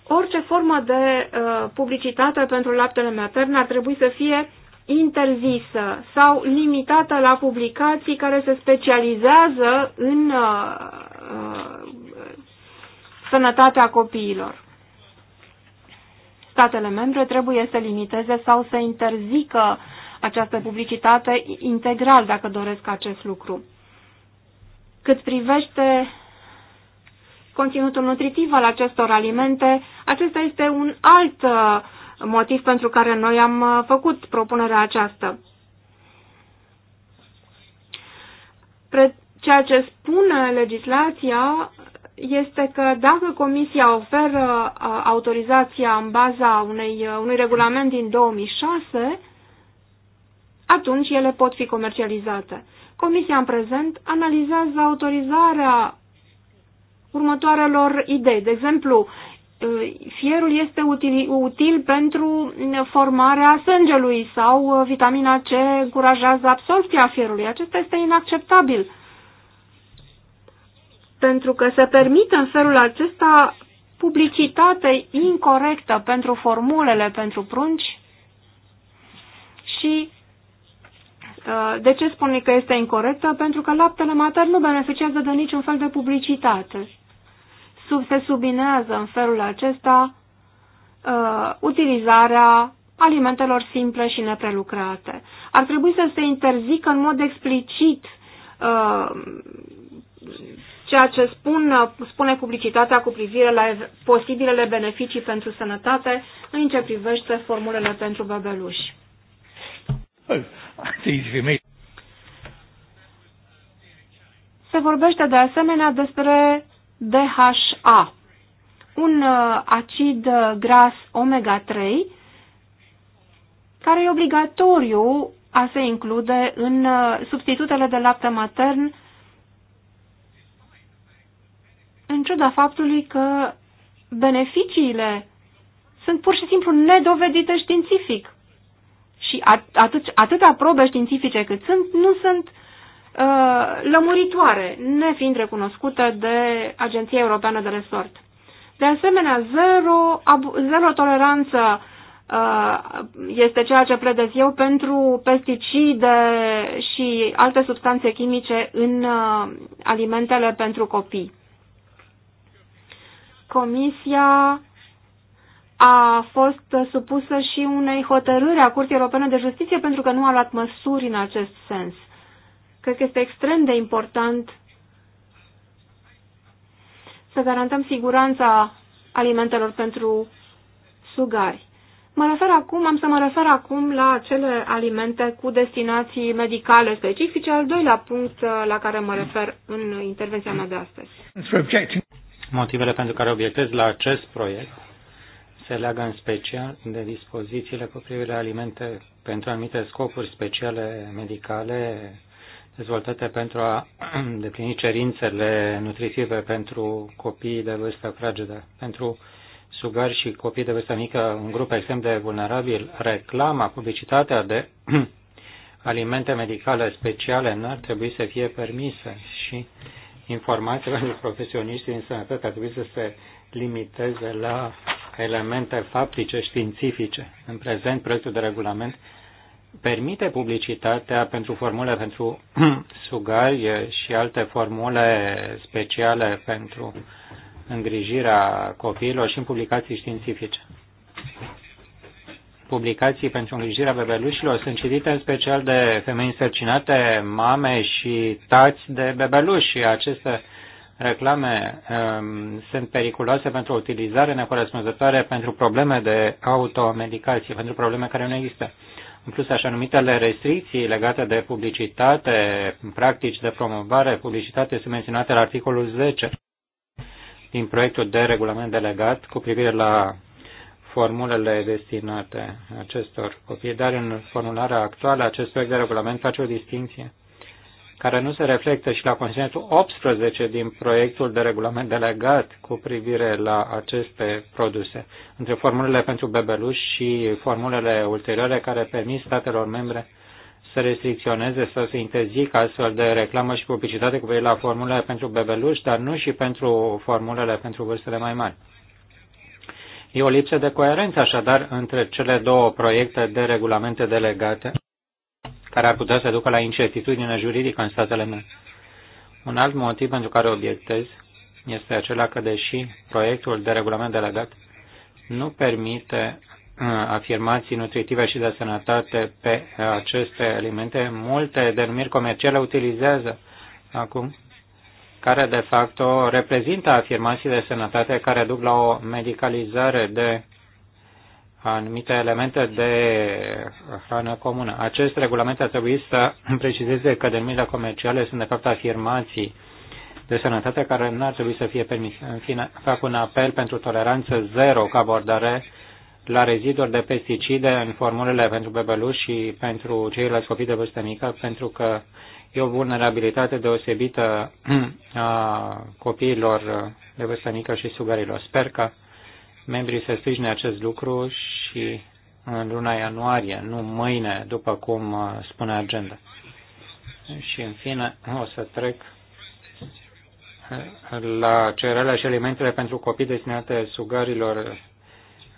Orice formă de uh, publicitate pentru laptele matern ar trebui să fie interzisă sau limitată la publicații care se specializează în uh, uh, sănătatea copiilor. Statele membre trebuie să limiteze sau să interzică această publicitate integral, dacă doresc acest lucru. Cât privește conținutul nutritiv al acestor alimente, acesta este un alt uh, motiv pentru care noi am uh, făcut propunerea aceasta. ceea ce spune legislația este că dacă Comisia oferă autorizația în baza unei, unui regulament din 2006, atunci ele pot fi comercializate. Comisia în prezent analizează autorizarea următoarelor idei. De exemplu, fierul este util, util pentru formarea sângelui sau vitamina C încurajează absorpția fierului. Acesta este inacceptabil pentru că se permite în felul acesta publicitate incorrectă pentru formulele pentru prunci și uh, de ce spun că este incorrectă? Pentru că laptele matern nu beneficiază de niciun fel de publicitate. Sub, se subinează în felul acesta uh, utilizarea alimentelor simple și neprelucrate. Ar trebui să se interzică în mod explicit uh, ceea ce spun, spune publicitatea cu privire la posibilele beneficii pentru sănătate în ce privește formulele pentru bebeluși. Se vorbește de asemenea despre DHA, un uh, acid gras omega-3 care e obligatoriu a se include în uh, substitutele de lapte matern în ciuda faptului că beneficiile sunt pur și simplu nedovedite științific. Și atât, atâta probe științifice cât sunt, nu sunt uh, lămuritoare, nefiind recunoscute de Agenția Europeană de Resort. De asemenea, zero, zero toleranță uh, este ceea ce pledez eu pentru pesticide și alte substanțe chimice în uh, alimentele pentru copii. Comisia a fost supusă și unei hotărâri a Curții Europene de Justiție pentru că nu a luat măsuri în acest sens. Cred că este extrem de important să garantăm siguranța alimentelor pentru sugari. Mă refer acum, am să mă refer acum la acele alimente cu destinații medicale specifice, al doilea punct la care mă refer în intervenția mea de astăzi. Motivele pentru care obiectez la acest proiect se leagă în special de dispozițiile cu privire alimente pentru anumite scopuri speciale medicale dezvoltate pentru a deplini cerințele nutritive pentru copiii de vârstă fragedă, pentru sugari și copii de vârstă mică, un grup extrem de vulnerabil. Reclama, publicitatea de alimente medicale speciale n-ar trebui să fie permise și informația pentru profesioniștii din sănătate ar trebui să se limiteze la elemente faptice, științifice. În prezent, proiectul de regulament permite publicitatea pentru formule pentru sugari și alte formule speciale pentru îngrijirea copiilor și în publicații științifice publicații pentru îngrijirea bebelușilor sunt citite în special de femei însărcinate, mame și tați de bebeluși. Aceste reclame um, sunt periculoase pentru o utilizare necorespunzătoare pentru probleme de automedicație, pentru probleme care nu există. În plus, așa numitele restricții legate de publicitate, practici de promovare, publicitate sunt menționate la articolul 10 din proiectul de regulament delegat cu privire la formulele destinate acestor copii, dar în formularea actuală acest proiect de regulament face o distinție care nu se reflectă și la conținutul 18 din proiectul de regulament delegat cu privire la aceste produse, între formulele pentru bebeluși și formulele ulterioare care permit statelor membre să restricționeze sau să interzică astfel de reclamă și publicitate cu privire la formulele pentru bebeluși, dar nu și pentru formulele pentru vârstele mai mari. E o lipsă de coerență așadar între cele două proiecte de regulamente delegate care ar putea să ducă la incertitudine juridică în statele membre. Un alt motiv pentru care obiectez este acela că, deși proiectul de regulament delegat nu permite uh, afirmații nutritive și de sănătate pe aceste alimente, multe denumiri comerciale utilizează acum care de facto reprezintă afirmații de sănătate care duc la o medicalizare de anumite elemente de hrană comună. Acest regulament a trebuit să precizeze că denumirile comerciale sunt de fapt afirmații de sănătate care nu ar trebui să fie permise. În fine, fac un apel pentru toleranță zero ca abordare la reziduri de pesticide în formulele pentru bebeluși și pentru ceilalți copii de vârstă mică, pentru că E o vulnerabilitate deosebită a copiilor de vârstă mică și sugarilor. Sper că membrii să sprijine acest lucru și în luna ianuarie, nu mâine, după cum uh, spune agenda. Și în fine o să trec uh, la cerele și alimentele pentru copii destinate sugarilor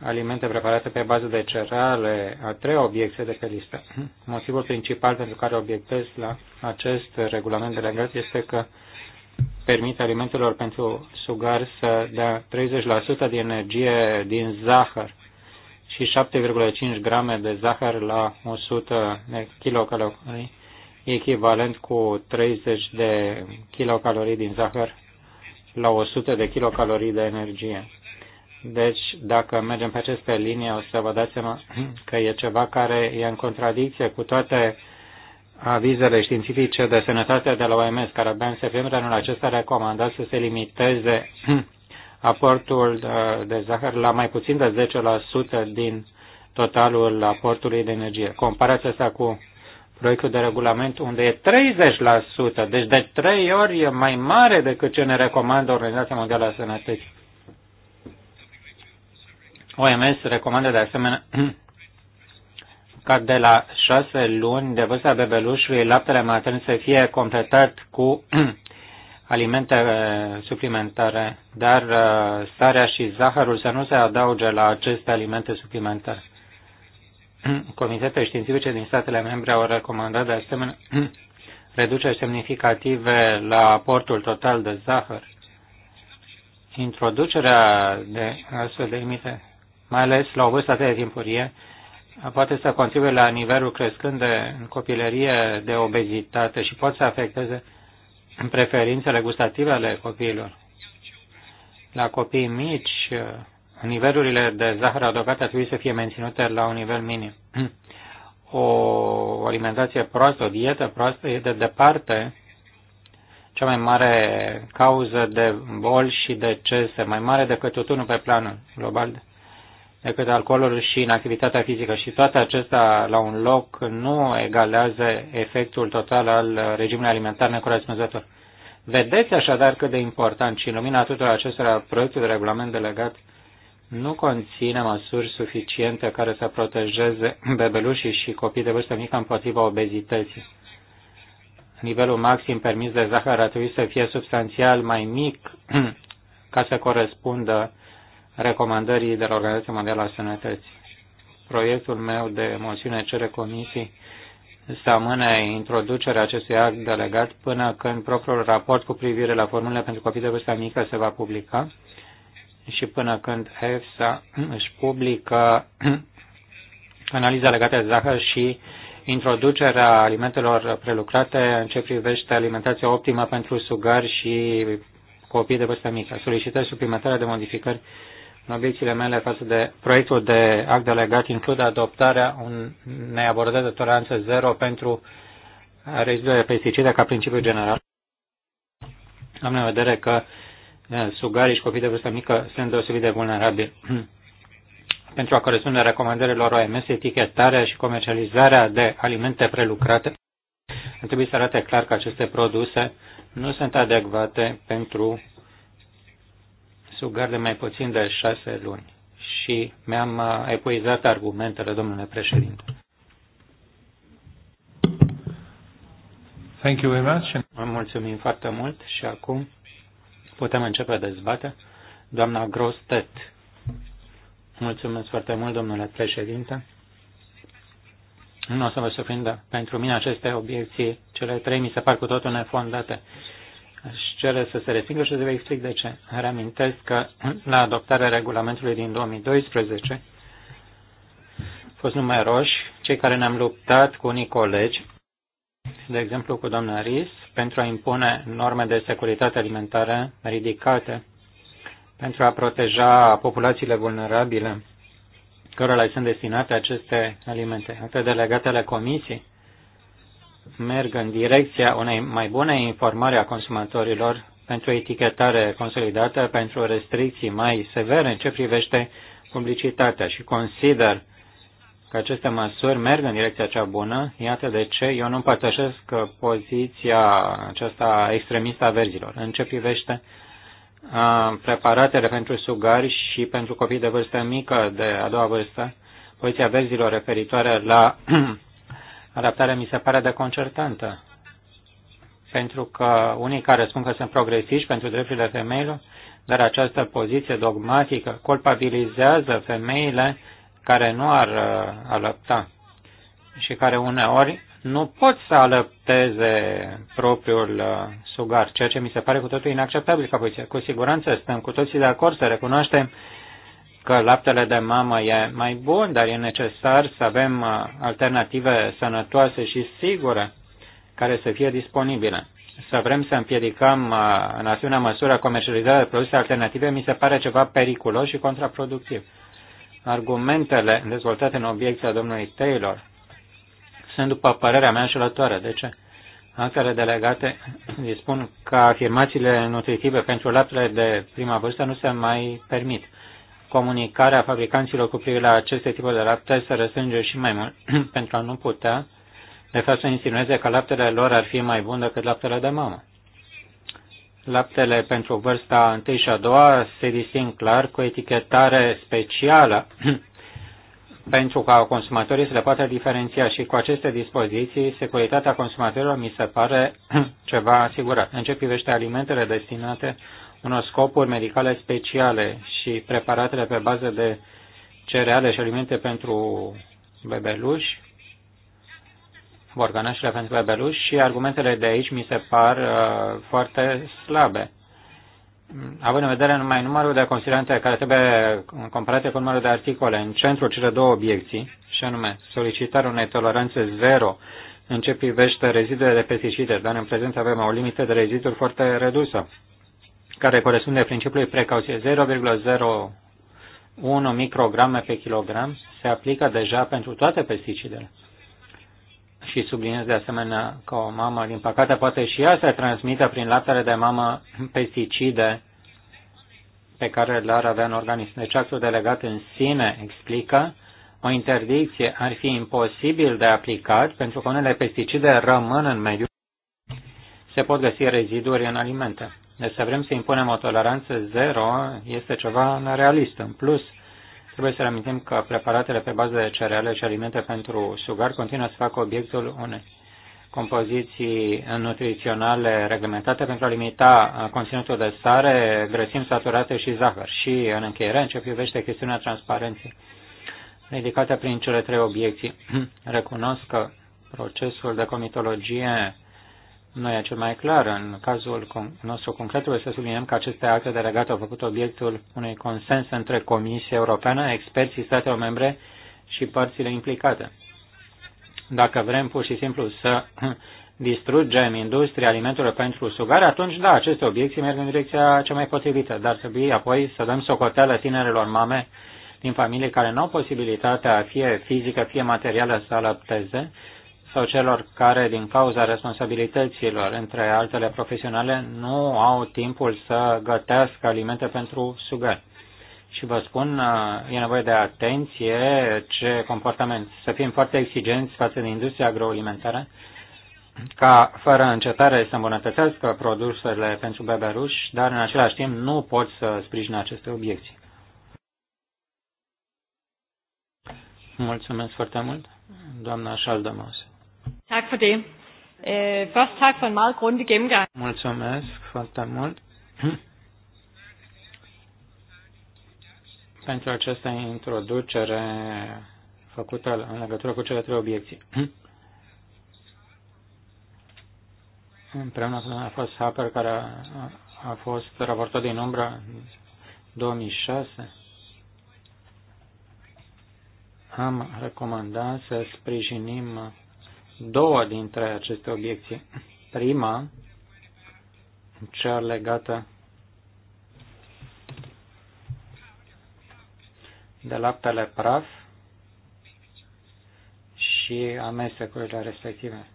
alimente preparate pe bază de cereale, a trei obiecte de pe listă. Motivul principal pentru care obiectez la acest regulament delegat este că permite alimentelor pentru sugar să dea 30% de energie din zahăr și 7,5 grame de zahăr la 100 de kilocalorii, echivalent cu 30 de kilocalorii din zahăr la 100 de kilocalorii de energie. Deci, dacă mergem pe aceste linie, o să vă dați seama că e ceva care e în contradicție cu toate avizele științifice de sănătate de la OMS, care abia în septembrie anul acesta recomanda să se limiteze aportul uh, de zahăr la mai puțin de 10% din totalul aportului de energie. Comparați asta cu proiectul de regulament unde e 30%, deci de trei ori e mai mare decât ce ne recomandă Organizația Mondială a Sănătății. OMS recomandă de asemenea ca de la șase luni de vârsta bebelușului laptele matern să fie completat cu alimente uh, suplimentare, dar uh, sarea și zahărul să nu se adauge la aceste alimente suplimentare. Comitetele științifice din statele membre au recomandat de asemenea reduceri semnificative la aportul total de zahăr. Introducerea de astfel de limite mai ales la o vârstă atât de timpurie, poate să contribuie la nivelul crescând de în copilărie de obezitate și poate să afecteze preferințele gustative ale copiilor. La copii mici, nivelurile de zahăr adăugate ar trebui să fie menținute la un nivel minim. O alimentație proastă, o dietă proastă e de departe cea mai mare cauză de boli și decese, mai mare decât tutunul pe plan global decât alcoolul și inactivitatea fizică. Și toate acestea la un loc nu egalează efectul total al regimului alimentar necorespunzător. Vedeți așadar cât de important și în lumina tuturor acestora proiectul de regulament delegat nu conține măsuri suficiente care să protejeze bebelușii și copiii de vârstă mică împotriva obezității. Nivelul maxim permis de zahăr ar trebui să fie substanțial mai mic ca să corespundă recomandării de la Organizația Mondială a Sănătății. Proiectul meu de moțiune cere comisii să amâne introducerea acestui act delegat până când propriul raport cu privire la formulele pentru copii de vârstă mică se va publica și până când EFSA își publică analiza legată de zahăr și introducerea alimentelor prelucrate în ce privește alimentația optimă pentru sugari și copii de vârstă mică. solicită suplimentarea de modificări Ambițiile mele față de proiectul de act delegat includ adoptarea unei abordări de toleranță zero pentru rezidurile pesticide ca principiu general. Am în vedere că sugarii și copii de vârstă mică sunt deosebit de vulnerabili. pentru a corespunde recomandărilor OMS, etichetarea și comercializarea de alimente prelucrate trebuie să arate clar că aceste produse nu sunt adecvate pentru sugar de mai puțin de șase luni. Și mi-am uh, epuizat argumentele, domnule președinte. Thank you very much. Vă mulțumim foarte mult și acum putem începe dezbaterea. Doamna Grostet. Mulțumesc foarte mult, domnule președinte. Nu o să vă surprindă. Pentru mine aceste obiecții, cele trei, mi se par cu totul nefondate își cere să se respingă și să vă explic de ce. Reamintesc că la adoptarea regulamentului din 2012 au fost numeroși cei care ne-am luptat cu unii colegi, de exemplu cu doamna Ris, pentru a impune norme de securitate alimentară ridicate pentru a proteja populațiile vulnerabile cărora le sunt destinate aceste alimente. Acte delegate ale comisiei merg în direcția unei mai bune informări a consumatorilor pentru etichetare consolidată, pentru restricții mai severe în ce privește publicitatea și consider că aceste măsuri merg în direcția cea bună. Iată de ce eu nu împărtășesc poziția aceasta extremistă a verzilor. În ce privește preparatele pentru sugari și pentru copii de vârstă mică de a doua vârstă, poziția verzilor referitoare la Adaptarea mi se pare deconcertantă, pentru că unii care spun că sunt progresiști pentru drepturile femeilor, dar această poziție dogmatică culpabilizează femeile care nu ar uh, alăpta și care uneori nu pot să alăpteze propriul uh, sugar, ceea ce mi se pare cu totul inacceptabil ca poziție. Cu siguranță suntem cu toții de acord să recunoaștem că laptele de mamă e mai bun, dar e necesar să avem uh, alternative sănătoase și sigure care să fie disponibile. Să vrem să împiedicăm uh, în asemenea măsură comercializarea de produse alternative mi se pare ceva periculos și contraproductiv. Argumentele dezvoltate în obiecția domnului Taylor sunt, după părerea mea, înșelătoare. De ce? Actele delegate dispun că afirmațiile nutritive pentru laptele de prima vârstă nu se mai permit comunicarea fabricanților cu privire la aceste tipuri de lapte să răsânge și mai mult, pentru a nu putea, de fapt, să insinueze că laptele lor ar fi mai bun decât laptele de mamă. Laptele pentru vârsta întâi și a doua se disting clar cu etichetare specială pentru ca consumatorii să le poată diferenția și cu aceste dispoziții, securitatea consumatorilor mi se pare ceva asigurat. În ce privește alimentele destinate unor scopuri medicale speciale și preparatele pe bază de cereale și alimente pentru bebeluși, borganașele pentru bebeluși și argumentele de aici mi se par uh, foarte slabe. Având în vedere numai numărul de considerante care trebuie comparate cu numărul de articole în centrul cele două obiecții, și anume solicitarea unei toleranțe zero în ce privește reziduele de pesticide, dar în prezent avem o limită de reziduri foarte redusă care corespunde principiului precauție 0,01 micrograme pe kilogram, se aplică deja pentru toate pesticidele. Și subliniez de asemenea că o mamă, din păcate, poate și ea să transmită prin laptele de mamă pesticide pe care le-ar avea în organism. Deci actul delegat în sine explică o interdicție ar fi imposibil de aplicat pentru că unele pesticide rămân în mediu. Se pot găsi reziduri în alimente. Deci să vrem să impunem o toleranță zero este ceva nerealist. În plus, trebuie să reamintim că preparatele pe bază de cereale și alimente pentru sugar continuă să facă obiectul unei compoziții nutriționale reglementate pentru a limita conținutul de sare, grăsimi saturate și zahăr. Și în încheiere, în ce privește chestiunea transparenței ridicată prin cele trei obiecții, recunosc că procesul de comitologie noi e cel mai clar. În cazul nostru concret trebuie să subliniem că aceste acte delegate au făcut obiectul unui consens între Comisia Europeană, experții statelor membre și părțile implicate. Dacă vrem pur și simplu să distrugem industria alimentelor pentru sugare, atunci da, aceste obiecții merg în direcția cea mai potrivită, dar trebuie apoi să dăm socoteală tinerelor mame din familii care nu au posibilitatea, fie fizică, fie materială, să alăpteze, sau celor care, din cauza responsabilităților, între altele profesionale, nu au timpul să gătească alimente pentru sugari. Și vă spun, uh, e nevoie de atenție ce comportament. Să fim foarte exigenți față de industria agroalimentară, ca fără încetare să îmbunătățească produsele pentru beberuși, dar în același timp nu pot să sprijină aceste obiecții. Mulțumesc foarte mult, doamna Șaldamos. Tak for det. Uh, først tak for en meget grundig gennemgang. Mulțumesc foarte mult pentru această introducere făcută în legătură cu cele trei obiecții. Împreună cu a fost Harper, care a, a fost raportat din umbră 2006, am recomandat să sprijinim două dintre aceste obiecții. Prima, cea legată de laptele praf și amestecurile respective.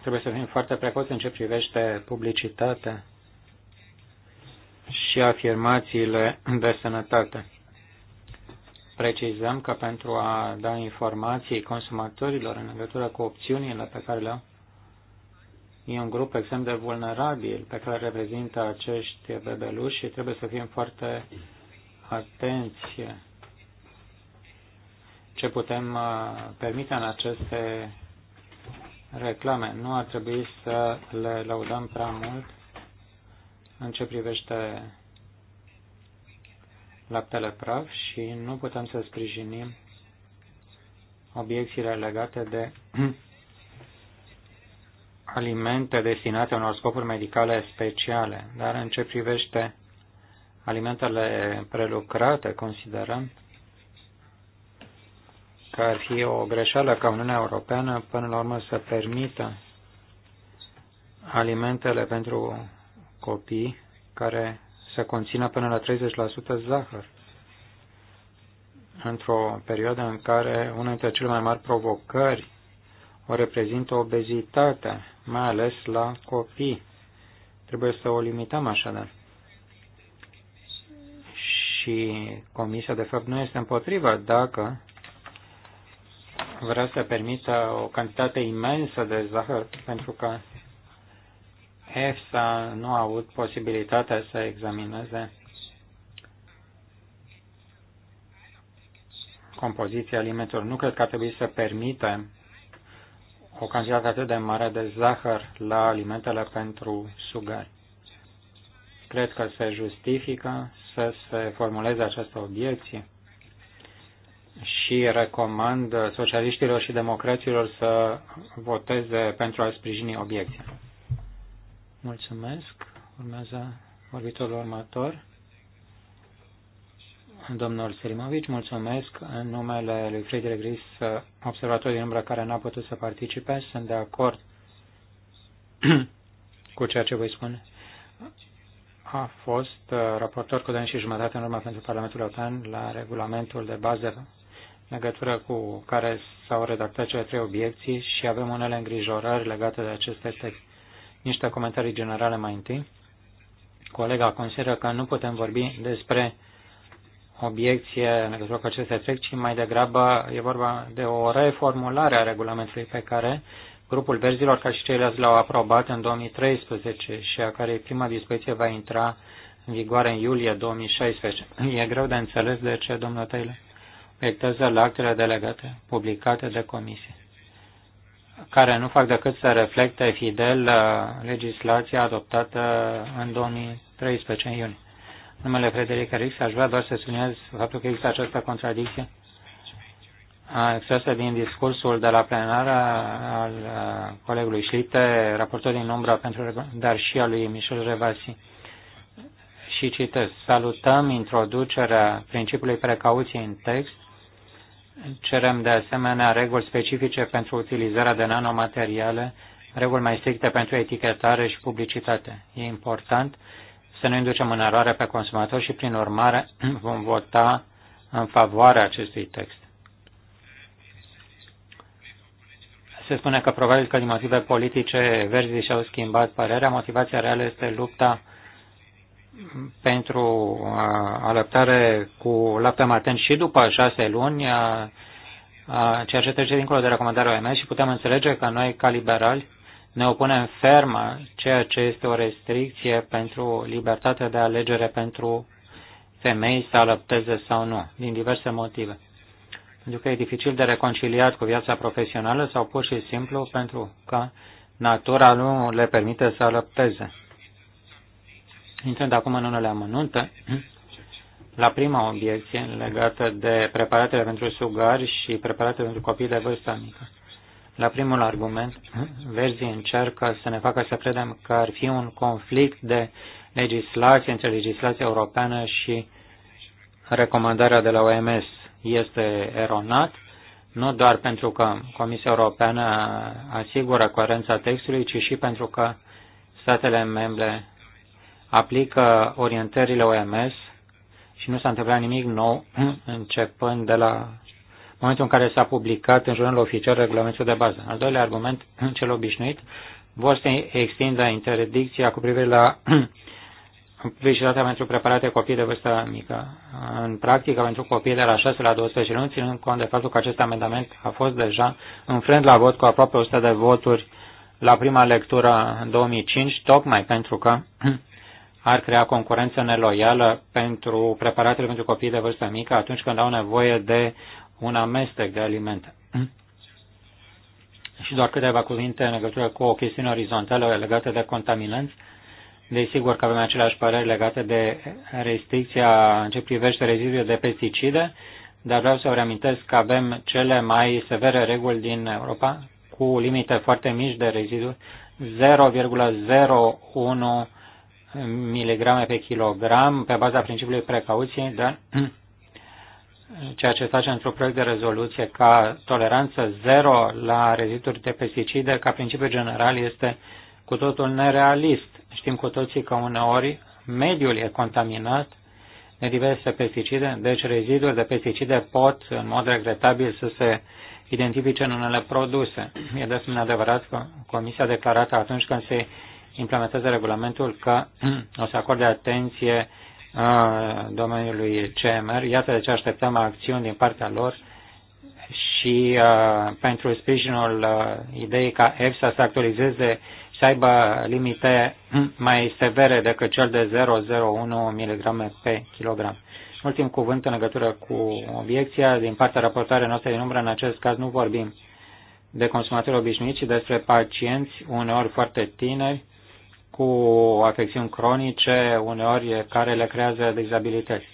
Trebuie să fim foarte precoți în ce privește publicitatea și afirmațiile de sănătate precizăm că pentru a da informații consumatorilor în legătură cu opțiunile pe care le au, e un grup extrem de vulnerabil pe care reprezintă acești bebeluși și trebuie să fim foarte atenți ce putem uh, permite în aceste reclame. Nu ar trebui să le laudăm prea mult în ce privește laptele praf și nu putem să sprijinim obiecțiile legate de alimente destinate unor scopuri medicale speciale, dar în ce privește alimentele prelucrate, considerăm că ar fi o greșeală ca Uniunea Europeană până la urmă să permită alimentele pentru copii care să conțină până la 30% zahăr într-o perioadă în care una dintre cele mai mari provocări o reprezintă obezitatea, mai ales la copii. Trebuie să o limităm așadar. Și comisia, de fapt, nu este împotrivă dacă vrea să permită o cantitate imensă de zahăr, pentru că Hefsa nu a avut posibilitatea să examineze compoziția alimentelor. Nu cred că ar trebui să permitem o cantitate atât de mare de zahăr la alimentele pentru sugari. Cred că se justifică să se formuleze această obiecție și recomand socialiștilor și democraților să voteze pentru a sprijini obiecția. Mulțumesc. Urmează vorbitorul următor. Domnul Selimovici, mulțumesc în numele lui Friedrich Gris, observator din umbră care n-a putut să participe. Sunt de acord cu ceea ce voi spune. A fost uh, raportor cu de și jumătate în urmă pentru Parlamentul European la regulamentul de bază legătură cu care s-au redactat cele trei obiecții și avem unele îngrijorări legate de aceste texte. Niște comentarii generale mai întâi. Colega consideră că nu putem vorbi despre obiecție în legătură cu acest efect, ci mai degrabă e vorba de o reformulare a regulamentului pe care grupul verzilor, ca și ceilalți, l-au aprobat în 2013 și a care prima dispoziție va intra în vigoare în iulie 2016. E greu de înțeles de ce domnul Taylor obiectează la actele delegate publicate de comisie care nu fac decât să reflecte fidel uh, legislația adoptată în 2013, în iunie. Numele Frederic Rix, aș vrea doar să subliniez faptul că există această contradicție extrasă din discursul de la plenară al uh, colegului Șlite, raportor din umbra pentru, dar și al lui Michel Revasi. Și citesc, salutăm introducerea principiului precauției în text Cerem de asemenea reguli specifice pentru utilizarea de nanomateriale, reguli mai stricte pentru etichetare și publicitate. E important să nu inducem în eroare pe consumatori și, prin urmare, vom vota în favoarea acestui text. Se spune că probabil că din motive politice verzii și-au schimbat părerea, motivația reală este lupta pentru alăptare cu lapte maten și după șase luni, ceea ce trece dincolo de recomandarea OMS și putem înțelege că noi, ca liberali, ne opunem ferm ceea ce este o restricție pentru libertatea de alegere pentru femei să alăpteze sau nu, din diverse motive. Pentru că e dificil de reconciliat cu viața profesională sau pur și simplu pentru că natura nu le permite să alăpteze. Intrând acum în unele amănunte, la prima obiecție legată de preparatele pentru sugari și preparatele pentru copii de vârstă mică. La primul argument, verzii încearcă să ne facă să credem că ar fi un conflict de legislație între legislația europeană și recomandarea de la OMS. Este eronat, nu doar pentru că Comisia Europeană asigură coerența textului, ci și pentru că statele membre aplică orientările OMS și nu s-a întâmplat nimic nou începând de la momentul în care s-a publicat în jurnalul oficial regulamentul de bază. Al doilea argument, cel obișnuit, vor să extindă interdicția cu privire la publicitatea pentru preparate copii de vârstă mică. În practică, pentru copii de la 6 la 12 luni, ținând cont de faptul că acest amendament a fost deja înfrânt la vot cu aproape 100 de voturi la prima lectură în 2005, tocmai pentru că ar crea concurență neloială pentru preparatele pentru copii de vârstă mică atunci când au nevoie de un amestec de alimente. Și doar câteva cuvinte în legătură cu o chestiune orizontală legată de contaminanți. Desigur că avem aceleași păreri legate de restricția în ce privește reziduul de pesticide, dar vreau să vă reamintesc că avem cele mai severe reguli din Europa, cu limite foarte mici de reziduri, 0,01 miligrame pe kilogram pe baza principiului precauției, dar ceea ce face într-un proiect de rezoluție ca toleranță zero la reziduri de pesticide, ca principiu general, este cu totul nerealist. Știm cu toții că uneori mediul e contaminat de diverse pesticide, deci reziduri de pesticide pot, în mod regretabil, să se identifice în unele produse. E de asemenea adevărat că Comisia a declarat că atunci când se implementeze regulamentul că o să acorde atenție domeniului CMR. Iată de ce așteptăm acțiuni din partea lor și pentru sprijinul uh, ideii ca EFSA să actualizeze să aibă limite mai severe decât cel de 0,01 mg pe kilogram. Ultim cuvânt în legătură cu obiecția din partea raportoarei noastre din umbră, în acest caz nu vorbim de consumatori obișnuiți, ci despre pacienți, uneori foarte tineri, cu afecțiuni cronice, uneori care le creează dizabilități.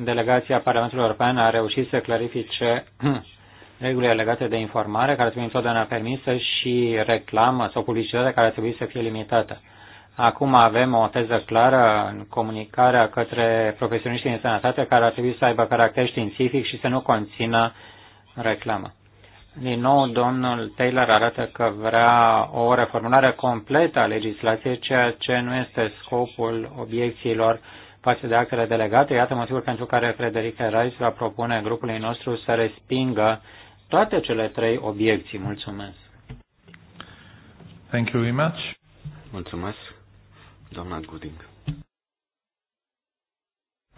Delegația Parlamentului European a reușit să clarifice regulile legate de informare, care trebuie întotdeauna permisă, și reclamă sau publicitatea care trebuie să fie limitată. Acum avem o teză clară în comunicarea către profesioniștii din sănătate care ar trebui să aibă caracter științific și să nu conțină reclamă. Din nou, domnul Taylor arată că vrea o reformulare completă a legislației, ceea ce nu este scopul obiecțiilor față de actele delegate. Iată motivul pentru care Frederica Rice va propune grupului nostru să respingă toate cele trei obiecții. Mulțumesc. Thank you very much. Mulțumesc, doamna Gooding.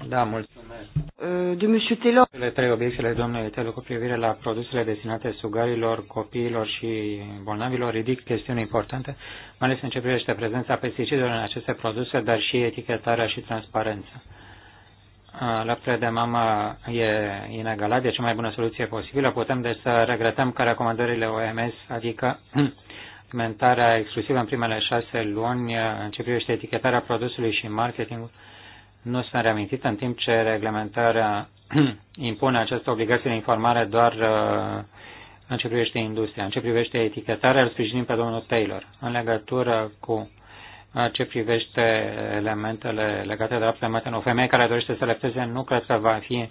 Da, mulțumesc. Uh, de Monsieur Taylor. Cele trei obiecțiile domnului Telo, cu privire la produsele destinate sugarilor, copiilor și bolnavilor ridic chestiuni importante, mai ales în ce privește prezența pesticidelor în aceste produse, dar și etichetarea și transparența. Uh, laptele de mamă e inegalat, e cea mai bună soluție posibilă. Putem deci să regretăm că recomandările OMS, adică alimentarea exclusivă în primele șase luni, uh, în ce privește etichetarea produsului și marketingul, nu sunt reamintite, în timp ce reglementarea impune această obligație de informare doar uh, în ce privește industria. În ce privește etichetarea, îl sprijinim pe domnul Taylor. În legătură cu uh, ce privește elementele legate de drepturile mătene, o femeie care dorește să lepteze nu cred că va fi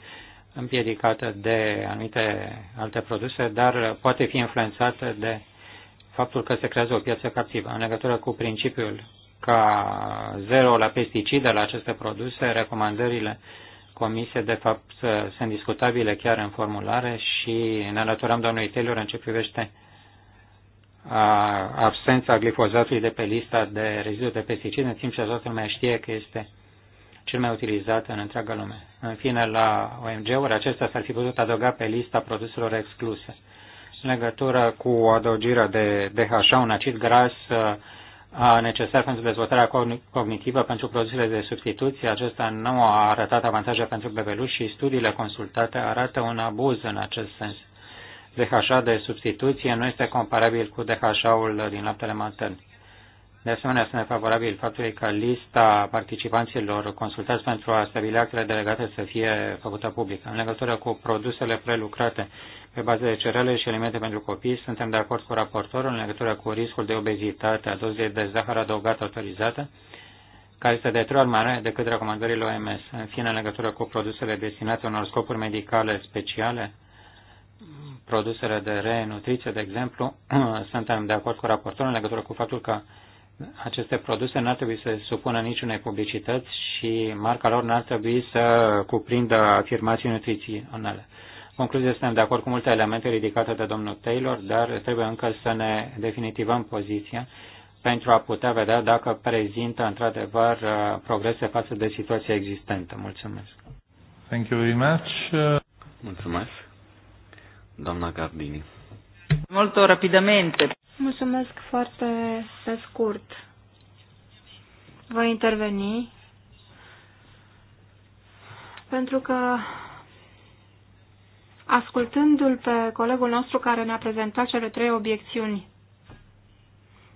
împiedicată de anumite alte produse, dar poate fi influențată de faptul că se creează o piață captivă. În legătură cu principiul ca zero la pesticide la aceste produse, recomandările comise de fapt sunt discutabile chiar în formulare și ne alăturăm domnului Taylor în ce privește absența glifozatului de pe lista de rezidu de pesticide, în timp ce toată lumea știe că este cel mai utilizat în întreaga lume. În fine, la OMG-uri, acesta s-ar fi putut adăuga pe lista produselor excluse. În legătură cu adăugirea de DHA, un acid gras necesar pentru dezvoltarea cognitivă pentru produsele de substituție. Acesta nu a arătat avantaje pentru bebeluși și studiile consultate arată un abuz în acest sens. DHA de substituție nu este comparabil cu DHA-ul din laptele matern. De asemenea, sunt favorabil faptului că lista participanților consultați pentru a stabili actele delegate să fie făcută publică. În legătură cu produsele prelucrate pe bază de cereale și alimente pentru copii. Suntem de acord cu raportorul în legătură cu riscul de obezitate a dozei de zahăr adăugat autorizată, care este de trei ori mare decât recomandările OMS. În fine, în legătură cu produsele destinate unor scopuri medicale speciale, produsele de renutriție, de exemplu, suntem de acord cu raportorul în legătură cu faptul că aceste produse n-ar trebui să supună niciunei publicități și marca lor n-ar trebui să cuprindă afirmații nutriționale concluzie, suntem de acord cu multe elemente ridicate de domnul Taylor, dar trebuie încă să ne definitivăm poziția pentru a putea vedea dacă prezintă într-adevăr uh, progrese față de situația existentă. Mulțumesc. Thank you very much. Mulțumesc. Doamna Gardini. Molto rapidamente. Mulțumesc foarte pe scurt. Voi interveni pentru că ascultându-l pe colegul nostru care ne-a prezentat cele trei obiecțiuni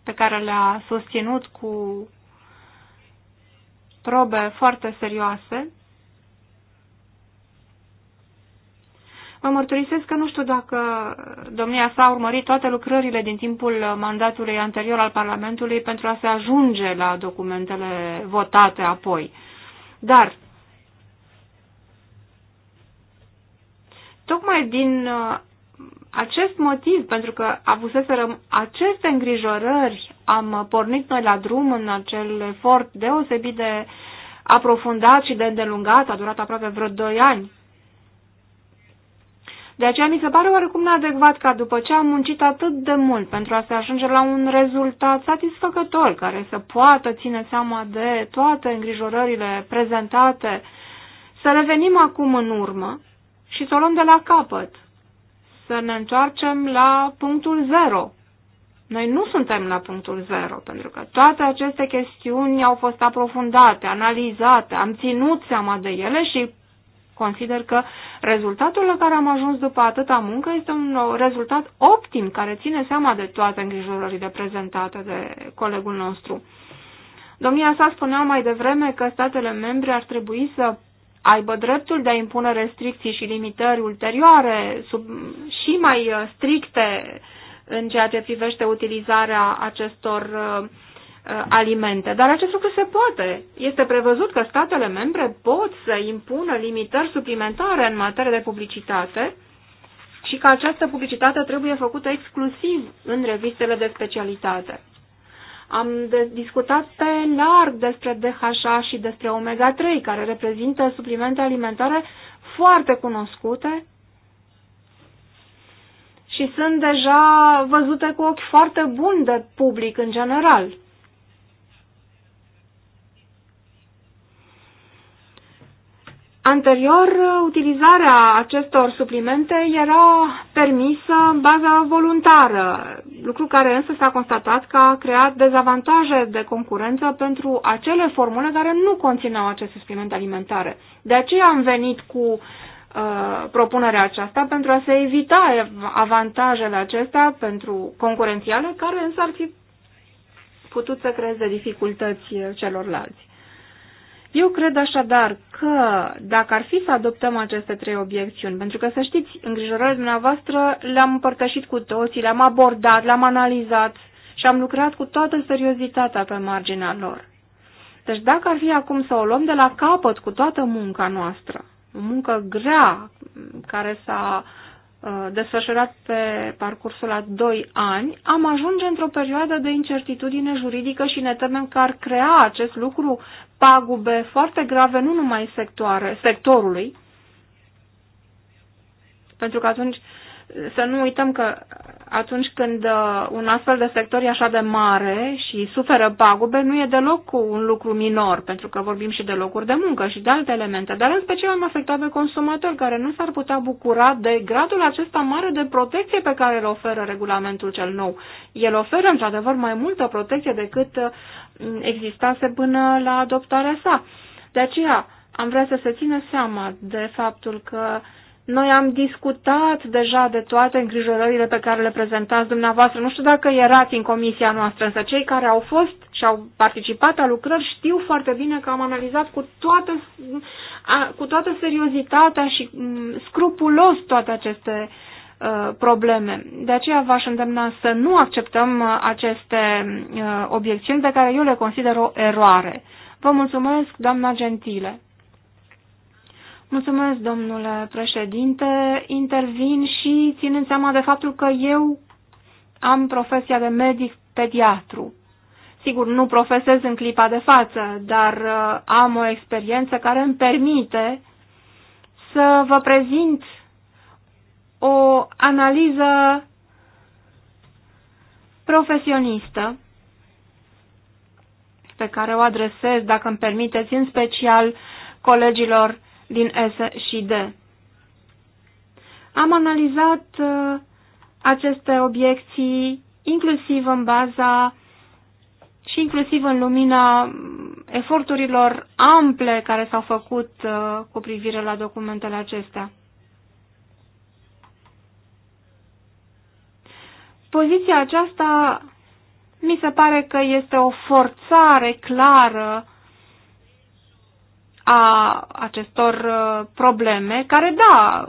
pe care le-a susținut cu probe foarte serioase, Mă mărturisesc că nu știu dacă domnia sa a urmărit toate lucrările din timpul mandatului anterior al Parlamentului pentru a se ajunge la documentele votate apoi. Dar Tocmai din uh, acest motiv, pentru că avuseserăm aceste îngrijorări, am pornit noi la drum în acel efort deosebit de aprofundat și de îndelungat, a durat aproape vreo 2 ani. De aceea mi se pare oarecum neadecvat ca după ce am muncit atât de mult pentru a se ajunge la un rezultat satisfăcător care să poată ține seama de toate îngrijorările prezentate, să revenim acum în urmă și să o luăm de la capăt, să ne întoarcem la punctul zero. Noi nu suntem la punctul zero, pentru că toate aceste chestiuni au fost aprofundate, analizate, am ținut seama de ele și consider că rezultatul la care am ajuns după atâta muncă este un rezultat optim care ține seama de toate îngrijorările prezentate de colegul nostru. Domnia sa spunea mai devreme că statele membre ar trebui să aibă dreptul de a impune restricții și limitări ulterioare sub, și mai uh, stricte în ceea ce privește utilizarea acestor uh, uh, alimente. Dar acest lucru se poate. Este prevăzut că statele membre pot să impună limitări suplimentare în materie de publicitate și că această publicitate trebuie făcută exclusiv în revistele de specialitate. Am de- discutat pe larg despre DHA și despre omega-3, care reprezintă suplimente alimentare foarte cunoscute și sunt deja văzute cu ochi foarte buni de public în general. Anterior, utilizarea acestor suplimente era permisă în baza voluntară, lucru care însă s-a constatat că a creat dezavantaje de concurență pentru acele formule care nu conțineau aceste suplimente alimentare. De aceea am venit cu uh, propunerea aceasta pentru a se evita avantajele acestea pentru concurențiale, care însă ar fi putut să creeze dificultăți celorlalți. Eu cred așadar că dacă ar fi să adoptăm aceste trei obiecțiuni, pentru că să știți, îngrijorările dumneavoastră le-am împărtășit cu toții, le-am abordat, le-am analizat și am lucrat cu toată seriozitatea pe marginea lor. Deci dacă ar fi acum să o luăm de la capăt cu toată munca noastră, o muncă grea care s-a Uh, desfășurat pe parcursul a doi ani, am ajunge într-o perioadă de incertitudine juridică și ne temem că ar crea acest lucru pagube foarte grave, nu numai sectoare, sectorului, pentru că atunci să nu uităm că atunci când uh, un astfel de sector e așa de mare și suferă pagube, nu e deloc un lucru minor, pentru că vorbim și de locuri de muncă și de alte elemente, dar în special am afectat pe consumatori care nu s-ar putea bucura de gradul acesta mare de protecție pe care îl oferă regulamentul cel nou. El oferă, într-adevăr, mai multă protecție decât uh, existase până la adoptarea sa. De aceea, am vrea să se țină seama de faptul că uh, noi am discutat deja de toate îngrijorările pe care le prezentați dumneavoastră. Nu știu dacă erați în comisia noastră, însă cei care au fost și au participat la lucrări știu foarte bine că am analizat cu toată, cu toată seriozitatea și mm, scrupulos toate aceste ă, probleme. De aceea v-aș îndemna să nu acceptăm ă, aceste ă, obiecțiuni pe care eu le consider o eroare. Vă mulțumesc, doamna Gentile. Mulțumesc, domnule președinte. Intervin și ținând seama de faptul că eu am profesia de medic pediatru. Sigur, nu profesez în clipa de față, dar uh, am o experiență care îmi permite să vă prezint o analiză profesionistă pe care o adresez, dacă îmi permiteți, în special colegilor din S și D. Am analizat uh, aceste obiecții inclusiv în baza și inclusiv în lumina eforturilor ample care s-au făcut uh, cu privire la documentele acestea. Poziția aceasta mi se pare că este o forțare clară a acestor uh, probleme, care, da,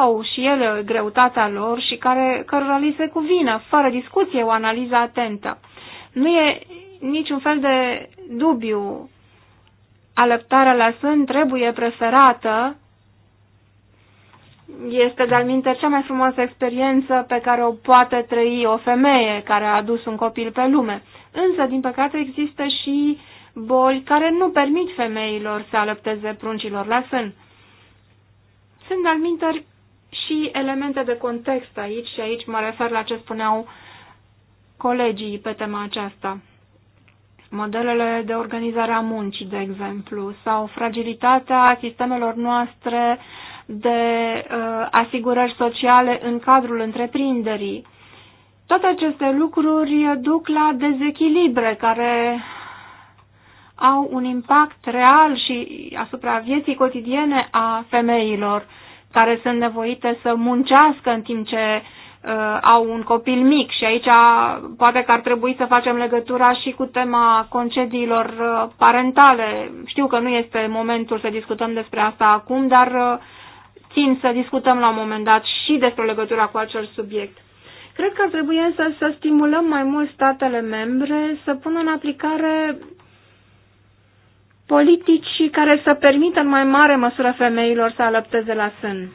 au și ele greutatea lor și care, cărora li se cuvină, fără discuție, o analiză atentă. Nu e niciun fel de dubiu. Alăptarea la sân trebuie preferată. Este, de-al cea mai frumoasă experiență pe care o poate trăi o femeie care a adus un copil pe lume. Însă, din păcate, există și uh, boli care nu permit femeilor să alăpteze pruncilor la sân. Sunt almintări și elemente de context aici și aici mă refer la ce spuneau colegii pe tema aceasta. Modelele de organizare a muncii, de exemplu, sau fragilitatea sistemelor noastre de uh, asigurări sociale în cadrul întreprinderii. Toate aceste lucruri duc la dezechilibre care au un impact real și asupra vieții cotidiene a femeilor care sunt nevoite să muncească în timp ce uh, au un copil mic și aici poate că ar trebui să facem legătura și cu tema concediilor uh, parentale. Știu că nu este momentul să discutăm despre asta acum, dar uh, țin să discutăm la un moment dat și despre legătura cu acel subiect. Cred că ar trebui însă să stimulăm mai mult statele membre să pună în aplicare politici care să permită în mai mare măsură femeilor să alăpteze la sân.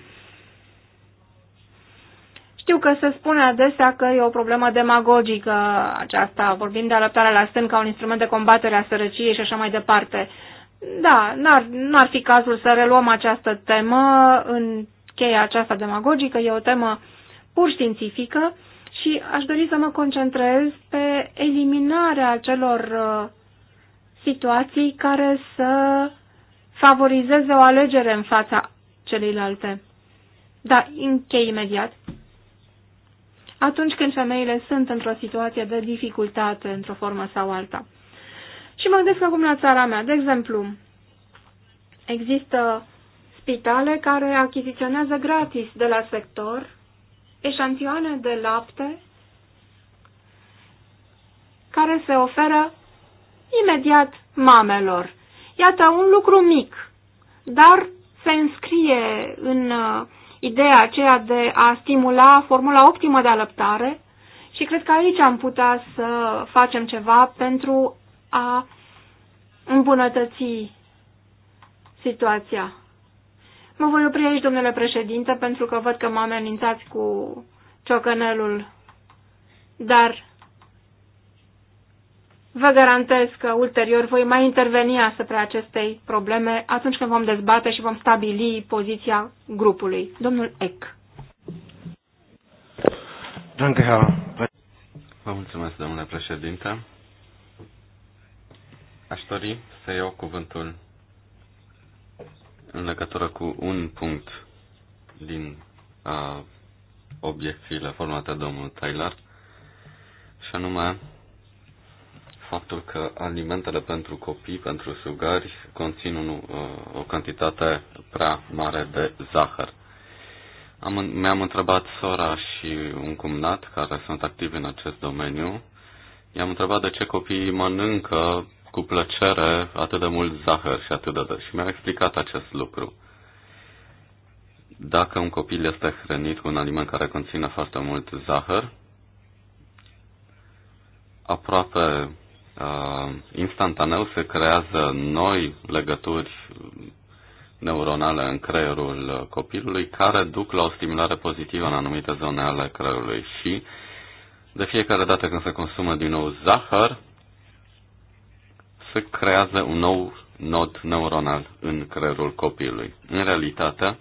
Știu că se spune adesea că e o problemă demagogică aceasta, vorbim de alăptarea la sân ca un instrument de combatere a sărăciei și așa mai departe. Da, n-ar, n-ar fi cazul să reluăm această temă în cheia aceasta demagogică, e o temă pur științifică și aș dori să mă concentrez pe eliminarea acelor uh, situații care să favorizeze o alegere în fața celelalte. dar închei imediat. Atunci când femeile sunt într-o situație de dificultate, într-o formă sau alta. Și mă gândesc acum la țara mea. De exemplu, există spitale care achiziționează gratis de la sector eșantioane de lapte care se oferă imediat mamelor. Iată, un lucru mic, dar se înscrie în uh, ideea aceea de a stimula formula optimă de alăptare și cred că aici am putea să facem ceva pentru a îmbunătăți situația. Mă voi opri aici, domnule președinte, pentru că văd că mă amenințați cu ciocănelul, dar Vă garantez că ulterior voi mai interveni asupra acestei probleme atunci când vom dezbate și vom stabili poziția grupului. Domnul Eck. Vă mulțumesc, domnule președinte. Aș dori să iau cuvântul în legătură cu un punct din a, obiecțiile formate domnul Taylor, și anume faptul că alimentele pentru copii, pentru sugari, conțin un, uh, o cantitate prea mare de zahăr. Am, mi-am întrebat sora și un cumnat care sunt activi în acest domeniu. I-am întrebat de ce copiii mănâncă cu plăcere atât de mult zahăr și atât de... Și mi-a explicat acest lucru. Dacă un copil este hrănit cu un aliment care conține foarte mult zahăr, aproape uh, instantaneu se creează noi legături neuronale în creierul copilului care duc la o stimulare pozitivă în anumite zone ale creierului și de fiecare dată când se consumă din nou zahăr, se creează un nou nod neuronal în creierul copilului. În realitate,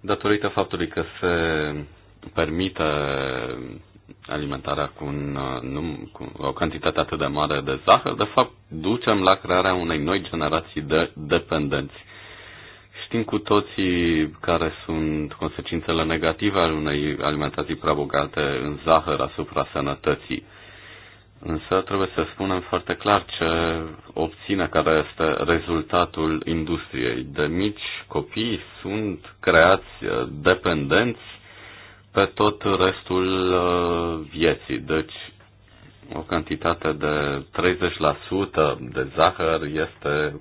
datorită faptului că se permite alimentarea cu, un, uh, nu, cu o cantitate atât de mare de zahăr, de fapt ducem la crearea unei noi generații de dependenți. Știm cu toții care sunt consecințele negative ale unei alimentații prea bogate în zahăr asupra sănătății. Însă trebuie să spunem foarte clar ce obține, care este rezultatul industriei. De mici copii sunt creați uh, dependenți pe tot restul uh, vieții. Deci, o cantitate de 30% de zahăr este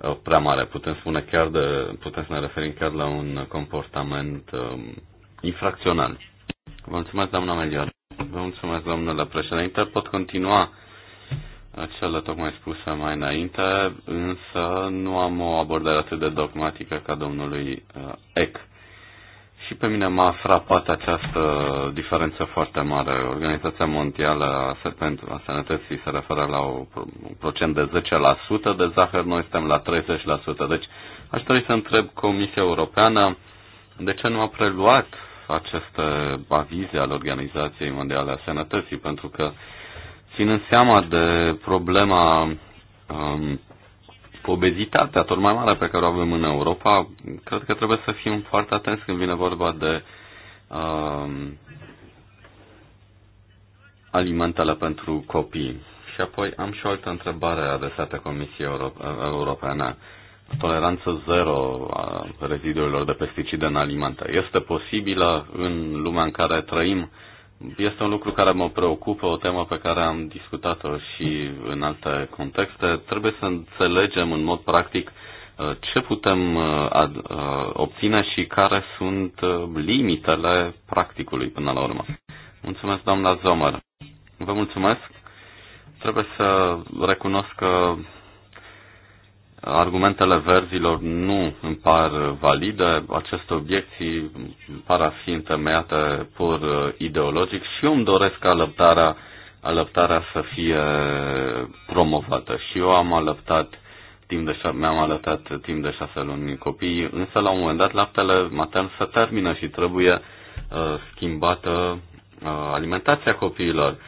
uh, prea mare. Putem spune chiar de, putem să ne referim chiar la un comportament um, infracțional. Vă mulțumesc, doamna Melior. Vă mulțumesc, domnule președinte. Pot continua cele tocmai spuse mai înainte, însă nu am o abordare atât de dogmatică ca domnului uh, Eck și pe mine m-a frapat această diferență foarte mare. Organizația Mondială a, Serpent, a Sănătății se referă la un procent de 10% de zahăr, noi suntem la 30%. Deci aș trebui să întreb Comisia Europeană de ce nu a preluat aceste avize al Organizației Mondiale a Sănătății, pentru că ținând seama de problema um, obezitatea tot mai mare pe care o avem în Europa, cred că trebuie să fim foarte atenți când vine vorba de uh, alimentele pentru copii. Și apoi am și o altă întrebare adresată Comisiei Europe- Europeană. Toleranță zero a rezidurilor de pesticide în alimente. Este posibilă în lumea în care trăim uh, este un lucru care mă preocupă, o temă pe care am discutat-o și în alte contexte. Trebuie să înțelegem în mod practic uh, ce putem uh, uh, obține și care sunt limitele practicului până la urmă. Mulțumesc, doamna Zomer. Vă mulțumesc. Trebuie să recunosc că Argumentele verzilor nu îmi par valide, aceste obiecții par a fi întemeiate pur uh, ideologic și eu îmi doresc alăptarea, alăptarea să fie promovată. Și eu am alăptat timp de șa- mi-am alăptat timp de șase luni copiii, însă la un moment dat laptele matern se termină și trebuie uh, schimbată uh, alimentația copiilor.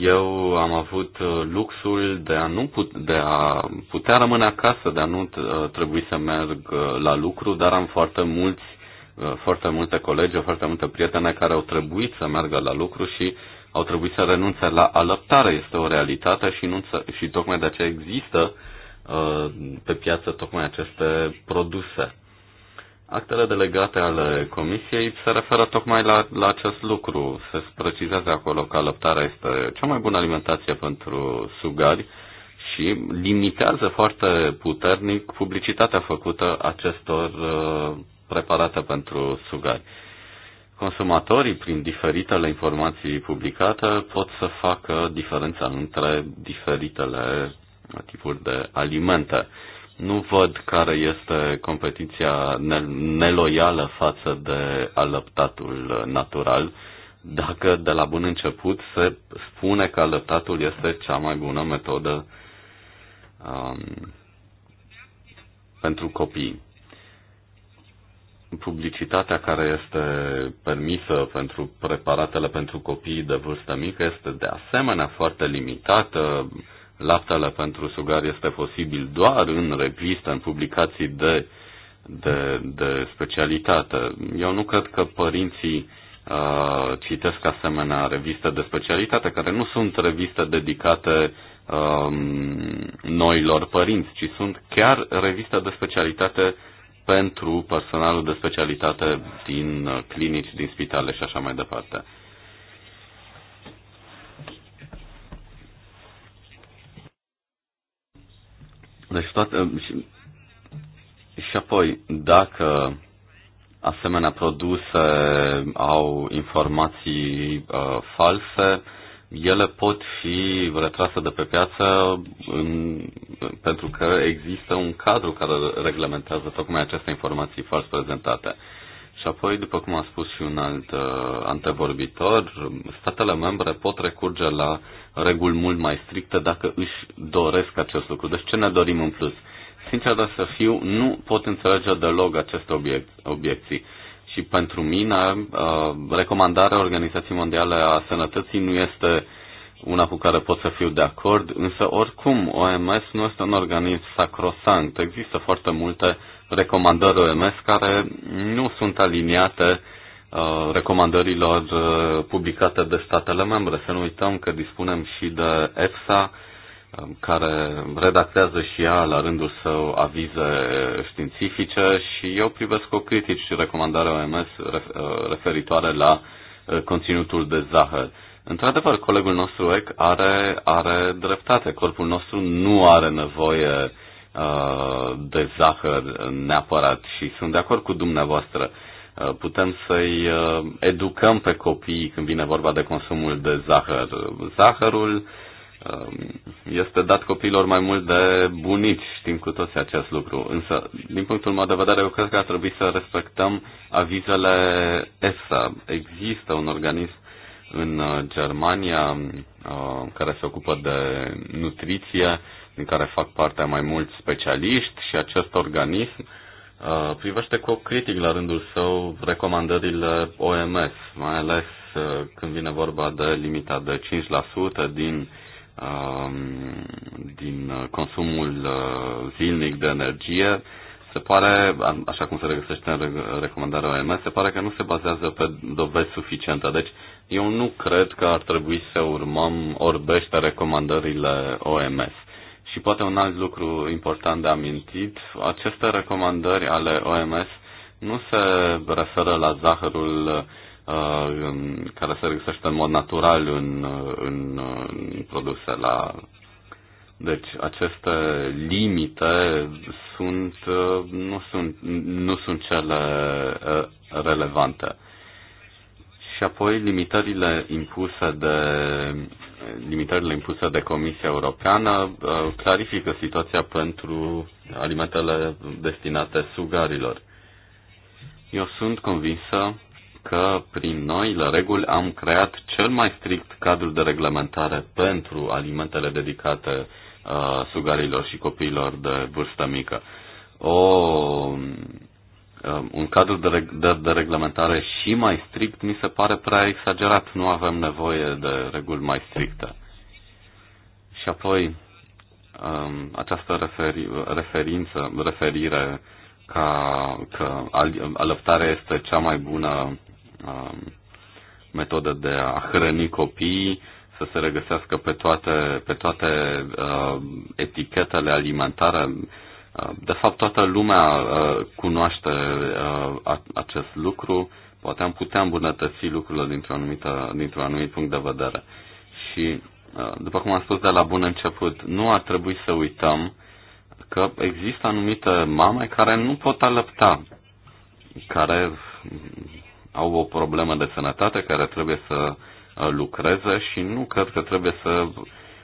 Eu am avut uh, luxul de a, nu put- de a putea rămâne acasă, de a nu uh, trebui să merg uh, la lucru, dar am foarte mulți foarte multe colegi, foarte multe prietene care au trebuit să meargă la lucru și au trebuit să renunțe la alăptare. Este o realitate și, nu, și tocmai de aceea există pe piață tocmai aceste produse. Actele delegate ale Comisiei se referă tocmai la, la acest lucru. Se precizează acolo că alăptarea este cea mai bună alimentație pentru sugari și limitează foarte puternic publicitatea făcută acestor uh, preparate pentru sugari. Consumatorii, prin diferitele informații publicate, pot să facă diferența între diferitele tipuri de alimente. Nu văd care este competiția neloială față de alăptatul natural, dacă de la bun început se spune că alăptatul este cea mai bună metodă um, pentru copii. Publicitatea care este permisă pentru preparatele pentru copii de vârstă mică este de asemenea foarte limitată laptele pentru sugar este posibil doar în reviste, în publicații de, de, de specialitate. Eu nu cred că părinții uh, citesc asemenea reviste de specialitate, care nu sunt reviste dedicate um, noilor părinți, ci sunt chiar reviste de specialitate pentru personalul de specialitate din clinici, din spitale și așa mai departe. Deci toate, uh, și, și apoi, dacă asemenea produse au informații uh, false, ele pot fi retrase de pe piață în, pentru că există un cadru care reglementează tocmai aceste informații fals prezentate. Și apoi, după cum a spus și un alt uh, antevorbitor, statele membre pot recurge la reguli mult mai stricte dacă își doresc acest lucru. Deci ce ne dorim în plus? Sincer de să fiu, nu pot înțelege deloc aceste obiec- obiecții. Și pentru mine, uh, recomandarea Organizației Mondiale a Sănătății nu este una cu care pot să fiu de acord, însă oricum OMS nu este un organism sacrosanct. Există foarte multe uh, recomandări OMS care nu sunt aliniate uh, recomandărilor uh, publicate de statele membre. Să nu uităm că dispunem și de EFSA, um, care redactează și ea la rândul său avize științifice și eu privesc o critic și recomandarea OMS referitoare la uh, conținutul de zahăr. Într-adevăr, colegul nostru EC are, are dreptate. Corpul nostru nu are nevoie de zahăr neapărat și sunt de acord cu dumneavoastră. Uh, putem să-i uh, educăm pe copii când vine vorba de consumul de zahăr. Zahărul um, este dat copiilor mai mult de bunici, știm cu toții acest lucru. Însă, din punctul meu de vedere, eu cred că ar trebui să respectăm avizele ESA Există un organism în uh, Germania care se ocupă de nutriție, din care fac parte mai mulți specialiști și acest organism uh, privește cu critic la rândul său recomandările OMS, mai ales uh, când vine vorba de limita de 5% din, um, din consumul uh, zilnic de energie. Se pare, așa cum se regăsește în recomandarea OMS, se pare că nu se bazează pe dovezi suficiente. Deci eu nu cred că ar trebui să urmăm orbește recomandările OMS și poate un alt lucru important de amintit, aceste recomandări ale OMS nu se referă la zahărul uh, care se regăsește în mod natural în, în, în produse. La... Deci aceste limite sunt, uh, nu, sunt, nu sunt cele uh, relevante. Și apoi limitările impuse de limitările impuse de Comisia Europeană uh, clarifică situația pentru alimentele destinate sugarilor. Eu sunt convinsă că prin noile reguli am creat cel mai strict cadru de reglementare pentru alimentele dedicate uh, sugarilor și copiilor de vârstă mică. O Um, un cadru de, reg- de, de reglementare și mai strict mi se pare prea exagerat. Nu avem nevoie de reguli mai stricte. Și apoi um, această referi- referință, referire ca că alăptarea este cea mai bună um, metodă de a hrăni copiii, să se regăsească pe toate, pe toate uh, etichetele alimentare de fapt, toată lumea uh, cunoaște uh, acest lucru. Poate am putea îmbunătăți lucrurile dintr-un anumit, dintr anumit punct de vedere. Și, uh, după cum am spus de la bun început, nu ar trebui să uităm că există anumite mame care nu pot alăpta, care au o problemă de sănătate, care trebuie să lucreze și nu cred că trebuie să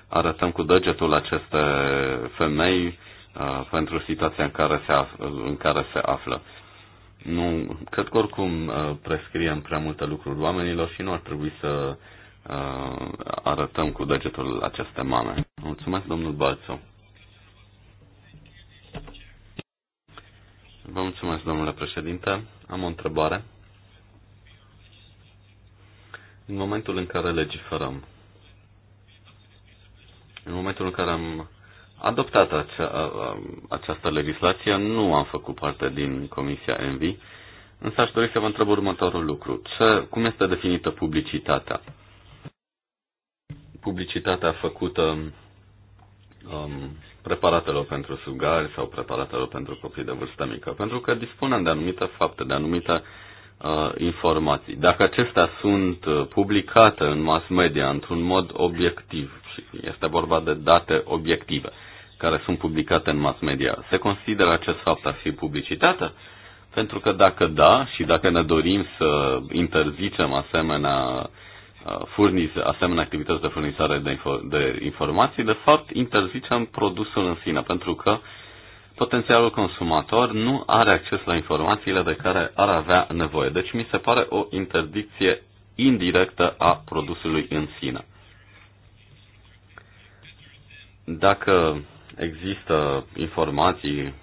arătăm cu degetul aceste femei pentru situația în care se află. În care se află. Nu, cred că oricum prescriem prea multe lucruri oamenilor și nu ar trebui să uh, arătăm cu degetul aceste mame. Mulțumesc, domnul Balțu. Vă mulțumesc, domnule președinte. Am o întrebare. În momentul în care legiferăm, în momentul în care am adoptat acea, um, această legislație. Nu am făcut parte din Comisia ENVI, însă aș dori să vă întreb următorul lucru. Ce, cum este definită publicitatea? Publicitatea făcută um, preparatelor pentru sugari sau preparatelor pentru copii de vârstă mică, pentru că dispunem de anumite fapte, de anumite uh, informații. Dacă acestea sunt uh, publicate în mass media într-un mod obiectiv, și este vorba de date obiective, care sunt publicate în mass media, se consideră acest fapt a fi publicitate? Pentru că dacă da, și dacă ne dorim să interzicem asemenea, uh, furniz, asemenea activități de furnizare de, info, de informații, de fapt interzicem produsul în sine, pentru că potențialul consumator nu are acces la informațiile de care ar avea nevoie. Deci mi se pare o interdicție indirectă a produsului în sine. Dacă Există informații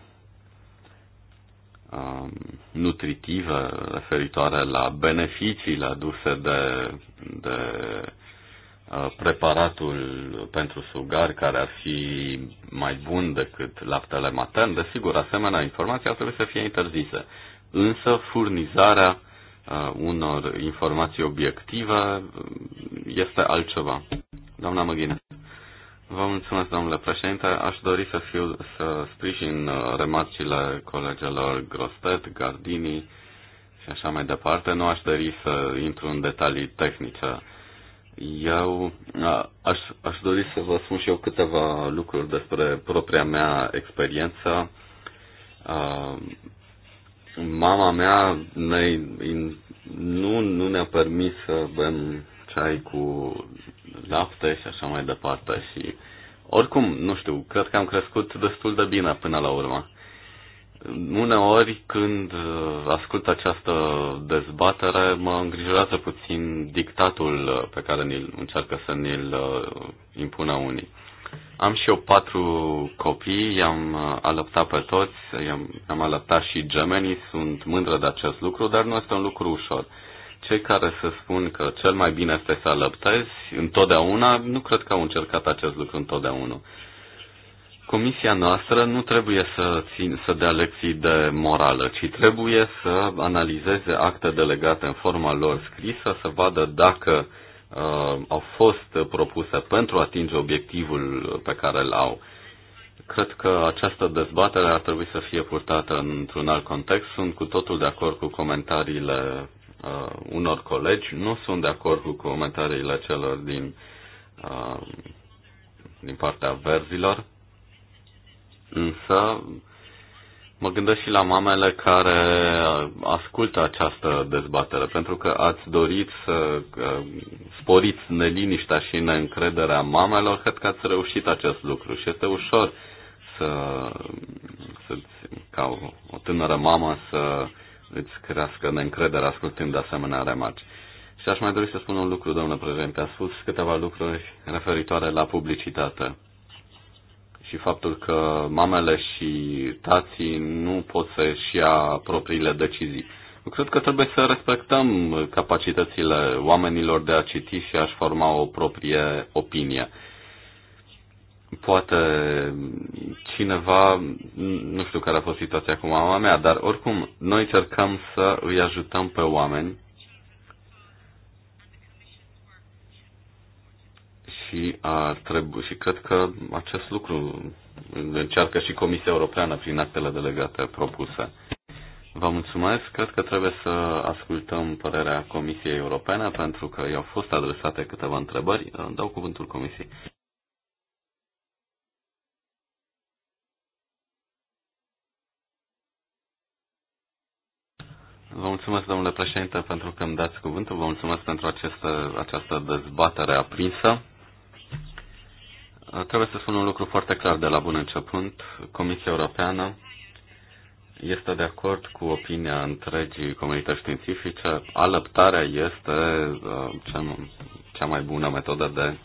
um, nutritive referitoare la beneficiile aduse de, de uh, preparatul pentru sugar care ar fi mai bun decât laptele matern, desigur, asemenea informații ar trebui să fie interzise. Însă furnizarea uh, unor informații obiective um, este altceva. Doamna Măghine. Vă mulțumesc, domnule președinte. Aș dori să, fiu, să sprijin uh, remarcile colegelor Grostet, Gardini și așa mai departe. Nu aș dori să intru în detalii tehnice. Eu uh, aș, aș dori să vă spun și eu câteva lucruri despre propria mea experiență. Uh, mama mea ne, nu, nu ne-a permis să bem ceai cu lapte și așa mai departe. Și oricum, nu știu, cred că am crescut destul de bine până la urmă. Uneori, când uh, ascult această dezbatere, mă îngrijorează puțin dictatul uh, pe care ni încearcă să ne-l uh, impună unii. Am și eu patru copii, i-am alăptat pe toți, i-am, am alăptat și gemenii, sunt mândră de acest lucru, dar nu este un lucru ușor cei care se spun că cel mai bine este să alăptezi întotdeauna, nu cred că au încercat acest lucru întotdeauna. Comisia noastră nu trebuie să, țin, să dea lecții de morală, ci trebuie să analizeze acte delegate în forma lor scrisă, să vadă dacă uh, au fost propuse pentru a atinge obiectivul pe care îl au. Cred că această dezbatere ar trebui să fie purtată într-un alt context. Sunt cu totul de acord cu comentariile uh, unor colegi. Nu sunt de acord cu comentariile celor din, uh, din partea verzilor, însă mă gândesc și la mamele care ascultă această dezbatere, pentru că ați dorit să uh, sporiți neliniștea și neîncrederea mamelor, cred că ați reușit acest lucru și este ușor să, să ca o, o tânără mamă să îți crească neîncrederea ascultând asemenea remarci. Și aș mai dori să spun un lucru, domnule președinte. A spus câteva lucruri referitoare la publicitate și faptul că mamele și tații nu pot să-și ia propriile decizii. Eu cred că trebuie să respectăm capacitățile oamenilor de a citi și a-și forma o proprie opinie poate cineva, nu știu care a fost situația cu mama mea, dar oricum noi încercăm să îi ajutăm pe oameni și ar trebui, și cred că acest lucru încearcă și Comisia Europeană prin actele delegate propuse. Vă mulțumesc. Cred că trebuie să ascultăm părerea Comisiei Europene pentru că i-au fost adresate câteva întrebări. Dau cuvântul Comisiei. Vă mulțumesc, domnule președinte, pentru că îmi dați cuvântul. Vă mulțumesc pentru această, această dezbatere aprinsă. Trebuie să spun un lucru foarte clar de la bun început. Comisia Europeană este de acord cu opinia întregii comunități științifice. Alăptarea este uh, cea mai bună metodă de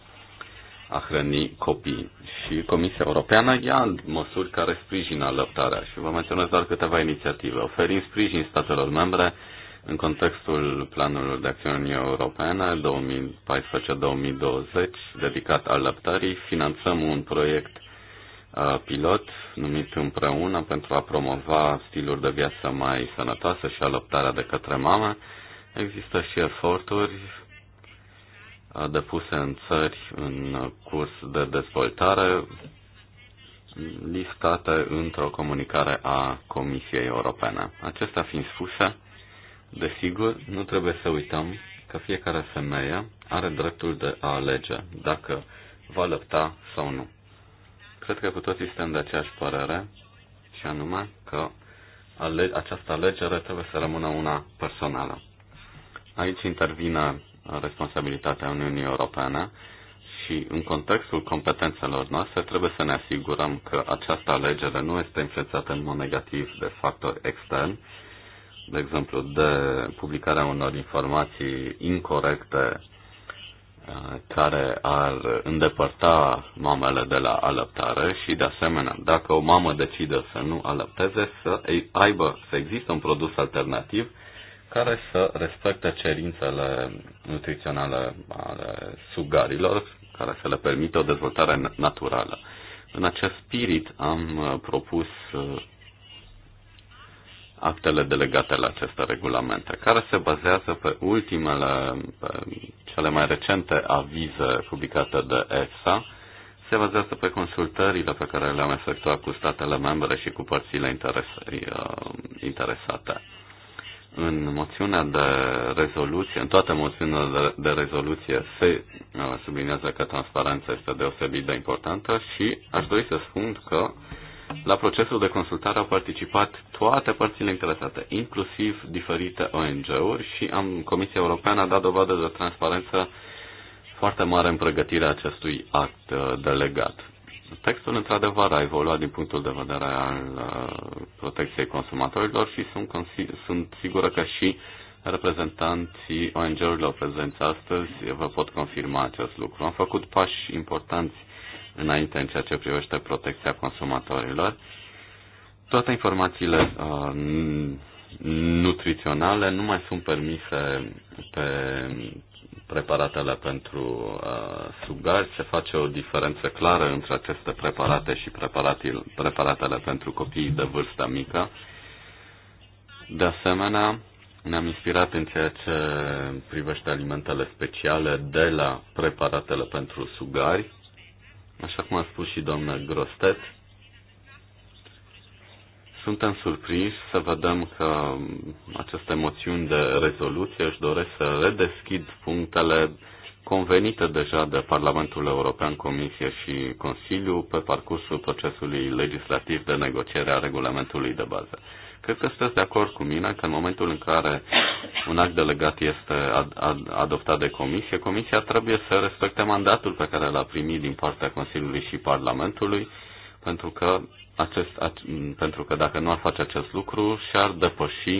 a hrăni copii Și Comisia Europeană ia măsuri care sprijină alăptarea și vă menționez doar câteva inițiative. Oferim sprijin statelor membre în contextul planului de acțiune europene 2014-2020 dedicat alăptării. Finanțăm un proiect pilot numit Împreună pentru a promova stiluri de viață mai sănătoase și alăptarea de către mame. Există și eforturi depuse în țări în curs de dezvoltare, listate într-o comunicare a Comisiei Europene. Acestea fiind spuse, desigur, nu trebuie să uităm că fiecare femeie are dreptul de a alege dacă va lăpta sau nu. Cred că cu toții suntem de aceeași părere, și anume că această alegere trebuie să rămână una personală. Aici intervine responsabilitatea Uniunii Europene și în contextul competențelor noastre trebuie să ne asigurăm că această alegere nu este influențată în mod negativ de factori externi, de exemplu de publicarea unor informații incorrecte eh, care ar îndepărta mamele de la alăptare și, de asemenea, dacă o mamă decide să nu alăpteze, să aibă, să există un produs alternativ care să respecte cerințele nutriționale ale sugarilor, care să le permită o dezvoltare naturală. În acest spirit am uh, propus uh, actele delegate la aceste regulamente, care se bazează pe ultimele, pe cele mai recente avize publicate de EFSA, se bazează pe consultările pe care le-am efectuat cu statele membre și cu părțile interes, uh, interesate în moțiunea de rezoluție, în toată moțiunea de rezoluție se uh, sublinează că transparența este deosebit de importantă și aș dori să spun că la procesul de consultare au participat toate părțile interesate, inclusiv diferite ONG-uri și am, Comisia Europeană a dat dovadă de transparență foarte mare în pregătirea acestui act uh, delegat. Textul, într-adevăr, a evoluat din punctul de vedere al uh, protecției consumatorilor și sunt, sunt sigură că și reprezentanții ONG-urilor prezenți astăzi vă pot confirma acest lucru. Am făcut pași importanți înainte în ceea ce privește protecția consumatorilor. Toate informațiile uh, nutriționale nu mai sunt permise pe preparatele pentru uh, sugari. Se face o diferență clară între aceste preparate și preparatele pentru copiii de vârstă mică. De asemenea, ne-am inspirat în ceea ce privește alimentele speciale de la preparatele pentru sugari. Așa cum a spus și doamna Grostet, suntem surprinși să vedem că aceste moțiuni de rezoluție își doresc să redeschid punctele convenite deja de Parlamentul European, Comisie și Consiliu pe parcursul procesului legislativ de negociere a regulamentului de bază. Cred că sunteți de acord cu mine că în momentul în care un act delegat este ad- ad- adoptat de comisie, comisia trebuie să respecte mandatul pe care l-a primit din partea Consiliului și Parlamentului, pentru că acest, pentru că dacă nu ar face acest lucru, și-ar depăși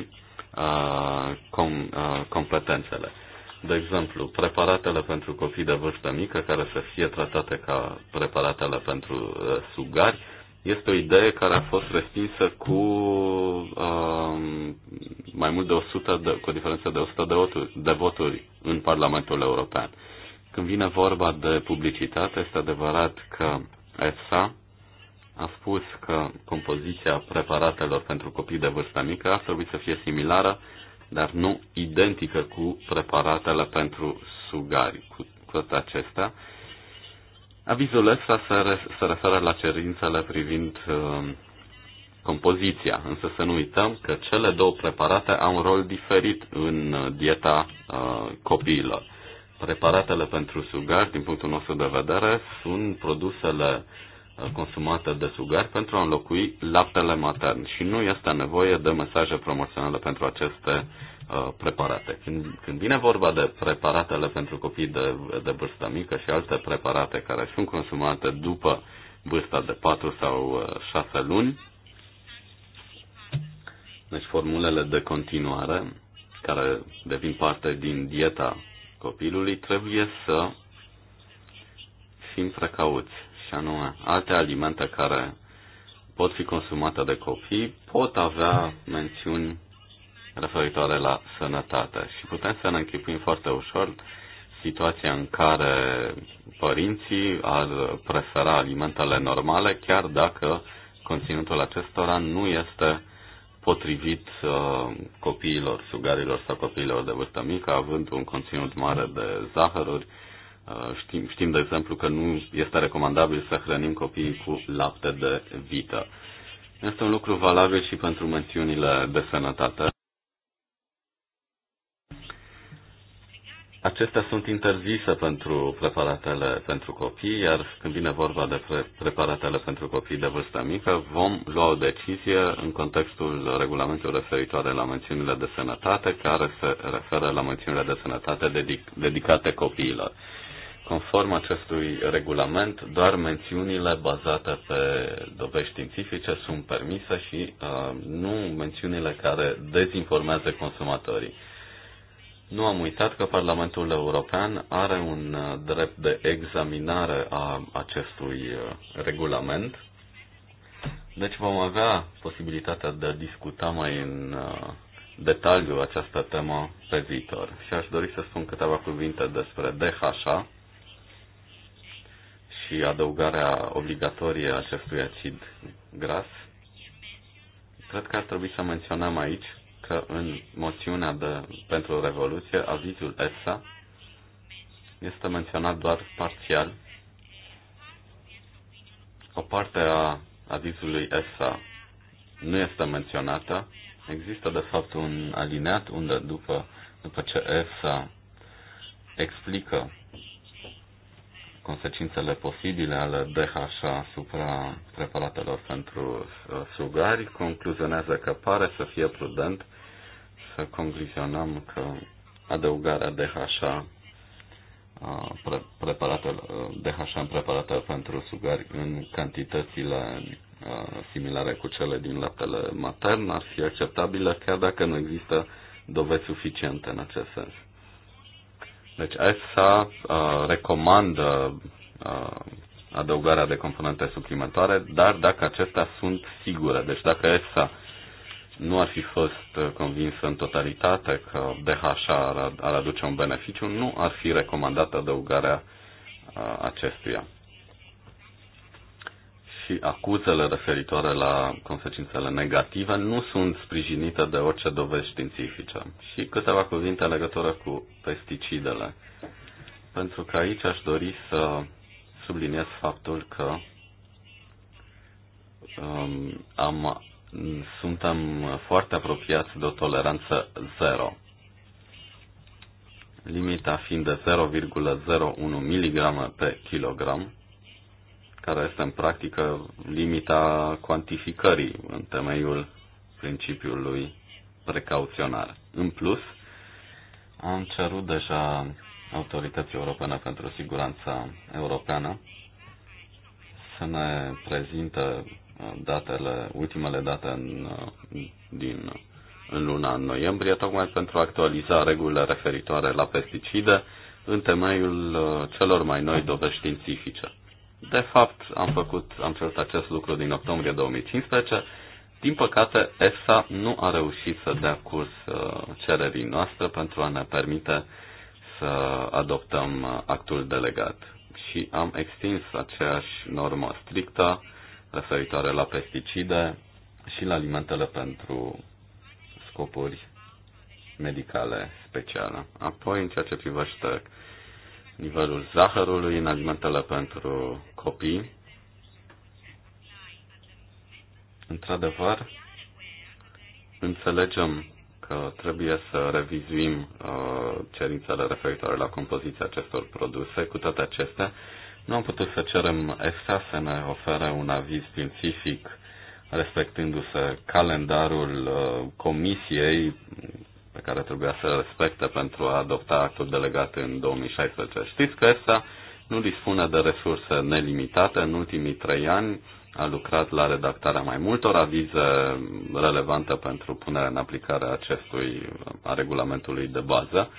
uh, com, uh, competențele. De exemplu, preparatele pentru copii de vârstă mică, care să fie tratate ca preparatele pentru uh, sugari, este o idee care a fost respinsă cu uh, mai mult de 100 de, cu o diferență de 100 de voturi, de voturi în Parlamentul European. Când vine vorba de publicitate, este adevărat că EFSA a spus că compoziția preparatelor pentru copii de vârstă mică ar trebui să fie similară, dar nu identică cu preparatele pentru sugari. Cu toate acestea, avizul ăsta se referă la cerințele privind uh, compoziția, însă să nu uităm că cele două preparate au un rol diferit în uh, dieta uh, copiilor. Preparatele pentru sugari, din punctul nostru de vedere, sunt produsele uh, consumată de sugar pentru a înlocui laptele matern și nu este nevoie de mesaje promoționale pentru aceste uh, preparate. Când, când vine vorba de preparatele pentru copii de, de vârstă mică și alte preparate care sunt consumate după vârsta de 4 sau 6 uh, luni, deci formulele de continuare care devin parte din dieta copilului trebuie să fim precauți și anume alte alimente care pot fi consumate de copii pot avea mențiuni referitoare la sănătate și putem să ne închipuim foarte ușor situația în care părinții ar prefera alimentele normale chiar dacă conținutul acestora nu este potrivit uh, copiilor, sugarilor sau copiilor de vârstă mică, având un conținut mare de zahăruri, Uh, știm, știm, de exemplu, că nu este recomandabil să hrănim copiii cu lapte de vită. Este un lucru valabil și pentru mențiunile de sănătate. Acestea sunt interzise pentru preparatele pentru copii, iar când vine vorba de pre- preparatele pentru copii de vârstă mică, vom lua o decizie în contextul regulamentului referitoare la mențiunile de sănătate, care se referă la mențiunile de sănătate dedic- dedicate copiilor. Conform acestui regulament, doar mențiunile bazate pe dovești științifice sunt permise și uh, nu mențiunile care dezinformează consumatorii. Nu am uitat că Parlamentul European are un uh, drept de examinare a acestui uh, regulament. Deci vom avea posibilitatea de a discuta mai în uh, detaliu această temă pe viitor. Și aș dori să spun câteva cuvinte despre DHA, și adăugarea obligatorie a acestui acid gras, cred că ar trebui să menționăm aici că în moțiunea de, pentru Revoluție, avizul ESA este menționat doar parțial. O parte a avizului ESA nu este menționată. Există, de fapt, un alineat unde, după, după ce ESA explică consecințele posibile ale DHA asupra preparatelor pentru sugari, uh, concluzionează că pare să fie prudent să concluzionăm că adăugarea DHA uh, preparatelor, uh, DHA în preparate pentru sugari în cantitățile similare cu cele din laptele matern ar fi acceptabilă chiar dacă nu există dovezi suficiente în acest sens. Deci ESA uh, recomandă uh, adăugarea de componente suplimentare, dar dacă acestea sunt sigure. Deci dacă ESA nu ar fi fost uh, convinsă în totalitate că DHA ar, ar aduce un beneficiu, nu ar fi recomandată adăugarea uh, acestuia și acuzele referitoare la consecințele negative nu sunt sprijinite de orice dovezi științifice. Și câteva cuvinte legătură cu pesticidele. Pentru că aici aș dori să subliniez faptul că um, am, suntem foarte apropiați de o toleranță zero. Limita fiind de 0,01 mg pe kilogram care este în practică limita cuantificării în temeiul principiului precauționar. În plus, am cerut deja Autorității Europene pentru Siguranța Europeană să ne prezintă uh, datele, ultimele date în, uh, din, în luna noiembrie, tocmai pentru a actualiza regulile referitoare la pesticide în temeiul uh, celor mai noi dovești științifice. De fapt, am făcut, am făcut acest lucru din octombrie 2015. Din păcate, EFSA nu a reușit să dea curs uh, cererii noastre pentru a ne permite să adoptăm uh, actul delegat. Și am extins aceeași normă strictă referitoare la pesticide și la alimentele pentru scopuri medicale speciale. Apoi, în ceea ce privește nivelul zahărului în alimentele pentru copii. Într-adevăr, înțelegem că trebuie să revizuim uh, cerințele referitoare la compoziția acestor produse. Cu toate acestea, nu am putut să cerem EFSA să ne ofere un aviz științific respectându-se calendarul uh, comisiei pe care trebuia să respecte pentru a adopta actul delegat în 2016. Știți că ESA nu dispune de resurse nelimitate. În ultimii trei ani a lucrat la redactarea mai multor avize relevante pentru punerea în aplicare a acestui a regulamentului de bază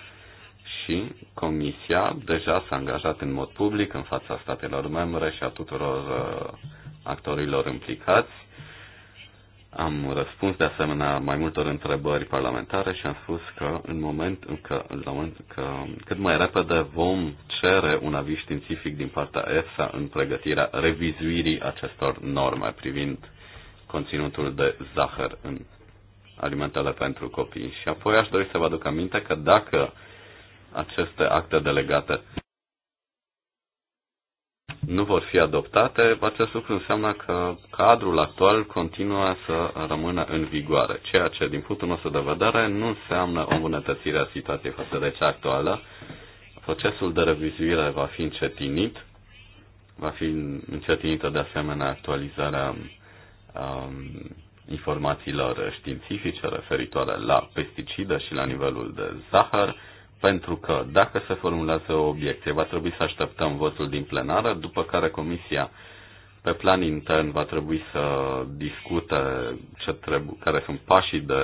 și Comisia deja s-a angajat în mod public în fața statelor membre și a tuturor uh, actorilor implicați am răspuns de asemenea mai multor întrebări parlamentare și am spus că în moment că, la moment că cât mai repede vom cere un aviz științific din partea EFSA în pregătirea revizuirii acestor norme privind conținutul de zahăr în alimentele pentru copii. Și apoi aș dori să vă aduc aminte că dacă aceste acte delegate nu vor fi adoptate, acest lucru înseamnă că cadrul actual continuă să rămână în vigoare, ceea ce, din punctul nostru de vedere, nu înseamnă o îmbunătățire a situației față de cea actuală. Procesul de revizuire va fi încetinit, va fi încetinită de asemenea actualizarea um, informațiilor științifice referitoare la pesticide și la nivelul de zahăr, pentru că dacă se formulează o obiecție, va trebui să așteptăm votul din plenară, după care Comisia pe plan intern va trebui să discute ce trebu- care sunt pașii de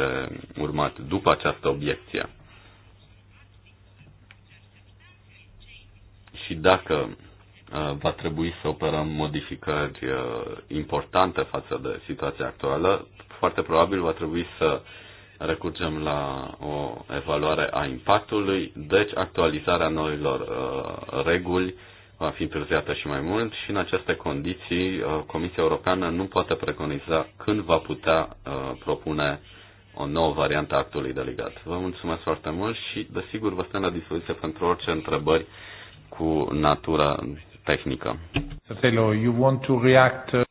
urmat după această obiecție. Și dacă uh, va trebui să operăm modificări uh, importante față de situația actuală, foarte probabil va trebui să recurgem la o evaluare a impactului, deci actualizarea noilor uh, reguli va fi întârziată și mai mult și în aceste condiții uh, Comisia Europeană nu poate preconiza când va putea uh, propune o nouă variantă a actului delegat. Vă mulțumesc foarte mult și desigur vă stăm la dispoziție pentru orice întrebări cu natură tehnică. Sotelo, you want to react uh,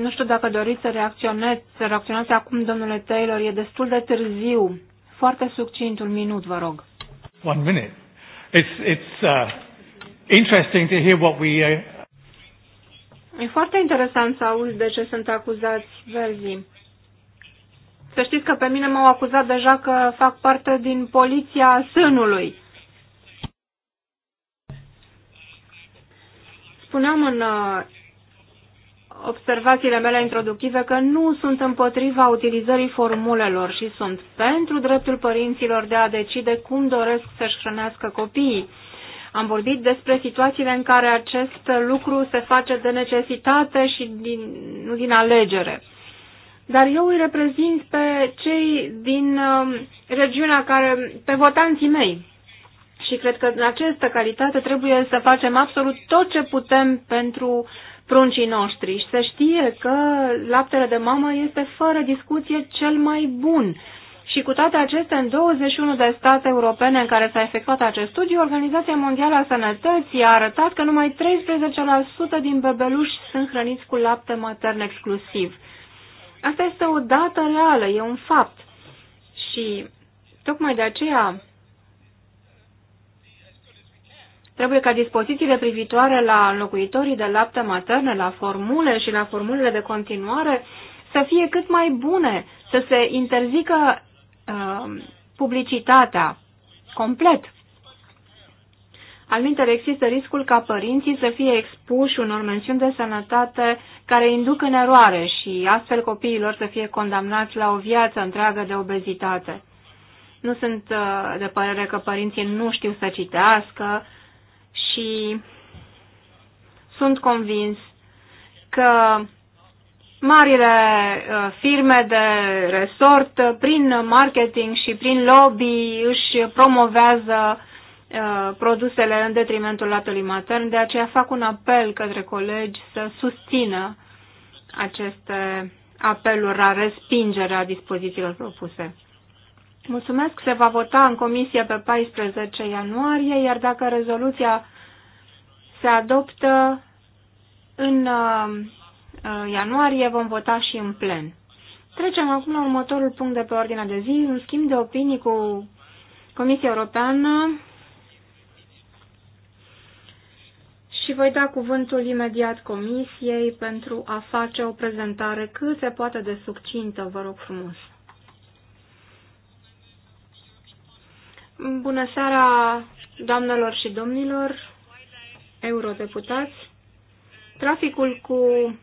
nu știu dacă doriți să reacționați, să reacționați acum, domnule Taylor, e destul de târziu. Foarte succint, un minut, vă rog. One minute. It's, it's uh, interesting to hear what we... Uh... E foarte interesant să auzi de ce sunt acuzați verzii. Să știți că pe mine m-au acuzat deja că fac parte din poliția sânului. Spuneam în uh, observațiile mele introductive că nu sunt împotriva utilizării formulelor și sunt pentru dreptul părinților de a decide cum doresc să-și hrănească copiii. Am vorbit despre situațiile în care acest lucru se face de necesitate și din, nu din alegere. Dar eu îi reprezint pe cei din um, regiunea care, pe votanții mei. Și cred că în această calitate trebuie să facem absolut tot ce putem pentru uh, pruncii noștri și să știe că laptele de mamă este fără discuție cel mai bun. Și cu toate acestea, în 21 de state europene în care s-a efectuat acest studiu, Organizația Mondială a Sănătății a arătat că numai 13% din bebeluși sunt hrăniți cu lapte matern exclusiv. Asta este o dată reală, e un fapt. Și tocmai de aceea Trebuie ca dispozițiile privitoare la locuitorii de lapte maternă, la formule și la formulele de continuare să fie cât mai bune, să se interzică uh, publicitatea complet. Alminter există riscul ca părinții să fie expuși unor mențiuni de sănătate care induc în eroare și astfel copiilor să fie condamnați la o viață întreagă de obezitate. Nu sunt uh, de părere că părinții nu știu să citească și sunt convins că marile uh, firme de resort, uh, prin marketing și prin lobby, își promovează uh, produsele în detrimentul latului matern, de aceea fac un apel către colegi să susțină aceste apeluri la respingerea dispozițiilor propuse. Mulțumesc, se va vota în comisie pe 14 ianuarie, iar dacă rezoluția se adoptă în uh, uh, ianuarie, vom vota și în plen. Trecem acum la următorul punct de pe ordinea de zi, un schimb de opinii cu Comisia Europeană și voi da cuvântul imediat Comisiei pentru a face o prezentare cât se poate de succintă, vă rog frumos. Bună seara, doamnelor și domnilor! eurodeputați, traficul cu uh,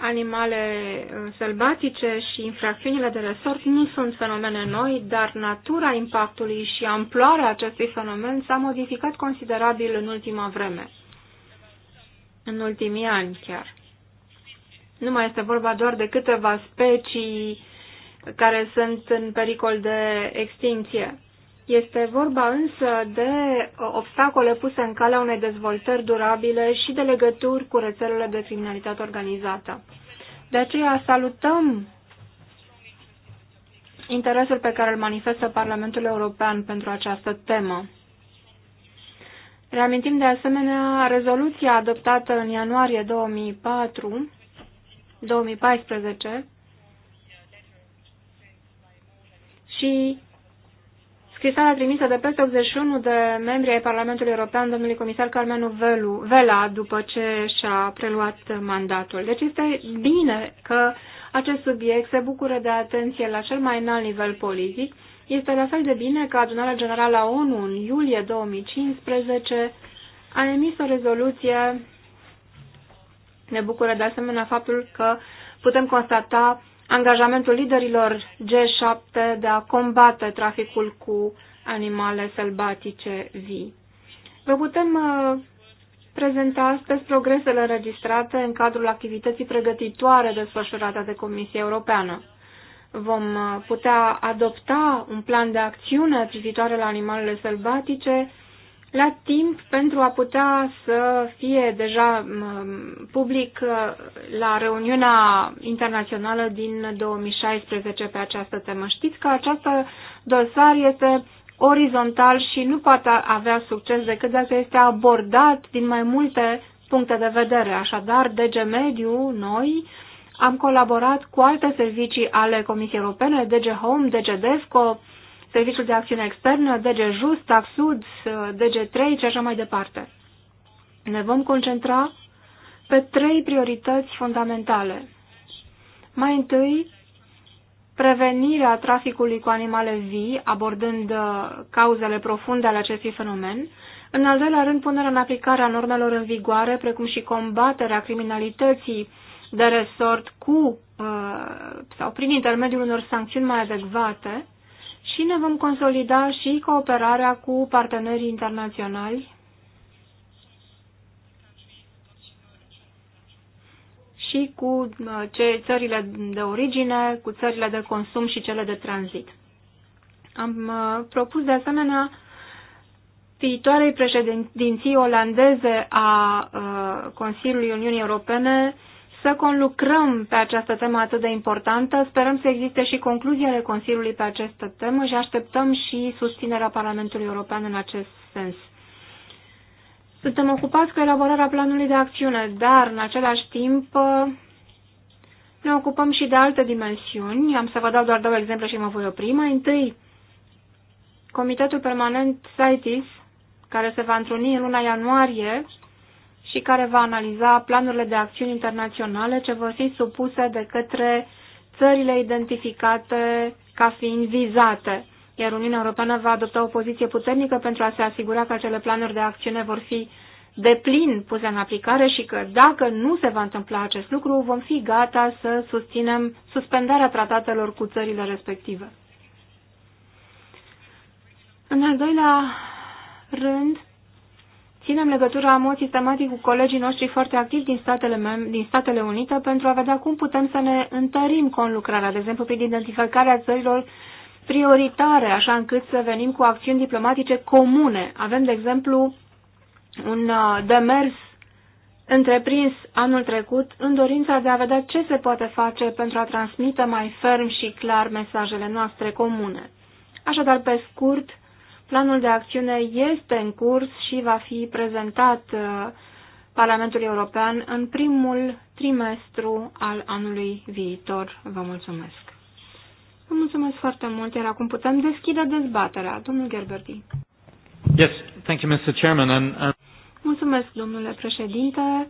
animale uh, sălbatice și infracțiunile de resort nu sunt fenomene noi, dar natura impactului și amploarea acestui fenomen s-a modificat considerabil în ultima vreme, în ultimii ani chiar. Nu mai este vorba doar de câteva specii care sunt în pericol de extinție. Este vorba însă de obstacole puse în calea unei dezvoltări durabile și de legături cu rețelele de criminalitate organizată. De aceea salutăm interesul pe care îl manifestă Parlamentul European pentru această temă. Reamintim de asemenea rezoluția adoptată în ianuarie 2004, 2014 și Scrisoarea trimisă de peste 81 de membri ai Parlamentului European, domnului comisar Carmenu Velu, Vela, după ce și-a preluat mandatul. Deci este bine că acest subiect se bucură de atenție la cel mai înalt nivel politic. Este la fel de bine că Adunarea Generală a ONU în iulie 2015 a emis o rezoluție. Ne bucură de asemenea faptul că putem constata angajamentul liderilor G7 de a combate traficul cu animale sălbatice vii. Vă putem uh, prezenta astăzi progresele înregistrate în cadrul activității pregătitoare desfășurate de Comisia Europeană. Vom uh, putea adopta un plan de acțiune privitoare la animalele sălbatice la timp pentru a putea să fie deja public uh, la reuniunea internațională din 2016 pe această temă. Știți că această dosar este orizontal și nu poate avea succes decât dacă este abordat din mai multe puncte de vedere. Așadar, DG Mediu, noi, am colaborat cu alte servicii ale Comisiei Europene, DG Home, DG Desco, Serviciul de Acțiune Externă, DG Just, Taxud, DG3 și așa mai departe. Ne vom concentra pe trei priorități fundamentale. Mai întâi, prevenirea traficului cu animale vii, abordând uh, cauzele profunde ale acestui fenomen, în al doilea rând, punerea în aplicare a normelor în vigoare, precum și combaterea criminalității de resort cu uh, sau prin intermediul unor sancțiuni mai adecvate, și ne vom consolida și cooperarea cu partenerii internaționali și cu uh, ce, țările de origine, cu țările de consum și cele de tranzit. Am uh, propus de asemenea viitoarei președinții olandeze a uh, Consiliului Uniunii Europene să conlucrăm pe această temă atât de importantă. Sperăm să existe și concluzii ale Consiliului pe această temă și așteptăm și susținerea Parlamentului European în acest sens. Suntem ocupați cu elaborarea planului de acțiune, dar în același timp ne ocupăm și de alte dimensiuni. Am să vă dau doar două exemple și mă voi opri. Mai întâi, Comitetul Permanent CITES, care se va întruni în luna ianuarie, și care va analiza planurile de acțiuni internaționale ce vor fi supuse de către țările identificate ca fiind vizate, iar Uniunea Europeană va adopta o poziție puternică pentru a se asigura că acele planuri de acțiune vor fi deplin puse în aplicare și că dacă nu se va întâmpla acest lucru, vom fi gata să susținem suspendarea tratatelor cu țările respective. În al doilea rând, Ținem legătura în mod sistematic cu colegii noștri foarte activi din Statele, din Statele Unite pentru a vedea cum putem să ne întărim conlucrarea, de exemplu prin identificarea țărilor prioritare, așa încât să venim cu acțiuni diplomatice comune. Avem, de exemplu, un uh, demers întreprins anul trecut în dorința de a vedea ce se poate face pentru a transmite mai ferm și clar mesajele noastre comune. Așadar, pe scurt, Planul de acțiune este în curs și va fi prezentat uh, Parlamentului European în primul trimestru al anului viitor. Vă mulțumesc! Vă mulțumesc foarte mult, iar acum putem deschide dezbaterea. Domnul Gerberti. Yes, thank you, Mr. Chairman. And, and... Mulțumesc, domnule președinte,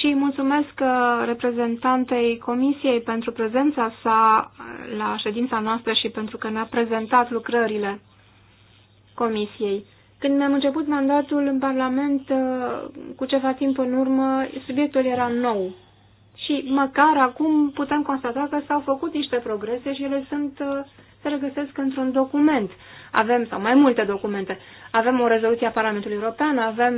și mulțumesc uh, reprezentantei Comisiei pentru prezența sa la ședința noastră și pentru că ne-a prezentat lucrările. Comisiei. Când mi-am început mandatul în Parlament, uh, cu ceva timp în urmă, subiectul era nou. Și măcar acum putem constata că s-au făcut niște progrese și ele sunt, uh, se regăsesc într-un document. Avem, sau mai multe documente. Avem o rezoluție a Parlamentului European, avem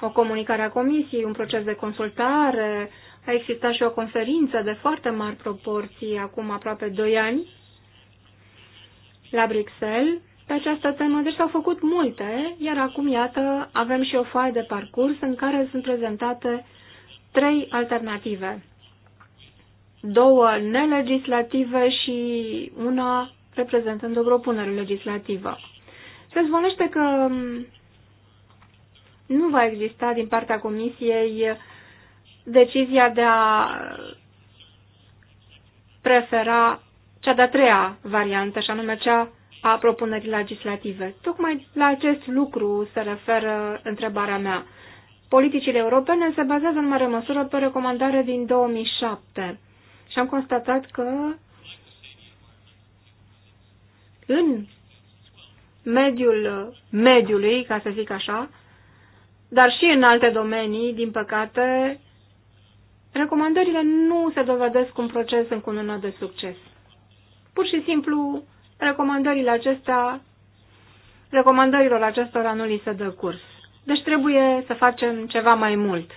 o comunicare a Comisiei, un proces de consultare, a existat și o conferință de foarte mari proporții acum aproape 2 ani la Bruxelles, pe această temă, deci s-au făcut multe, iar acum, iată, avem și o foaie de parcurs în care sunt prezentate trei alternative. Două nelegislative și una reprezentând o propunere legislativă. Se zvonește că mm, nu va exista din partea Comisiei decizia de a prefera cea de-a treia variantă, și anume cea a propunerii legislative. Tocmai la acest lucru se referă întrebarea mea. Politicile europene se bazează în mare măsură pe recomandare din 2007 și am constatat că în mediul mediului, ca să zic așa, dar și în alte domenii, din păcate, recomandările nu se dovedesc un proces încununat de succes. Pur și simplu recomandările acestea, recomandărilor acestora nu li se dă curs. Deci trebuie să facem ceva mai mult.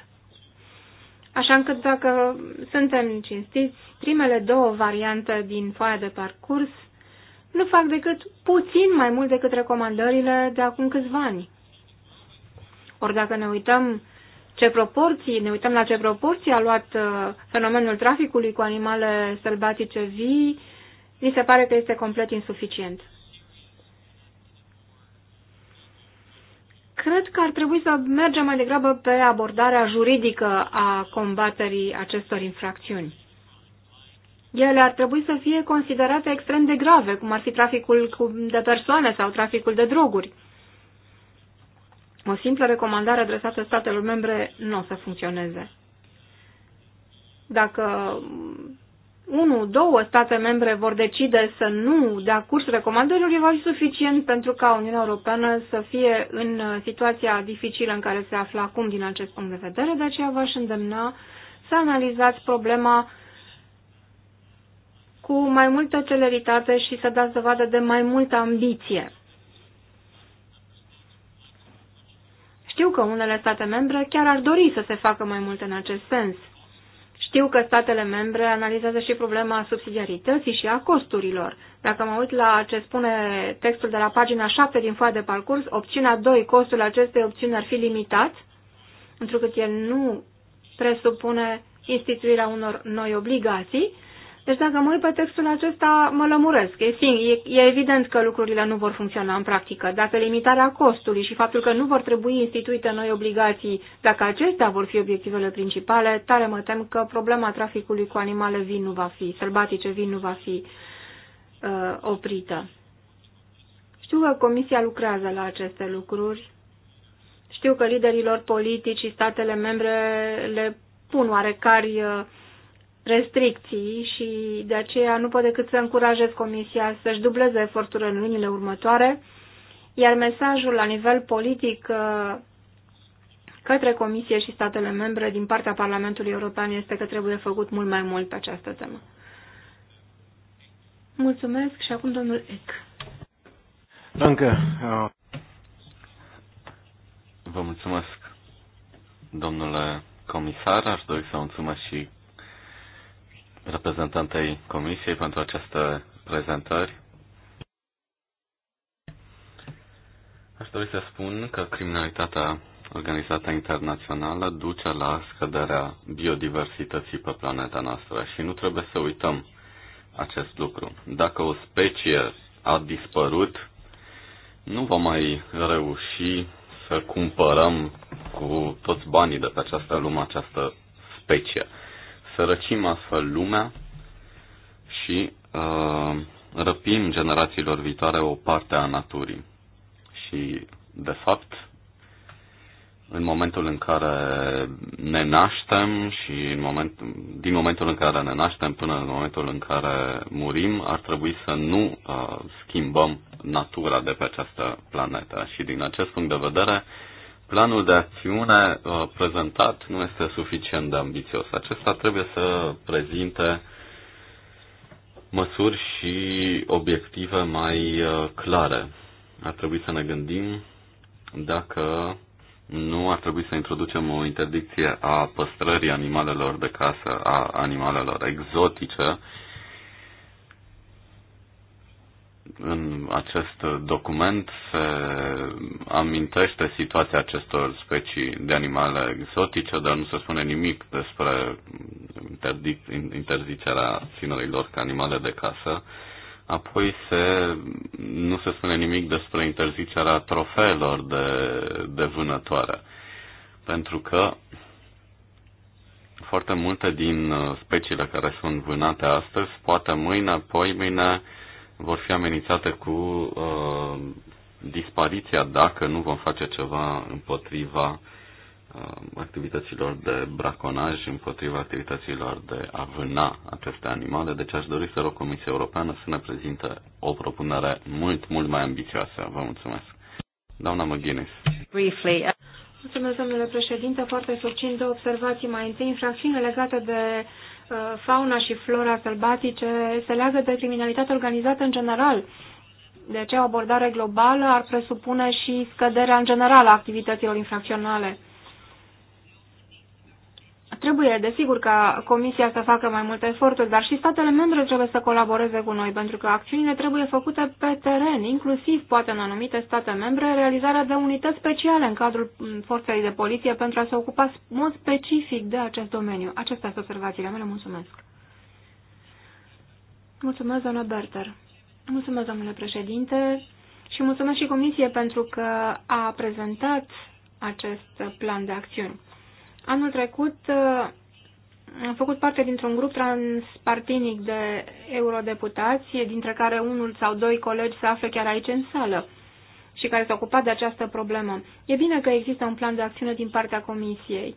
Așa încât dacă suntem cinstiți, primele două variante din foaia de parcurs nu fac decât puțin mai mult decât recomandările de acum câțiva ani. Ori dacă ne uităm ce proporții, ne uităm la ce proporții a luat uh, fenomenul traficului cu animale sălbatice vii, mi se pare că este complet insuficient. Cred că ar trebui să mergem mai degrabă pe abordarea juridică a combaterii acestor infracțiuni. Ele ar trebui să fie considerate extrem de grave, cum ar fi traficul de persoane sau traficul de droguri. O simplă recomandare adresată statelor membre nu o să funcționeze. Dacă unu, două state membre vor decide să nu dea curs recomandărilor, va fi suficient pentru ca Uniunea Europeană să fie în uh, situația dificilă în care se află acum din acest punct de vedere, de aceea v-aș îndemna să analizați problema cu mai multă celeritate și să dați dovadă de mai multă ambiție. Știu că unele state membre chiar ar dori să se facă mai mult în acest sens. Știu că statele membre analizează și problema subsidiarității și a costurilor. Dacă mă uit la ce spune textul de la pagina 7 din foaia de parcurs, opțiunea 2, costul acestei opțiuni ar fi limitat, întrucât el nu presupune instituirea unor noi obligații, deci dacă mă uit pe textul acesta, mă lămuresc. E, sing, e, e evident că lucrurile nu vor funcționa în practică. Dacă limitarea costului și faptul că nu vor trebui instituite noi obligații, dacă acestea vor fi obiectivele principale, tare mă tem că problema traficului cu animale vin nu va fi, sălbatice vin nu va fi uh, oprită. Știu că Comisia lucrează la aceste lucruri. Știu că liderilor politici și statele membre le pun oarecari uh, restricții și de aceea nu pot decât să încurajez Comisia să-și dubleze eforturile în lunile următoare, iar mesajul la nivel politic uh, către Comisie și statele membre din partea Parlamentului European este că trebuie făcut mult mai mult pe această temă. Mulțumesc și acum domnul Eck. Încă. Vă mulțumesc, domnule comisar. Aș dori să mulțumesc și reprezentantei Comisiei pentru aceste prezentări. Aș dori să spun că criminalitatea organizată internațională duce la scăderea biodiversității pe planeta noastră și nu trebuie să uităm acest lucru. Dacă o specie a dispărut, nu vom mai reuși să cumpărăm cu toți banii de pe această lume această specie sărăcim astfel lumea și uh, răpim generațiilor viitoare o parte a naturii. Și, de fapt, în momentul în care ne naștem și în moment, din momentul în care ne naștem până în momentul în care murim, ar trebui să nu uh, schimbăm natura de pe această planetă. Și din acest punct de vedere, uh, planul de acțiune uh, prezentat nu este suficient de ambițios. Acesta trebuie să prezinte măsuri și obiective mai uh, clare. Ar trebui să ne gândim dacă nu ar trebui să introducem o interdicție a păstrării animalelor de casă, a animalelor exotice, în acest document se amintește situația acestor specii de animale exotice, dar nu se spune nimic despre interzicerea ținării lor ca animale de casă. Apoi se, nu se spune nimic despre interzicerea trofeelor de, de vânătoare, pentru că foarte multe din speciile care sunt vânate astăzi, poate mâine, apoi mâine vor fi amenințate cu uh, dispariția dacă nu vom face ceva împotriva uh, activităților de braconaj, împotriva activităților de a vâna aceste animale. Deci aș dori să rog Comisia Europeană să ne prezinte o propunere mult, mult mai ambițioasă. Vă mulțumesc. Doamna McGuinness. Briefly. Mulțumesc, domnule președinte. Foarte succint două observații. Mai întâi, infracțiune legată de fauna și flora sălbatice se leagă de criminalitate organizată în general. De aceea, o abordare globală ar presupune și scăderea în general a activităților infracționale. Trebuie, desigur, ca Comisia să facă mai multe eforturi, dar și statele membre trebuie să colaboreze cu noi, pentru că acțiunile trebuie făcute pe teren, inclusiv, poate în anumite state membre, realizarea de unități speciale în cadrul mm, forței de poliție pentru a se ocupa în mod specific de acest domeniu. Acestea sunt observațiile mele. Mulțumesc. Mulțumesc, doamna Berter. Mulțumesc, domnule președinte, și mulțumesc și Comisie pentru că a prezentat acest plan de acțiuni. Anul trecut uh, am făcut parte dintr-un grup transpartinic de eurodeputați, dintre care unul sau doi colegi se află chiar aici în sală și care s-a ocupat de această problemă. E bine că există un plan de acțiune din partea Comisiei.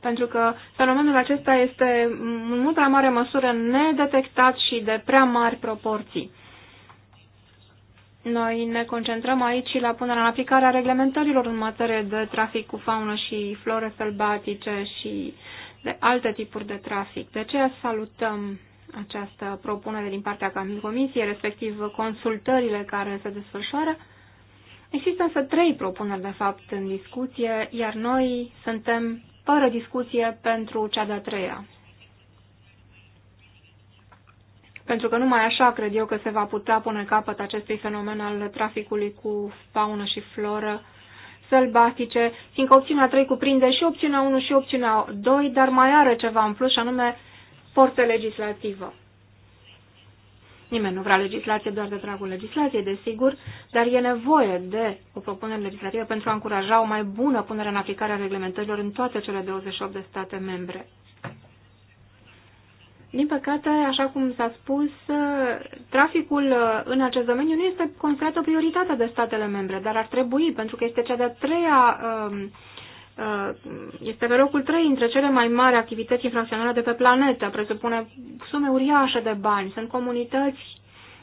Pentru că fenomenul acesta este în mult prea mare măsură nedetectat și de prea mari proporții. Noi ne concentrăm aici și la punerea în aplicare a reglementărilor în materie de trafic cu faună și flore sălbatice și de alte tipuri de trafic. De aceea salutăm această propunere din partea Comisiei, respectiv consultările care se desfășoară. Există însă trei propuneri, de fapt, în discuție, iar noi suntem fără discuție pentru cea de-a treia pentru că numai așa cred eu că se va putea pune capăt acestui fenomen al traficului cu faună și floră sălbatice, fiindcă opțiunea 3 cuprinde și opțiunea 1 și opțiunea 2, dar mai are ceva în plus, și anume forță legislativă. Nimeni nu vrea legislație doar de dragul legislației, desigur, dar e nevoie de o propunere legislativă pentru a încuraja o mai bună punere în aplicare a reglementărilor în toate cele 28 de state membre. Din păcate, așa cum s-a spus, traficul uh, în acest domeniu nu este considerat o prioritate de statele membre, dar ar trebui, pentru că este cea de-a treia, um, uh, este pe locul trei între cele mai mari activități infracționale de pe planetă, presupune sume uriașe de bani, sunt comunități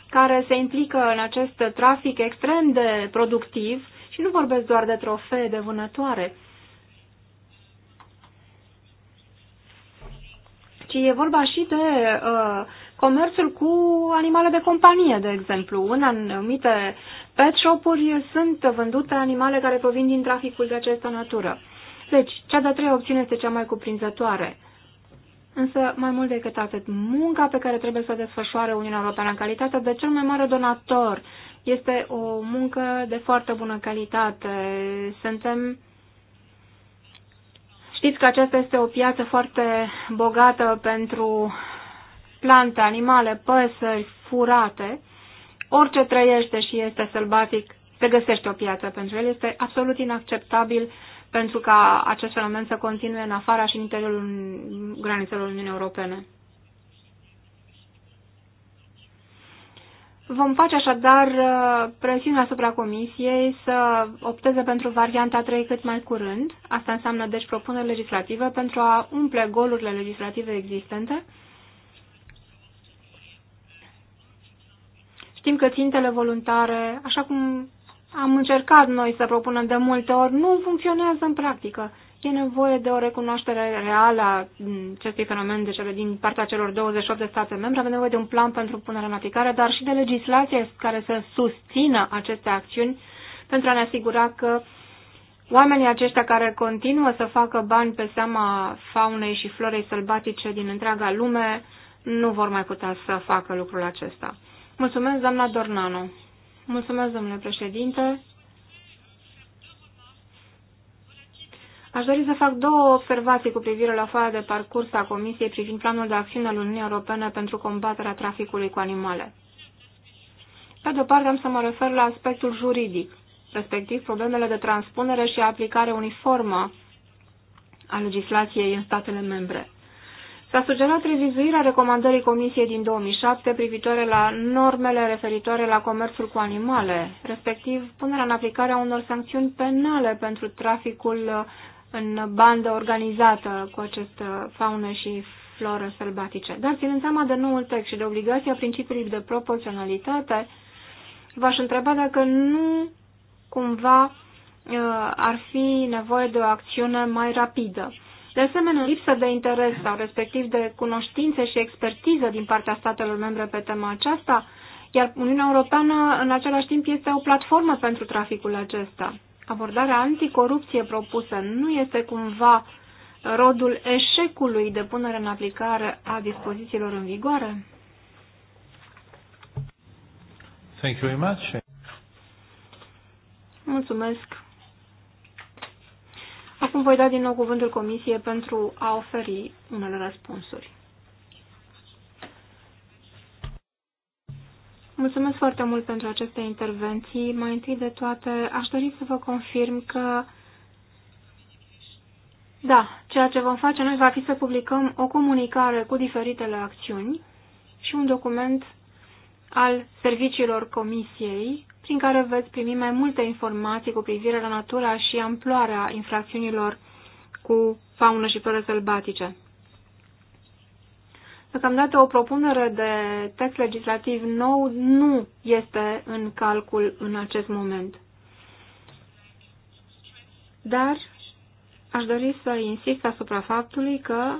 care se implică în acest trafic extrem de productiv și nu vorbesc doar de trofee de vânătoare, ci e vorba și de uh, comerțul cu animale de companie, de exemplu. În anumite pet shop-uri sunt vândute animale care provin din traficul de această natură. Deci, cea de-a treia opțiune este cea mai cuprinzătoare. Însă, mai mult decât atât, munca pe care trebuie să o desfășoare Uniunea Europeană în calitate de cel mai mare donator este o muncă de foarte bună calitate. Suntem Știți că aceasta este o piață foarte bogată pentru plante, animale, păsări, furate. Orice trăiește și este sălbatic, se găsește o piață pentru el. Este absolut inacceptabil pentru ca acest fenomen să continue în afara și în interiorul granițelor Uniunii Europene. Vom face așadar uh, presiune asupra Comisiei să opteze pentru varianta 3 cât mai curând. Asta înseamnă deci propuneri legislative pentru a umple golurile legislative existente. Știm că țintele voluntare, așa cum am încercat noi să propunem de multe ori, nu funcționează în practică. E nevoie de o recunoaștere reală a acestui fenomen de cele din partea celor 28 de state membre. Avem nevoie de un plan pentru punerea în aplicare, dar și de legislație care să susțină aceste acțiuni pentru a ne asigura că oamenii aceștia care continuă să facă bani pe seama faunei și florei sălbatice din întreaga lume nu vor mai putea să facă lucrul acesta. Mulțumesc, doamna Dornano. Mulțumesc, domnule președinte. Aș dori să fac două observații cu privire la foaia de parcurs a Comisiei privind planul de acțiune al Uniunii Europene pentru combaterea traficului cu animale. Pe de-o parte am să mă refer la aspectul juridic, respectiv problemele de transpunere și aplicare uniformă a legislației în statele membre. S-a sugerat revizuirea recomandării Comisiei din 2007 privitoare la normele referitoare la comerțul cu animale, respectiv punerea în aplicare a unor sancțiuni penale pentru traficul în bandă organizată cu această faună și floră sălbatice. Dar ținând seama de noul text și de obligația principiului de proporționalitate, v-aș întreba dacă nu cumva uh, ar fi nevoie de o acțiune mai rapidă. De asemenea, lipsă de interes sau respectiv de cunoștințe și expertiză din partea statelor membre pe tema aceasta, iar Uniunea Europeană în același timp este o platformă pentru traficul acesta abordarea anticorupție propusă nu este cumva rodul eșecului de punere în aplicare a dispozițiilor în vigoare? Thank you very much. Mulțumesc. Acum voi da din nou cuvântul Comisiei pentru a oferi unele răspunsuri. Mulțumesc foarte mult pentru aceste intervenții. Mai întâi de toate, aș dori să vă confirm că, da, ceea ce vom face noi va fi să publicăm o comunicare cu diferitele acțiuni și un document al serviciilor comisiei, prin care veți primi mai multe informații cu privire la natura și amploarea infracțiunilor cu faună și flore sălbatice. Deocamdată o propunere de text legislativ nou nu este în calcul în acest moment. Dar aș dori să insist asupra faptului că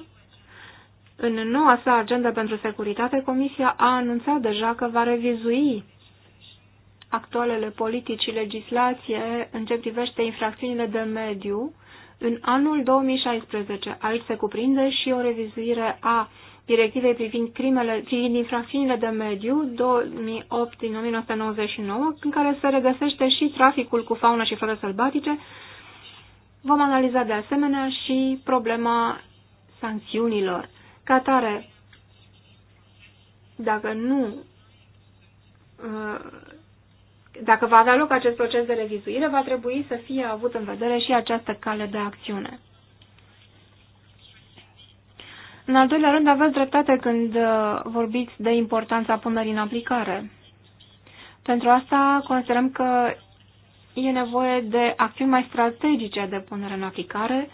în noua sa agenda pentru securitate, Comisia a anunțat deja că va revizui actualele politici și legislație în ce privește infracțiunile de mediu în anul 2016. Aici se cuprinde și o revizuire a directivei privind crimele, privind infracțiunile de mediu 2008 din 1999, în care se regăsește și traficul cu faună și flore sălbatice. Vom analiza de asemenea și problema sancțiunilor. Ca tare, dacă nu uh, dacă va avea loc acest proces de revizuire, va trebui să fie avut în vedere și această cale de acțiune. În al doilea rând, aveți dreptate când uh, vorbiți de importanța punerii în aplicare. Pentru asta considerăm că e nevoie de acțiuni mai strategice de punere în aplicare.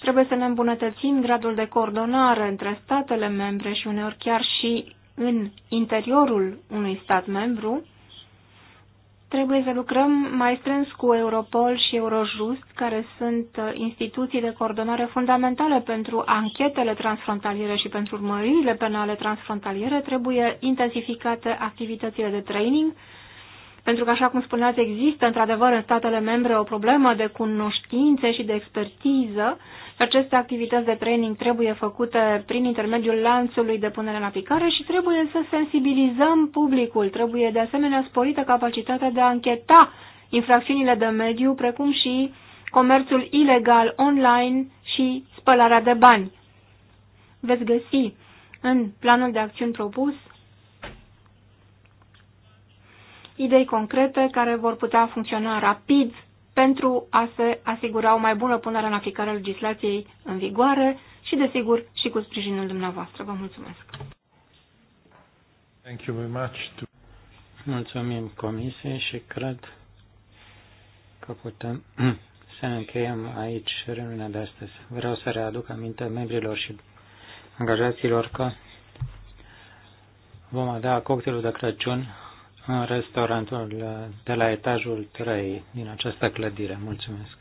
Trebuie să ne îmbunătățim gradul de coordonare între statele membre și uneori chiar și în interiorul unui stat membru Trebuie să lucrăm mai strâns cu Europol și Eurojust, care sunt uh, instituții de coordonare fundamentale pentru anchetele transfrontaliere și pentru urmăririle penale transfrontaliere. Trebuie intensificate activitățile de training, pentru că, așa cum spuneați, există într-adevăr în statele membre o problemă de cunoștințe și de expertiză aceste activități de training trebuie făcute prin intermediul lanțului de punere în aplicare și trebuie să sensibilizăm publicul. Trebuie de asemenea sporită capacitatea de a încheta infracțiunile de mediu, precum și comerțul ilegal online și spălarea de bani. Veți găsi în planul de acțiuni propus idei concrete care vor putea funcționa rapid pentru a se asigura o mai bună punere în aplicare a legislației în vigoare și, desigur, și cu sprijinul dumneavoastră. Vă mulțumesc! Thank you very much to... Mulțumim comisiei și cred că putem să încheiem aici reuniunea de astăzi. Vreau să readuc aminte membrilor și angajaților că vom avea cocktailul de Crăciun în restaurantul de la etajul 3 din această clădire. Mulțumesc!